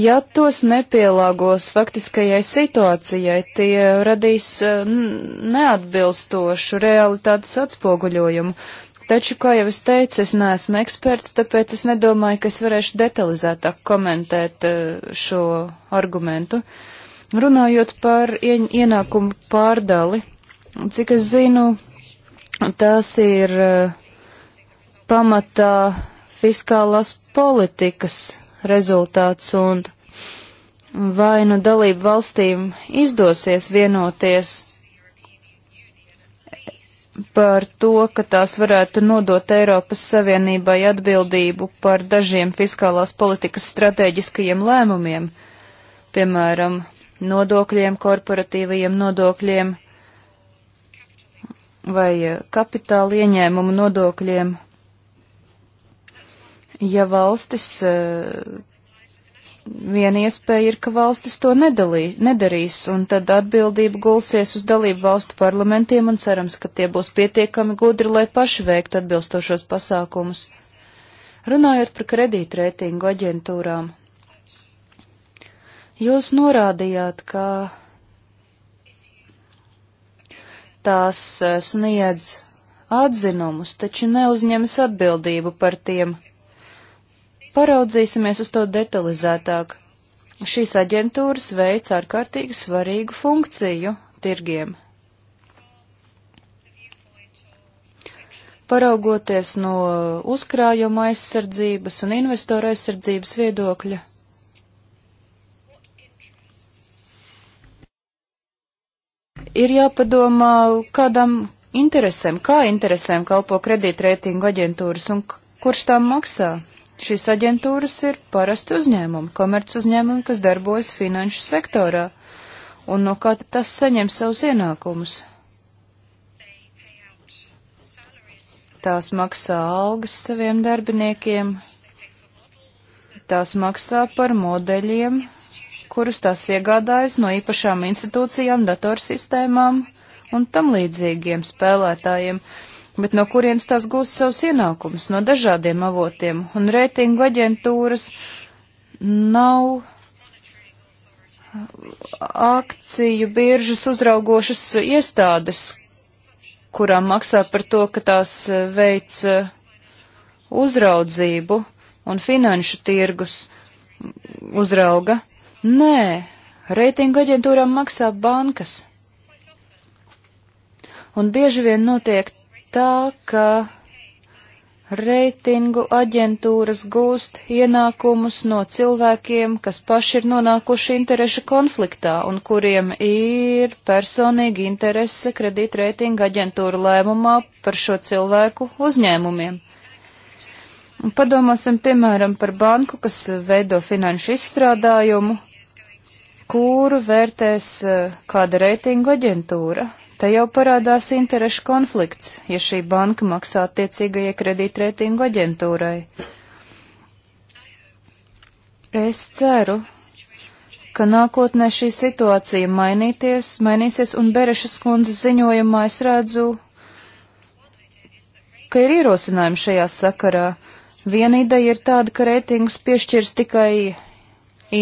ja tos nepielāgos faktiskajai situācijai, tie radīs neatbilstošu realitātes atspoguļojumu. Taču, kā jau es teicu, es neesmu eksperts, tāpēc es nedomāju, ka es varēšu detalizētāk komentēt eh, šo argumentu. Runājot par ienākumu pārdali, cik es zinu, tās ir eh, pamatā fiskālās politikas rezultāts un vai nu dalību valstīm izdosies vienoties par to, ka tās varētu nodot Eiropas Savienībai atbildību par dažiem fiskālās politikas stratēģiskajiem lēmumiem, piemēram, nodokļiem, korporatīvajiem nodokļiem vai eh, kapitāla ieņēmumu nodokļiem. Ja valstis eh, Viena iespēja ir, ka valstis to nedalī, nedarīs, un tad atbildība gulsies uz dalību valstu parlamentiem, un cerams, ka tie būs pietiekami gudri, lai paši veiktu atbilstošos pasākumus. Runājot par kredītreitingu aģentūrām, jūs norādījāt, ka tās eh, sniedz atzinumus, taču neuzņemas atbildību par tiem. Paraudzīsimies uz to detalizētāk. Šīs aģentūras veic ārkārtīgi svarīgu funkciju tirgiem. Paraugoties no uzkrājuma aizsardzības un investoru aizsardzības viedokļa, ir jāpadomā, kādam interesēm, kā interesēm kalpo kredītreitingu aģentūras un kurš tām maksā. Šīs aģentūras ir parasti uzņēmumi, komerc uzņēmumi, kas darbojas finanšu sektorā, un no kā tas saņem savus ienākumus. Tās maksā algas saviem darbiniekiem, tās maksā par modeļiem, kurus tās iegādājas no īpašām institūcijām, datorsistēmām un tam līdzīgiem spēlētājiem. Uh, bet no kurienes tās gūst savus ienākumus? No dažādiem avotiem, un reitingu aģentūras nav akciju biržas uzraugošas iestādes, kurām maksā par to, ka tās e, veic e, uzraudzību un finanšu tirgus uzrauga. Nē, reitingu aģentūrām maksā bankas. Un bieži vien notiek tā, ka reitingu aģentūras gūst ienākumus no cilvēkiem, kas paši ir nonākuši interešu konfliktā un kuriem ir personīgi interese kredītreitinga aģentūra lēmumā par šo cilvēku uzņēmumiem. Un padomāsim, piemēram, par banku, kas veido finanšu izstrādājumu, kuru vērtēs eh, kāda reitingu aģentūra. Te jau parādās interešu konflikts, ja šī banka maksā attiecīgajai kredītreitingu aģentūrai. Es ceru, ka nākotnē šī situācija mainīties, mainīsies, un Berešas kundzes ziņojumā es redzu, ka ir ierosinājumi šajā sakarā. Viena ideja ir tāda, ka reitingus piešķirs tikai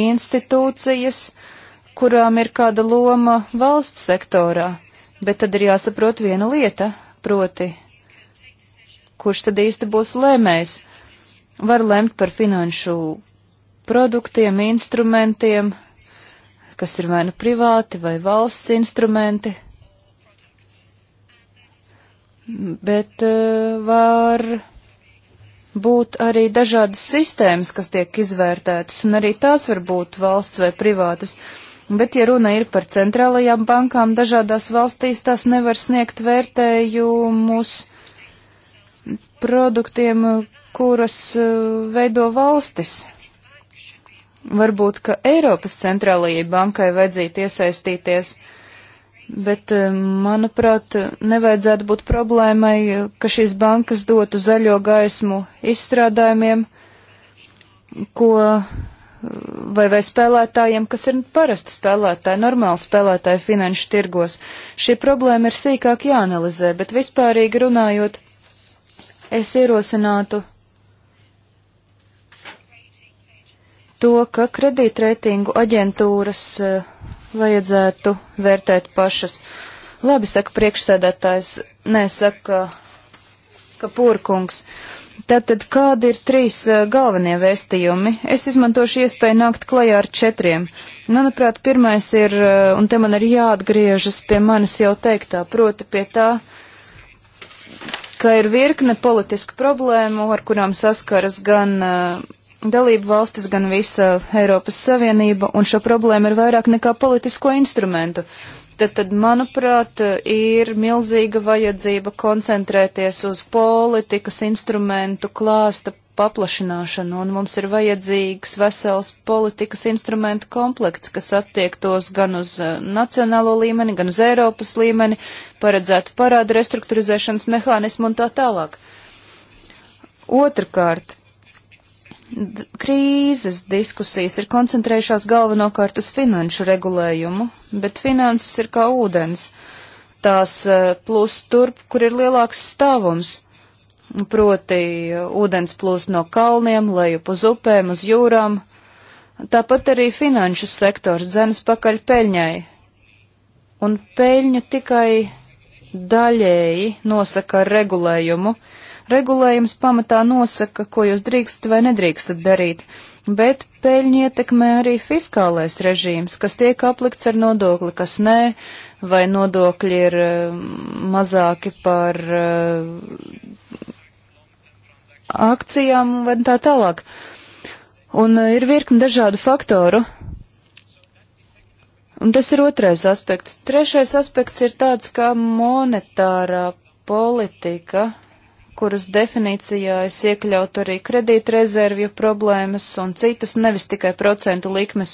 institūcijas, kurām ir kāda loma valsts sektorā bet tad ir jāsaprot viena lieta, proti, kurš tad īsti būs lēmējs. Var lemt par finanšu produktiem, instrumentiem, kas ir vai nu privāti vai valsts instrumenti, bet uh, var būt arī dažādas sistēmas, kas tiek izvērtētas, un arī tās var būt valsts vai privātas. Uh, Bet, ja runa ir par centrālajām bankām, dažādās valstīs tās nevar sniegt vērtējumus produktiem, kuras eh, veido valstis. Varbūt, ka Eiropas centrālajai bankai vajadzētu iesaistīties, bet, eh, manuprāt, nevajadzētu būt problēmai, ka šīs bankas dotu zaļo gaismu izstrādājumiem, ko vai, vai spēlētājiem, kas ir parasti spēlētāji, normāli spēlētāji finanšu tirgos. Šī problēma ir sīkāk jāanalizē, bet vispārīgi runājot, es ierosinātu to, ka kredītreitingu aģentūras eh, vajadzētu vērtēt pašas. Labi, saka priekšsēdētājs, nē, saka, ka pūrkungs. Uh, Tātad, kādi ir trīs galvenie vēstījumi? Es izmantošu iespēju nākt klajā ar četriem. Manuprāt, pirmais ir, un te man ir jāatgriežas pie manis jau teiktā, proti pie tā, ka ir virkne politisku problēmu, ar kurām saskaras gan dalību valstis, gan visa Eiropas Savienība, un šo problēmu ir vairāk nekā politisko instrumentu tad, tad, manuprāt, ir milzīga vajadzība koncentrēties uz politikas instrumentu klāsta paplašināšanu, un mums ir vajadzīgs vesels politikas instrumentu komplekts, kas attiektos gan uz eh, nacionālo līmeni, gan uz Eiropas līmeni, paredzētu parādu restruktūrizēšanas mehānismu un tā tālāk. Otrakārt, krīzes diskusijas ir koncentrējušās galvenokārt uz finanšu regulējumu, bet finanses ir kā ūdens. Tās e, plūst turp, kur ir lielāks stāvums, proti e, ūdens plūst no kalniem, lejup uz upēm, uz jūrām. Tāpat arī finanšu sektors dzenas pakaļ peļņai, un peļņu tikai daļēji nosaka regulējumu, uh, Regulējums pamatā nosaka, ko jūs drīkstat vai nedrīkstat darīt, bet peļņu ietekmē arī fiskālais režīms, kas tiek aplikts ar nodokli, kas nē, vai nodokļi ir eh, mazāki par eh, akcijām vai tā tālāk. Un eh, ir virkni dažādu faktoru. Un tas ir otrais aspekts. Trešais aspekts ir tāds, kā monetārā politika kuras definīcijā es iekļautu arī kredītrezervju problēmas un citas, nevis tikai procentu likmes.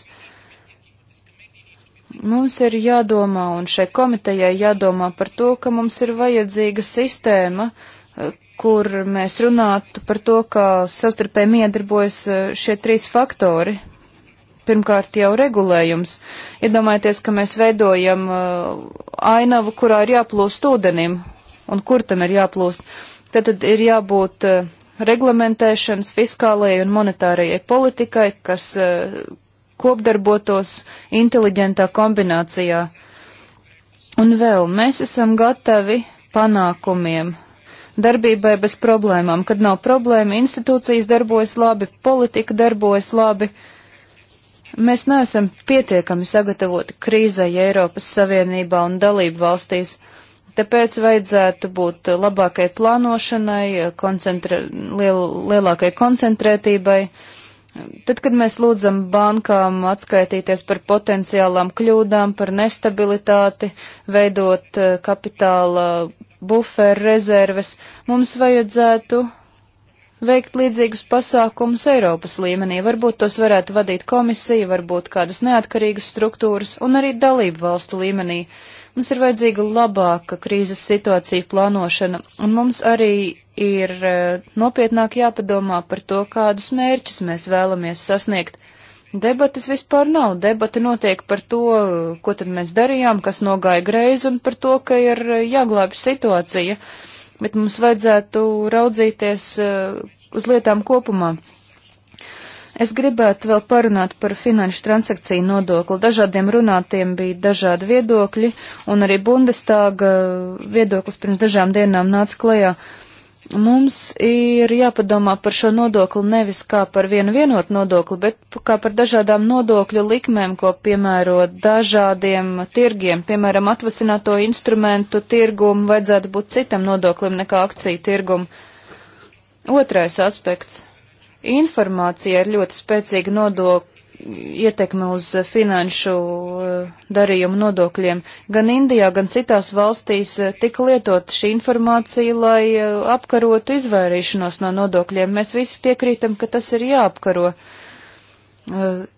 Mums ir jādomā, un šai komitejai jādomā par to, ka mums ir vajadzīga sistēma, eh, kur mēs runātu par to, kā savstarpēji miedarbojas eh, šie trīs faktori. Pirmkārt, jau regulējums. Iedomājieties, ka mēs veidojam eh, ainavu, kurā ir jāplūst ūdenim, un kur tam ir jāplūst. Tad ir jābūt eh, reglamentēšanas fiskālajai un monetārajai politikai, kas eh, kopdarbotos inteliģentā kombinācijā. Un vēl mēs esam gatavi panākumiem, darbībai bez problēmām. Kad nav problēma, institūcijas darbojas labi, politika darbojas labi. Mēs neesam pietiekami sagatavoti krīzai Eiropas Savienībā un dalību valstīs. Tāpēc vajadzētu būt labākai plānošanai, koncentrē, liel, lielākai koncentrētībai. Tad, kad mēs lūdzam bankām atskaitīties par potenciālām kļūdām, par nestabilitāti, veidot eh, kapitāla buferu rezerves, mums vajadzētu veikt līdzīgus pasākumus Eiropas līmenī. Varbūt tos varētu vadīt komisija, varbūt kādas neatkarīgas struktūras un arī dalību valstu līmenī. Uh, Mums ir vajadzīga labāka krīzes situācija plānošana, un mums arī ir e, nopietnāk jāpadomā par to, kādus mērķus mēs vēlamies sasniegt. Debates vispār nav. Debate notiek par to, ko tad mēs darījām, kas nogāja greizi, un par to, ka ir jāglābj situācija. Bet mums vajadzētu raudzīties e, uz lietām kopumā. Es gribētu vēl parunāt par finanšu transakciju nodokli. Dažādiem runātiem bija dažādi viedokļi, un arī Bundestāga viedoklis pirms dažām dienām nāca klajā. Mums ir jāpadomā par šo nodokli nevis kā par vienu vienotu nodokli, bet kā par dažādām nodokļu likmēm, ko piemēro dažādiem tirgiem. Piemēram, atvasināto instrumentu tirgumu vajadzētu būt citam nodoklim nekā akciju tirgumu. Otrais aspekts informācija ir ļoti spēcīga nodokļa ietekme uz finanšu eh, darījumu nodokļiem. Gan Indijā, gan citās valstīs eh, tika lietot šī informācija, lai eh, apkarotu izvairīšanos no nodokļiem. Mēs visi piekrītam, ka tas ir jāapkaro.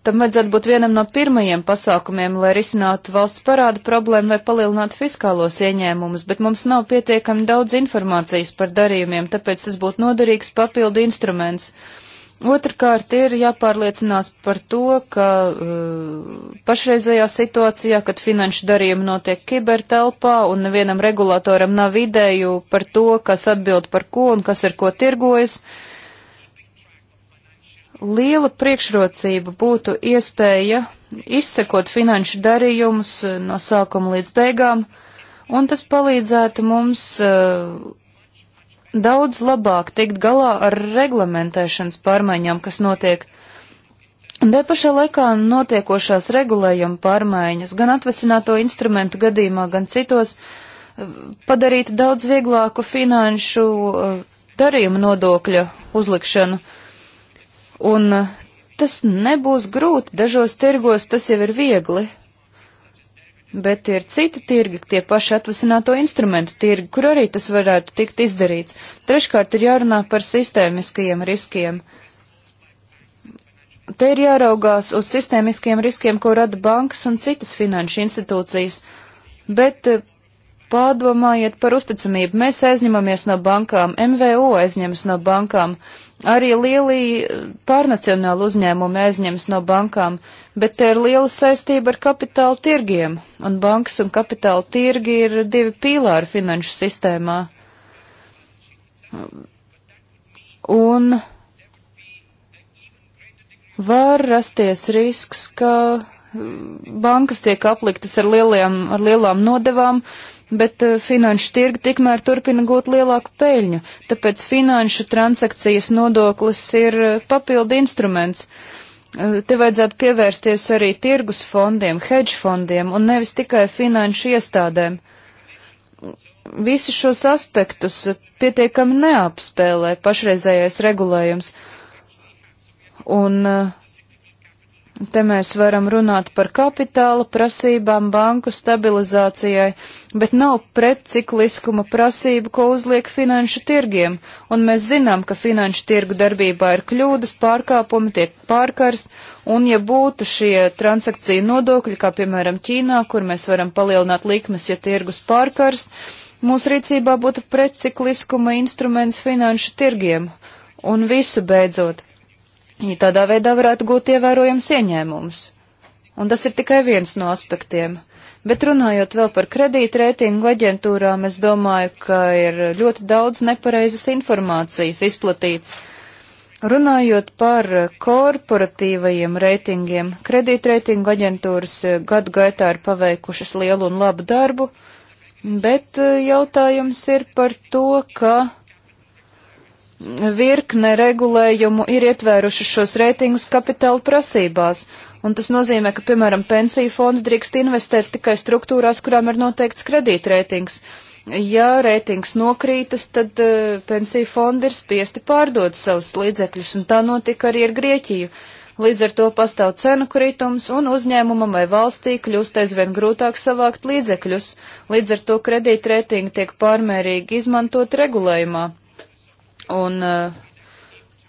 Tam vajadzētu būt vienam no pirmajiem pasākumiem, lai risinātu valsts parāda problēmu vai palielinātu fiskālos ieņēmumus, bet mums nav pietiekami daudz informācijas par darījumiem, tāpēc tas būtu noderīgs papildu instruments. Uh, Otrakārt ir jāpārliecinās par to, ka uh, pašreizējā situācijā, kad finanšu darījumi notiek kibertelpā un nevienam regulatoram nav ideju par to, kas atbild par ko un kas ar ko tirgojas, liela priekšrocība būtu iespēja izsekot finanšu darījumus uh, no sākuma līdz beigām, un tas palīdzētu mums uh, daudz labāk tikt galā ar reglamentēšanas pārmaiņām, kas notiek. Un te pašā laikā notiekošās regulējuma pārmaiņas gan atvesināto instrumentu gadījumā, gan citos padarītu daudz vieglāku finanšu eh, darījumu nodokļa uzlikšanu. Un eh, tas nebūs grūti, dažos tirgos tas jau ir viegli, bet ir citi tirgi, tie paši atvasināto instrumentu tirgi, kur arī tas varētu tikt izdarīts. Treškārt ir jārunā par sistēmiskajiem riskiem. Te ir jāraugās uz sistēmiskiem riskiem, ko rada bankas un citas finanšu institūcijas, bet eh, pārdomājiet par uzticamību. Mēs aizņemamies no bankām, MVO aizņemas no bankām, Arī lieli eh, pārnacionāli uzņēmumi aizņems no bankām, bet te ir liela saistība ar kapitāla tirgiem, un bankas un kapitāla tirgi ir divi pīlāri finanšu sistēmā. Un var rasties risks, ka eh, bankas tiek apliktas ar, lieliem, ar lielām nodevām, bet uh, finanšu tirgi tikmēr turpina gūt lielāku peļņu, tāpēc finanšu transakcijas nodoklis ir uh, papildu instruments. Uh, te vajadzētu pievērsties arī tirgus fondiem, hedge fondiem un nevis tikai finanšu iestādēm. Visi šos aspektus pietiekami neapspēlē pašreizējais regulējums. Un uh, Te mēs varam runāt par kapitāla prasībām, banku stabilizācijai, bet nav pretcikliskuma prasība, ko uzliek finanšu tirgiem, un mēs zinām, ka finanšu tirgu darbībā ir kļūdas, pārkāpumi tiek pārkarst, un ja būtu šie transakciju nodokļi, kā piemēram Ķīnā, kur mēs varam palielināt likmes, ja tirgus pārkarst, mūsu rīcībā būtu pretcikliskuma instruments finanšu tirgiem. Un visu beidzot. Viņi ja tādā veidā varētu gūt ievērojams ieņēmums. Un tas ir tikai viens no aspektiem. Bet runājot vēl par kredītreitingu aģentūrām, es domāju, ka ir ļoti daudz nepareizas informācijas izplatīts. Runājot par korporatīvajiem reitingiem, kredītreitingu aģentūras gadu gaitā ir paveikušas lielu un labu darbu, bet eh, jautājums ir par to, ka virkne regulējumu ir ietvēruši šos reitingus kapitāla prasībās, un tas nozīmē, ka, piemēram, pensiju fondi drīkst investēt tikai struktūrās, kurām ir noteikts kredītreitings. Ja reitings nokrītas, tad uh, pensiju fondi ir spiesti pārdot savus līdzekļus, un tā notika arī ar Grieķiju. Līdz ar to pastāv cenu kritums, un uzņēmumam vai valstī kļūst aizvien grūtāk savākt līdzekļus, līdz ar to kredītreitingi tiek pārmērīgi izmantot regulējumā. Un uh,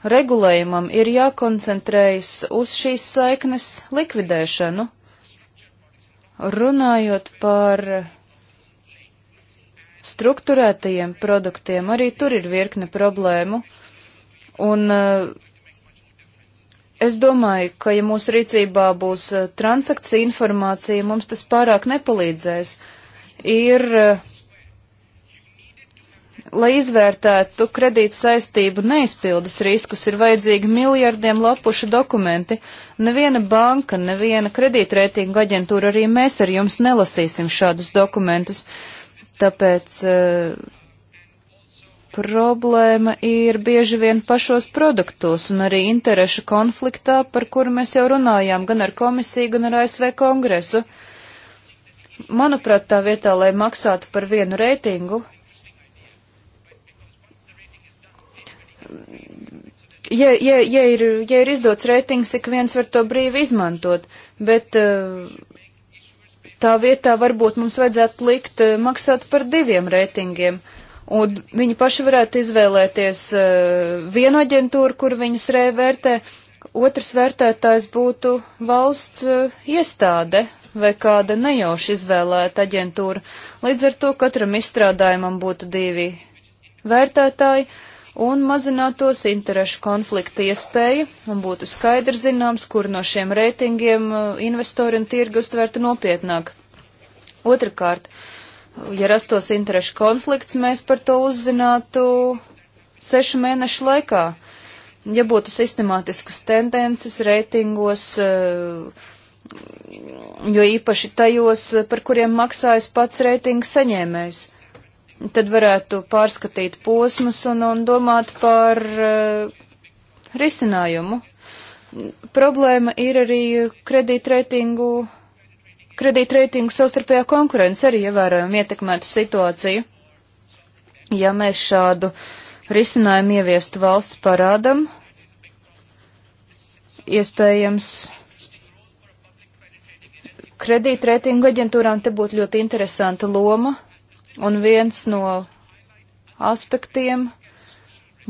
regulējumam ir jākoncentrējas uz šīs saiknes likvidēšanu. Runājot par struktūrētajiem produktiem, arī tur ir virkne problēmu. Un eh, es domāju, ka ja mūsu rīcībā būs eh, transakcija informācija, mums tas pārāk nepalīdzēs. Ir uh, Lai izvērtētu kredīt saistību neizpildes riskus, ir vajadzīgi miljardiem lapušu dokumenti. Neviena banka, neviena kredītreitinga aģentūra, arī mēs ar jums nelasīsim šādus dokumentus. Tāpēc uh, problēma ir bieži vien pašos produktos un arī interešu konfliktā, par kuru mēs jau runājām gan ar komisiju, gan ar ASV kongresu. Manuprāt, tā vietā, lai maksātu par vienu reitingu, ja, ja, ja, ir, ja ir izdots reitings, ik viens var to brīvi izmantot, bet eh, tā vietā varbūt mums vajadzētu likt eh, maksāt par diviem reitingiem. Un viņi paši varētu izvēlēties eh, vienu aģentūru, kur viņus revērtē, otrs vērtētājs būtu valsts iestāde vai kāda nejauši izvēlēta aģentūra. Līdz ar to katram izstrādājumam būtu divi vērtētāji. Uh, un mazinātos interešu konflikta iespēja un būtu skaidrs zināms, kur no šiem reitingiem uh, investori un tirgi uztvertu nopietnāk. Otrakārt, uh, ja rastos interešu konflikts, mēs par to uzzinātu sešu mēnešu laikā. Ja būtu sistemātiskas tendences reitingos, uh, jo īpaši tajos, par kuriem maksājas pats reitinga saņēmējs tad varētu pārskatīt posmus un, un domāt par uh, risinājumu. Problēma ir arī kredītreitingu, kredītreitingu savstarpējā konkurence arī ievērojami ietekmētu situāciju. Ja mēs šādu risinājumu ieviestu valsts parādam, iespējams kredītreitingu aģentūrām te būtu ļoti interesanta loma Un viens no aspektiem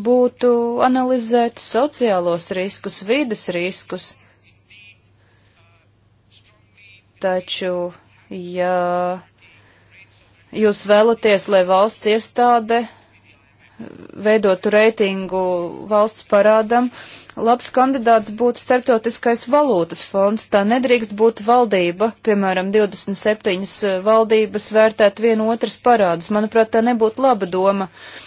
būtu analizēt sociālos riskus, vides riskus. Taču, ja jūs vēlaties, lai valsts iestāde veidotu reitingu valsts parādam, labs kandidāts būtu starptautiskais valūtas fonds. Tā nedrīkst būt valdība, piemēram, 27 valdības vērtēt vienu otras parādus. Manuprāt, tā nebūtu laba doma. Uh,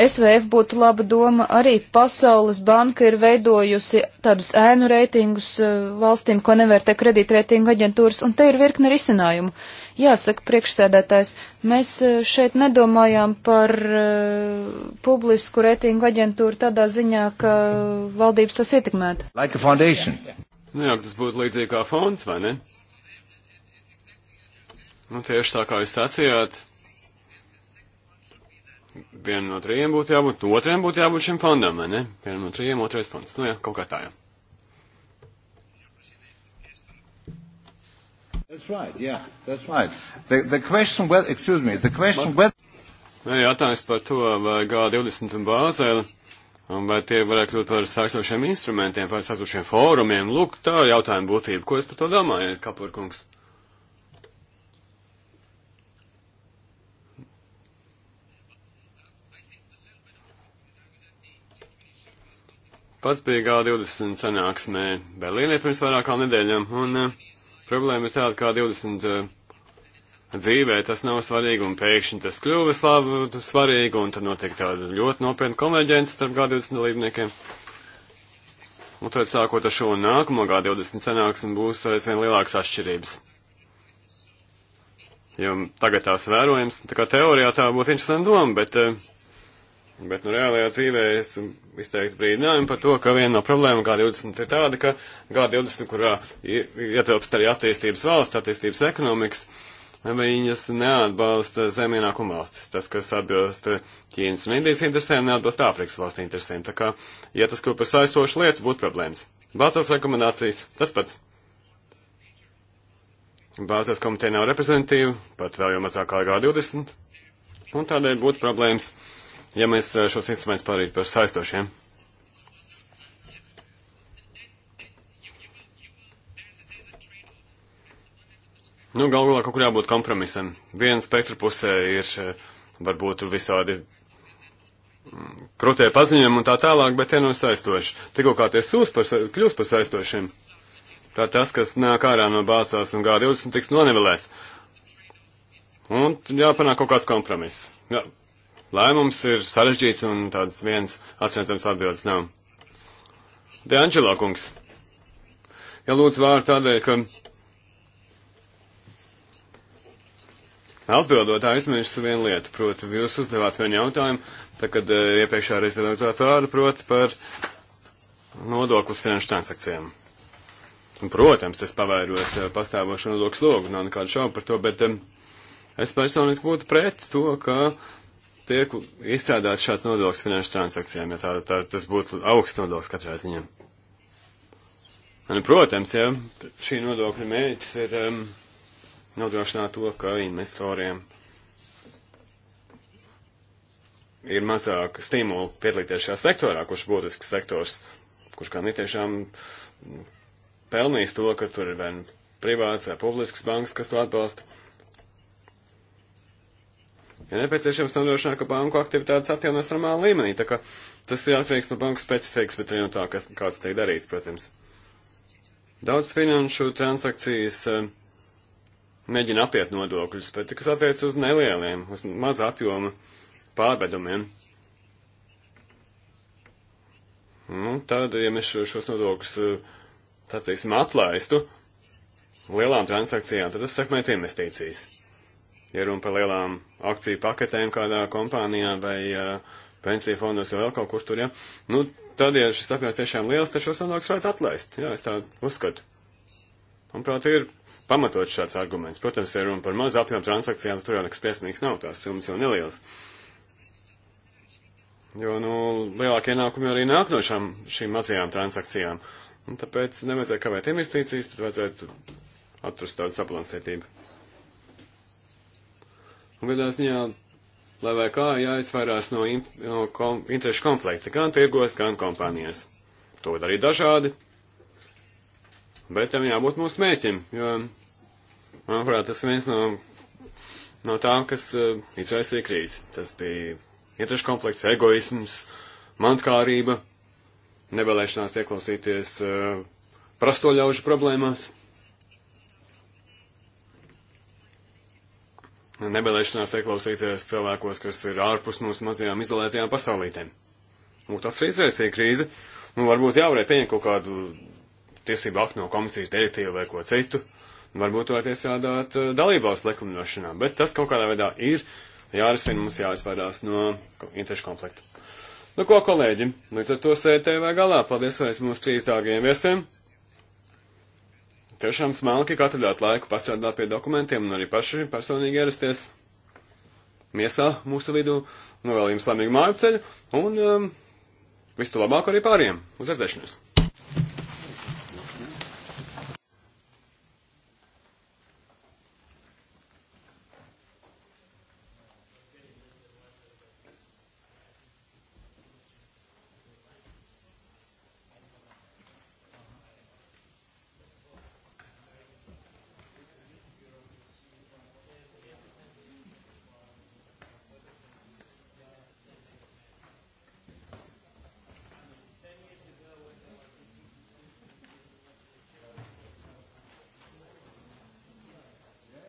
SVF būtu laba doma, arī Pasaules banka ir veidojusi tādus ēnu reitingus eh, valstīm, ko nevērtē kredītreitingu aģentūras, un te ir virkne risinājumu. Jāsaka, priekšsēdētājs, mēs eh, šeit nedomājām par uh, publisku reitingu aģentūru tādā ziņā, ka valdības tas ietekmētu. Like a foundation. Nu jā, tas būtu līdzīgi kā fonds, vai ne? Nu, tieši tā kā jūs sacījāt vienam no trījiem būtu jābūt, otram būtu jābūt šim fondam, vai ne? Vienam no trījiem, otrais fonds. Nu jā, kaut kā tā jau. That's right, yeah, that's right. The, the question, well, excuse me, the question, well... Nē, jautājums par to, vai G20 un Bāzēla, un vai tie varētu kļūt par sākstošiem instrumentiem, par sākstošiem fórumiem. Lūk, tā ir jautājuma būtība. Ko jūs par to domājat, Kapurkungs? pats bija G20 sanāksmē Berlīnē pirms vairākām nedēļām, un uh, problēma ir tāda, kā 20 uh, dzīvē tas nav svarīgi, un pēkšņi tas kļuva slavu, tas svarīgi, un tad notiek tāda ļoti nopietna konverģence starp G20 dalībniekiem. Un tad sākot ar šo un nākamo G20 sanāksmi būs aizvien lielākas atšķirības. Jo tagad tās vērojams, tā kā teorijā tā būtu interesanta doma, bet uh, Bet, nu, reālajā dzīvē es izteikti brīdinājumu par to, ka viena no problēmām G20 ir tāda, ka G20, kurā ietilpst arī attīstības valsts, attīstības ekonomikas, viņas neatbalsta zemienākuma valstis. Tas, kas atbilst Ķīnas un Indijas interesēm, neatbilst Āfrikas valstu interesēm. Tā kā, ja tas kļūtu par saistošu lietu, būtu problēmas. Bācās rekomendācijas, tas pats. Bāzes komiteja nav reprezentatīva, pat vēl jau mazākā G20, un tādēļ būtu problēmas ja mēs eh, šos instrumentus pārīt par saistošiem. Nu, galu galā kaut kur jābūt kompromisam. Viena spektra pusē ir eh, varbūt visādi mm, krūtē paziņojumi un tā tālāk, bet tie nav saistoši. Tikko kā tie sūs par, kļūs par saistošiem, tā tas, kas nāk ārā no bāzās un G20 tiks nonivelēts. Un jāpanāk kaut kāds kompromiss. Jā, lēmums ir sarežģīts un tāds viens atcerētams atbildes nav. De Angelo kungs. Ja lūdzu vārdu tādēļ, ka atbildot aizmirstu vienu lietu, proti, jūs uzdevāt vienu jautājumu, tad, kad eh, iepriekšā reiz uzdevāt vārdu, proti, par nodoklis finanšu transakcijām. Un, protams, tas pavairos eh, pastāvošo nodokļu slogu, nav nekādu šaubu par to, bet um, es personiski būtu pret to, ka uh, tiek izstrādāts šāds nodoklis finanšu transakcijām, ja tā, tā tas būtu augsts nodoklis katrā ziņā. Un, protams, ja šī nodokļa mērķis ir um, nodrošināt to, ka investoriem ir mazāk stimulu piedalīties šajā sektorā, kurš būtisks sektors, kurš gan ir tiešām mm, pelnījis to, ka tur ir vai nu privāts vai publisks banks, kas to atbalsta ja nepieciešams nodrošināt, ka banku aktivitātes atjaunās normāla līmenī. Tā kā tas ir atkarīgs no banku specifikas, bet arī no tā, kas, kāds tiek darīts, protams. Daudz finanšu transakcijas eh, mēģina apiet nodokļus, bet kas attiec uz nelieliem, uz maza apjoma pārvedumiem. Nu, tad, ja mēs šos nodokļus, eh, tā teiksim, atlaistu lielām transakcijām, tad tas sekmēt investīcijas ja runa par lielām akciju paketēm kādā kompānijā vai uh, pensiju fondos vai vēl kaut kur tur, ja, nu, tad, ja šis apjoms tiešām liels, tad šos naudas varētu atlaist. Jā, es tā uzskatu. Manuprāt, ir pamatots šāds arguments. Protams, ja runa par mazu apjomu transakcijām, tur jau nekas priesmīgs nav, tās summas jau nelielas. Jo, nu, lielākie ienākumi arī nāk no šām, šīm mazajām transakcijām. Un tāpēc nevajadzētu kavēt investīcijas, bet vajadzētu atrast tādu sabalansētību. Un gadā ziņā, lai vai kā, jāizvairās no, in, no kom, interešu konflikta, gan tirgos, gan kompānijās. To var darīt dažādi, bet tam jābūt mūsu mēķim, jo, manuprāt, tas viens no, no tām, kas uh, izraisīja krīzi. Tas bija interešu konflikts, egoisms, mantkārība, nevēlēšanās ieklausīties uh, eh, prasto ļaužu problēmās. nebelēšanās ieklausīties cilvēkos, kas ir ārpus mūsu mazajām izolētajām pasaulītēm. Un tas ir izraisīja krīzi, un nu, varbūt jāvarēja pieņemt kaut kādu tiesību aktu no komisijas direktīvu vai ko citu, un varbūt to varētu iestrādāt eh, dalībvalsts likumdošanā, bet tas kaut kādā veidā ir jārisina, mums jāizvairās no interešu konflikta. Nu ko, kolēģi, līdz ar to sēdē vai galā, paldies vēlreiz mūsu trīs dārgajiem viesiem! tiešām smalki katru dātu laiku pasēdāt pie dokumentiem un arī paši personīgi ierasties miesā mūsu vidū, novēlījums nu, laimīgu māju ceļu un um, visu labāko arī pāriem uz redzēšanos!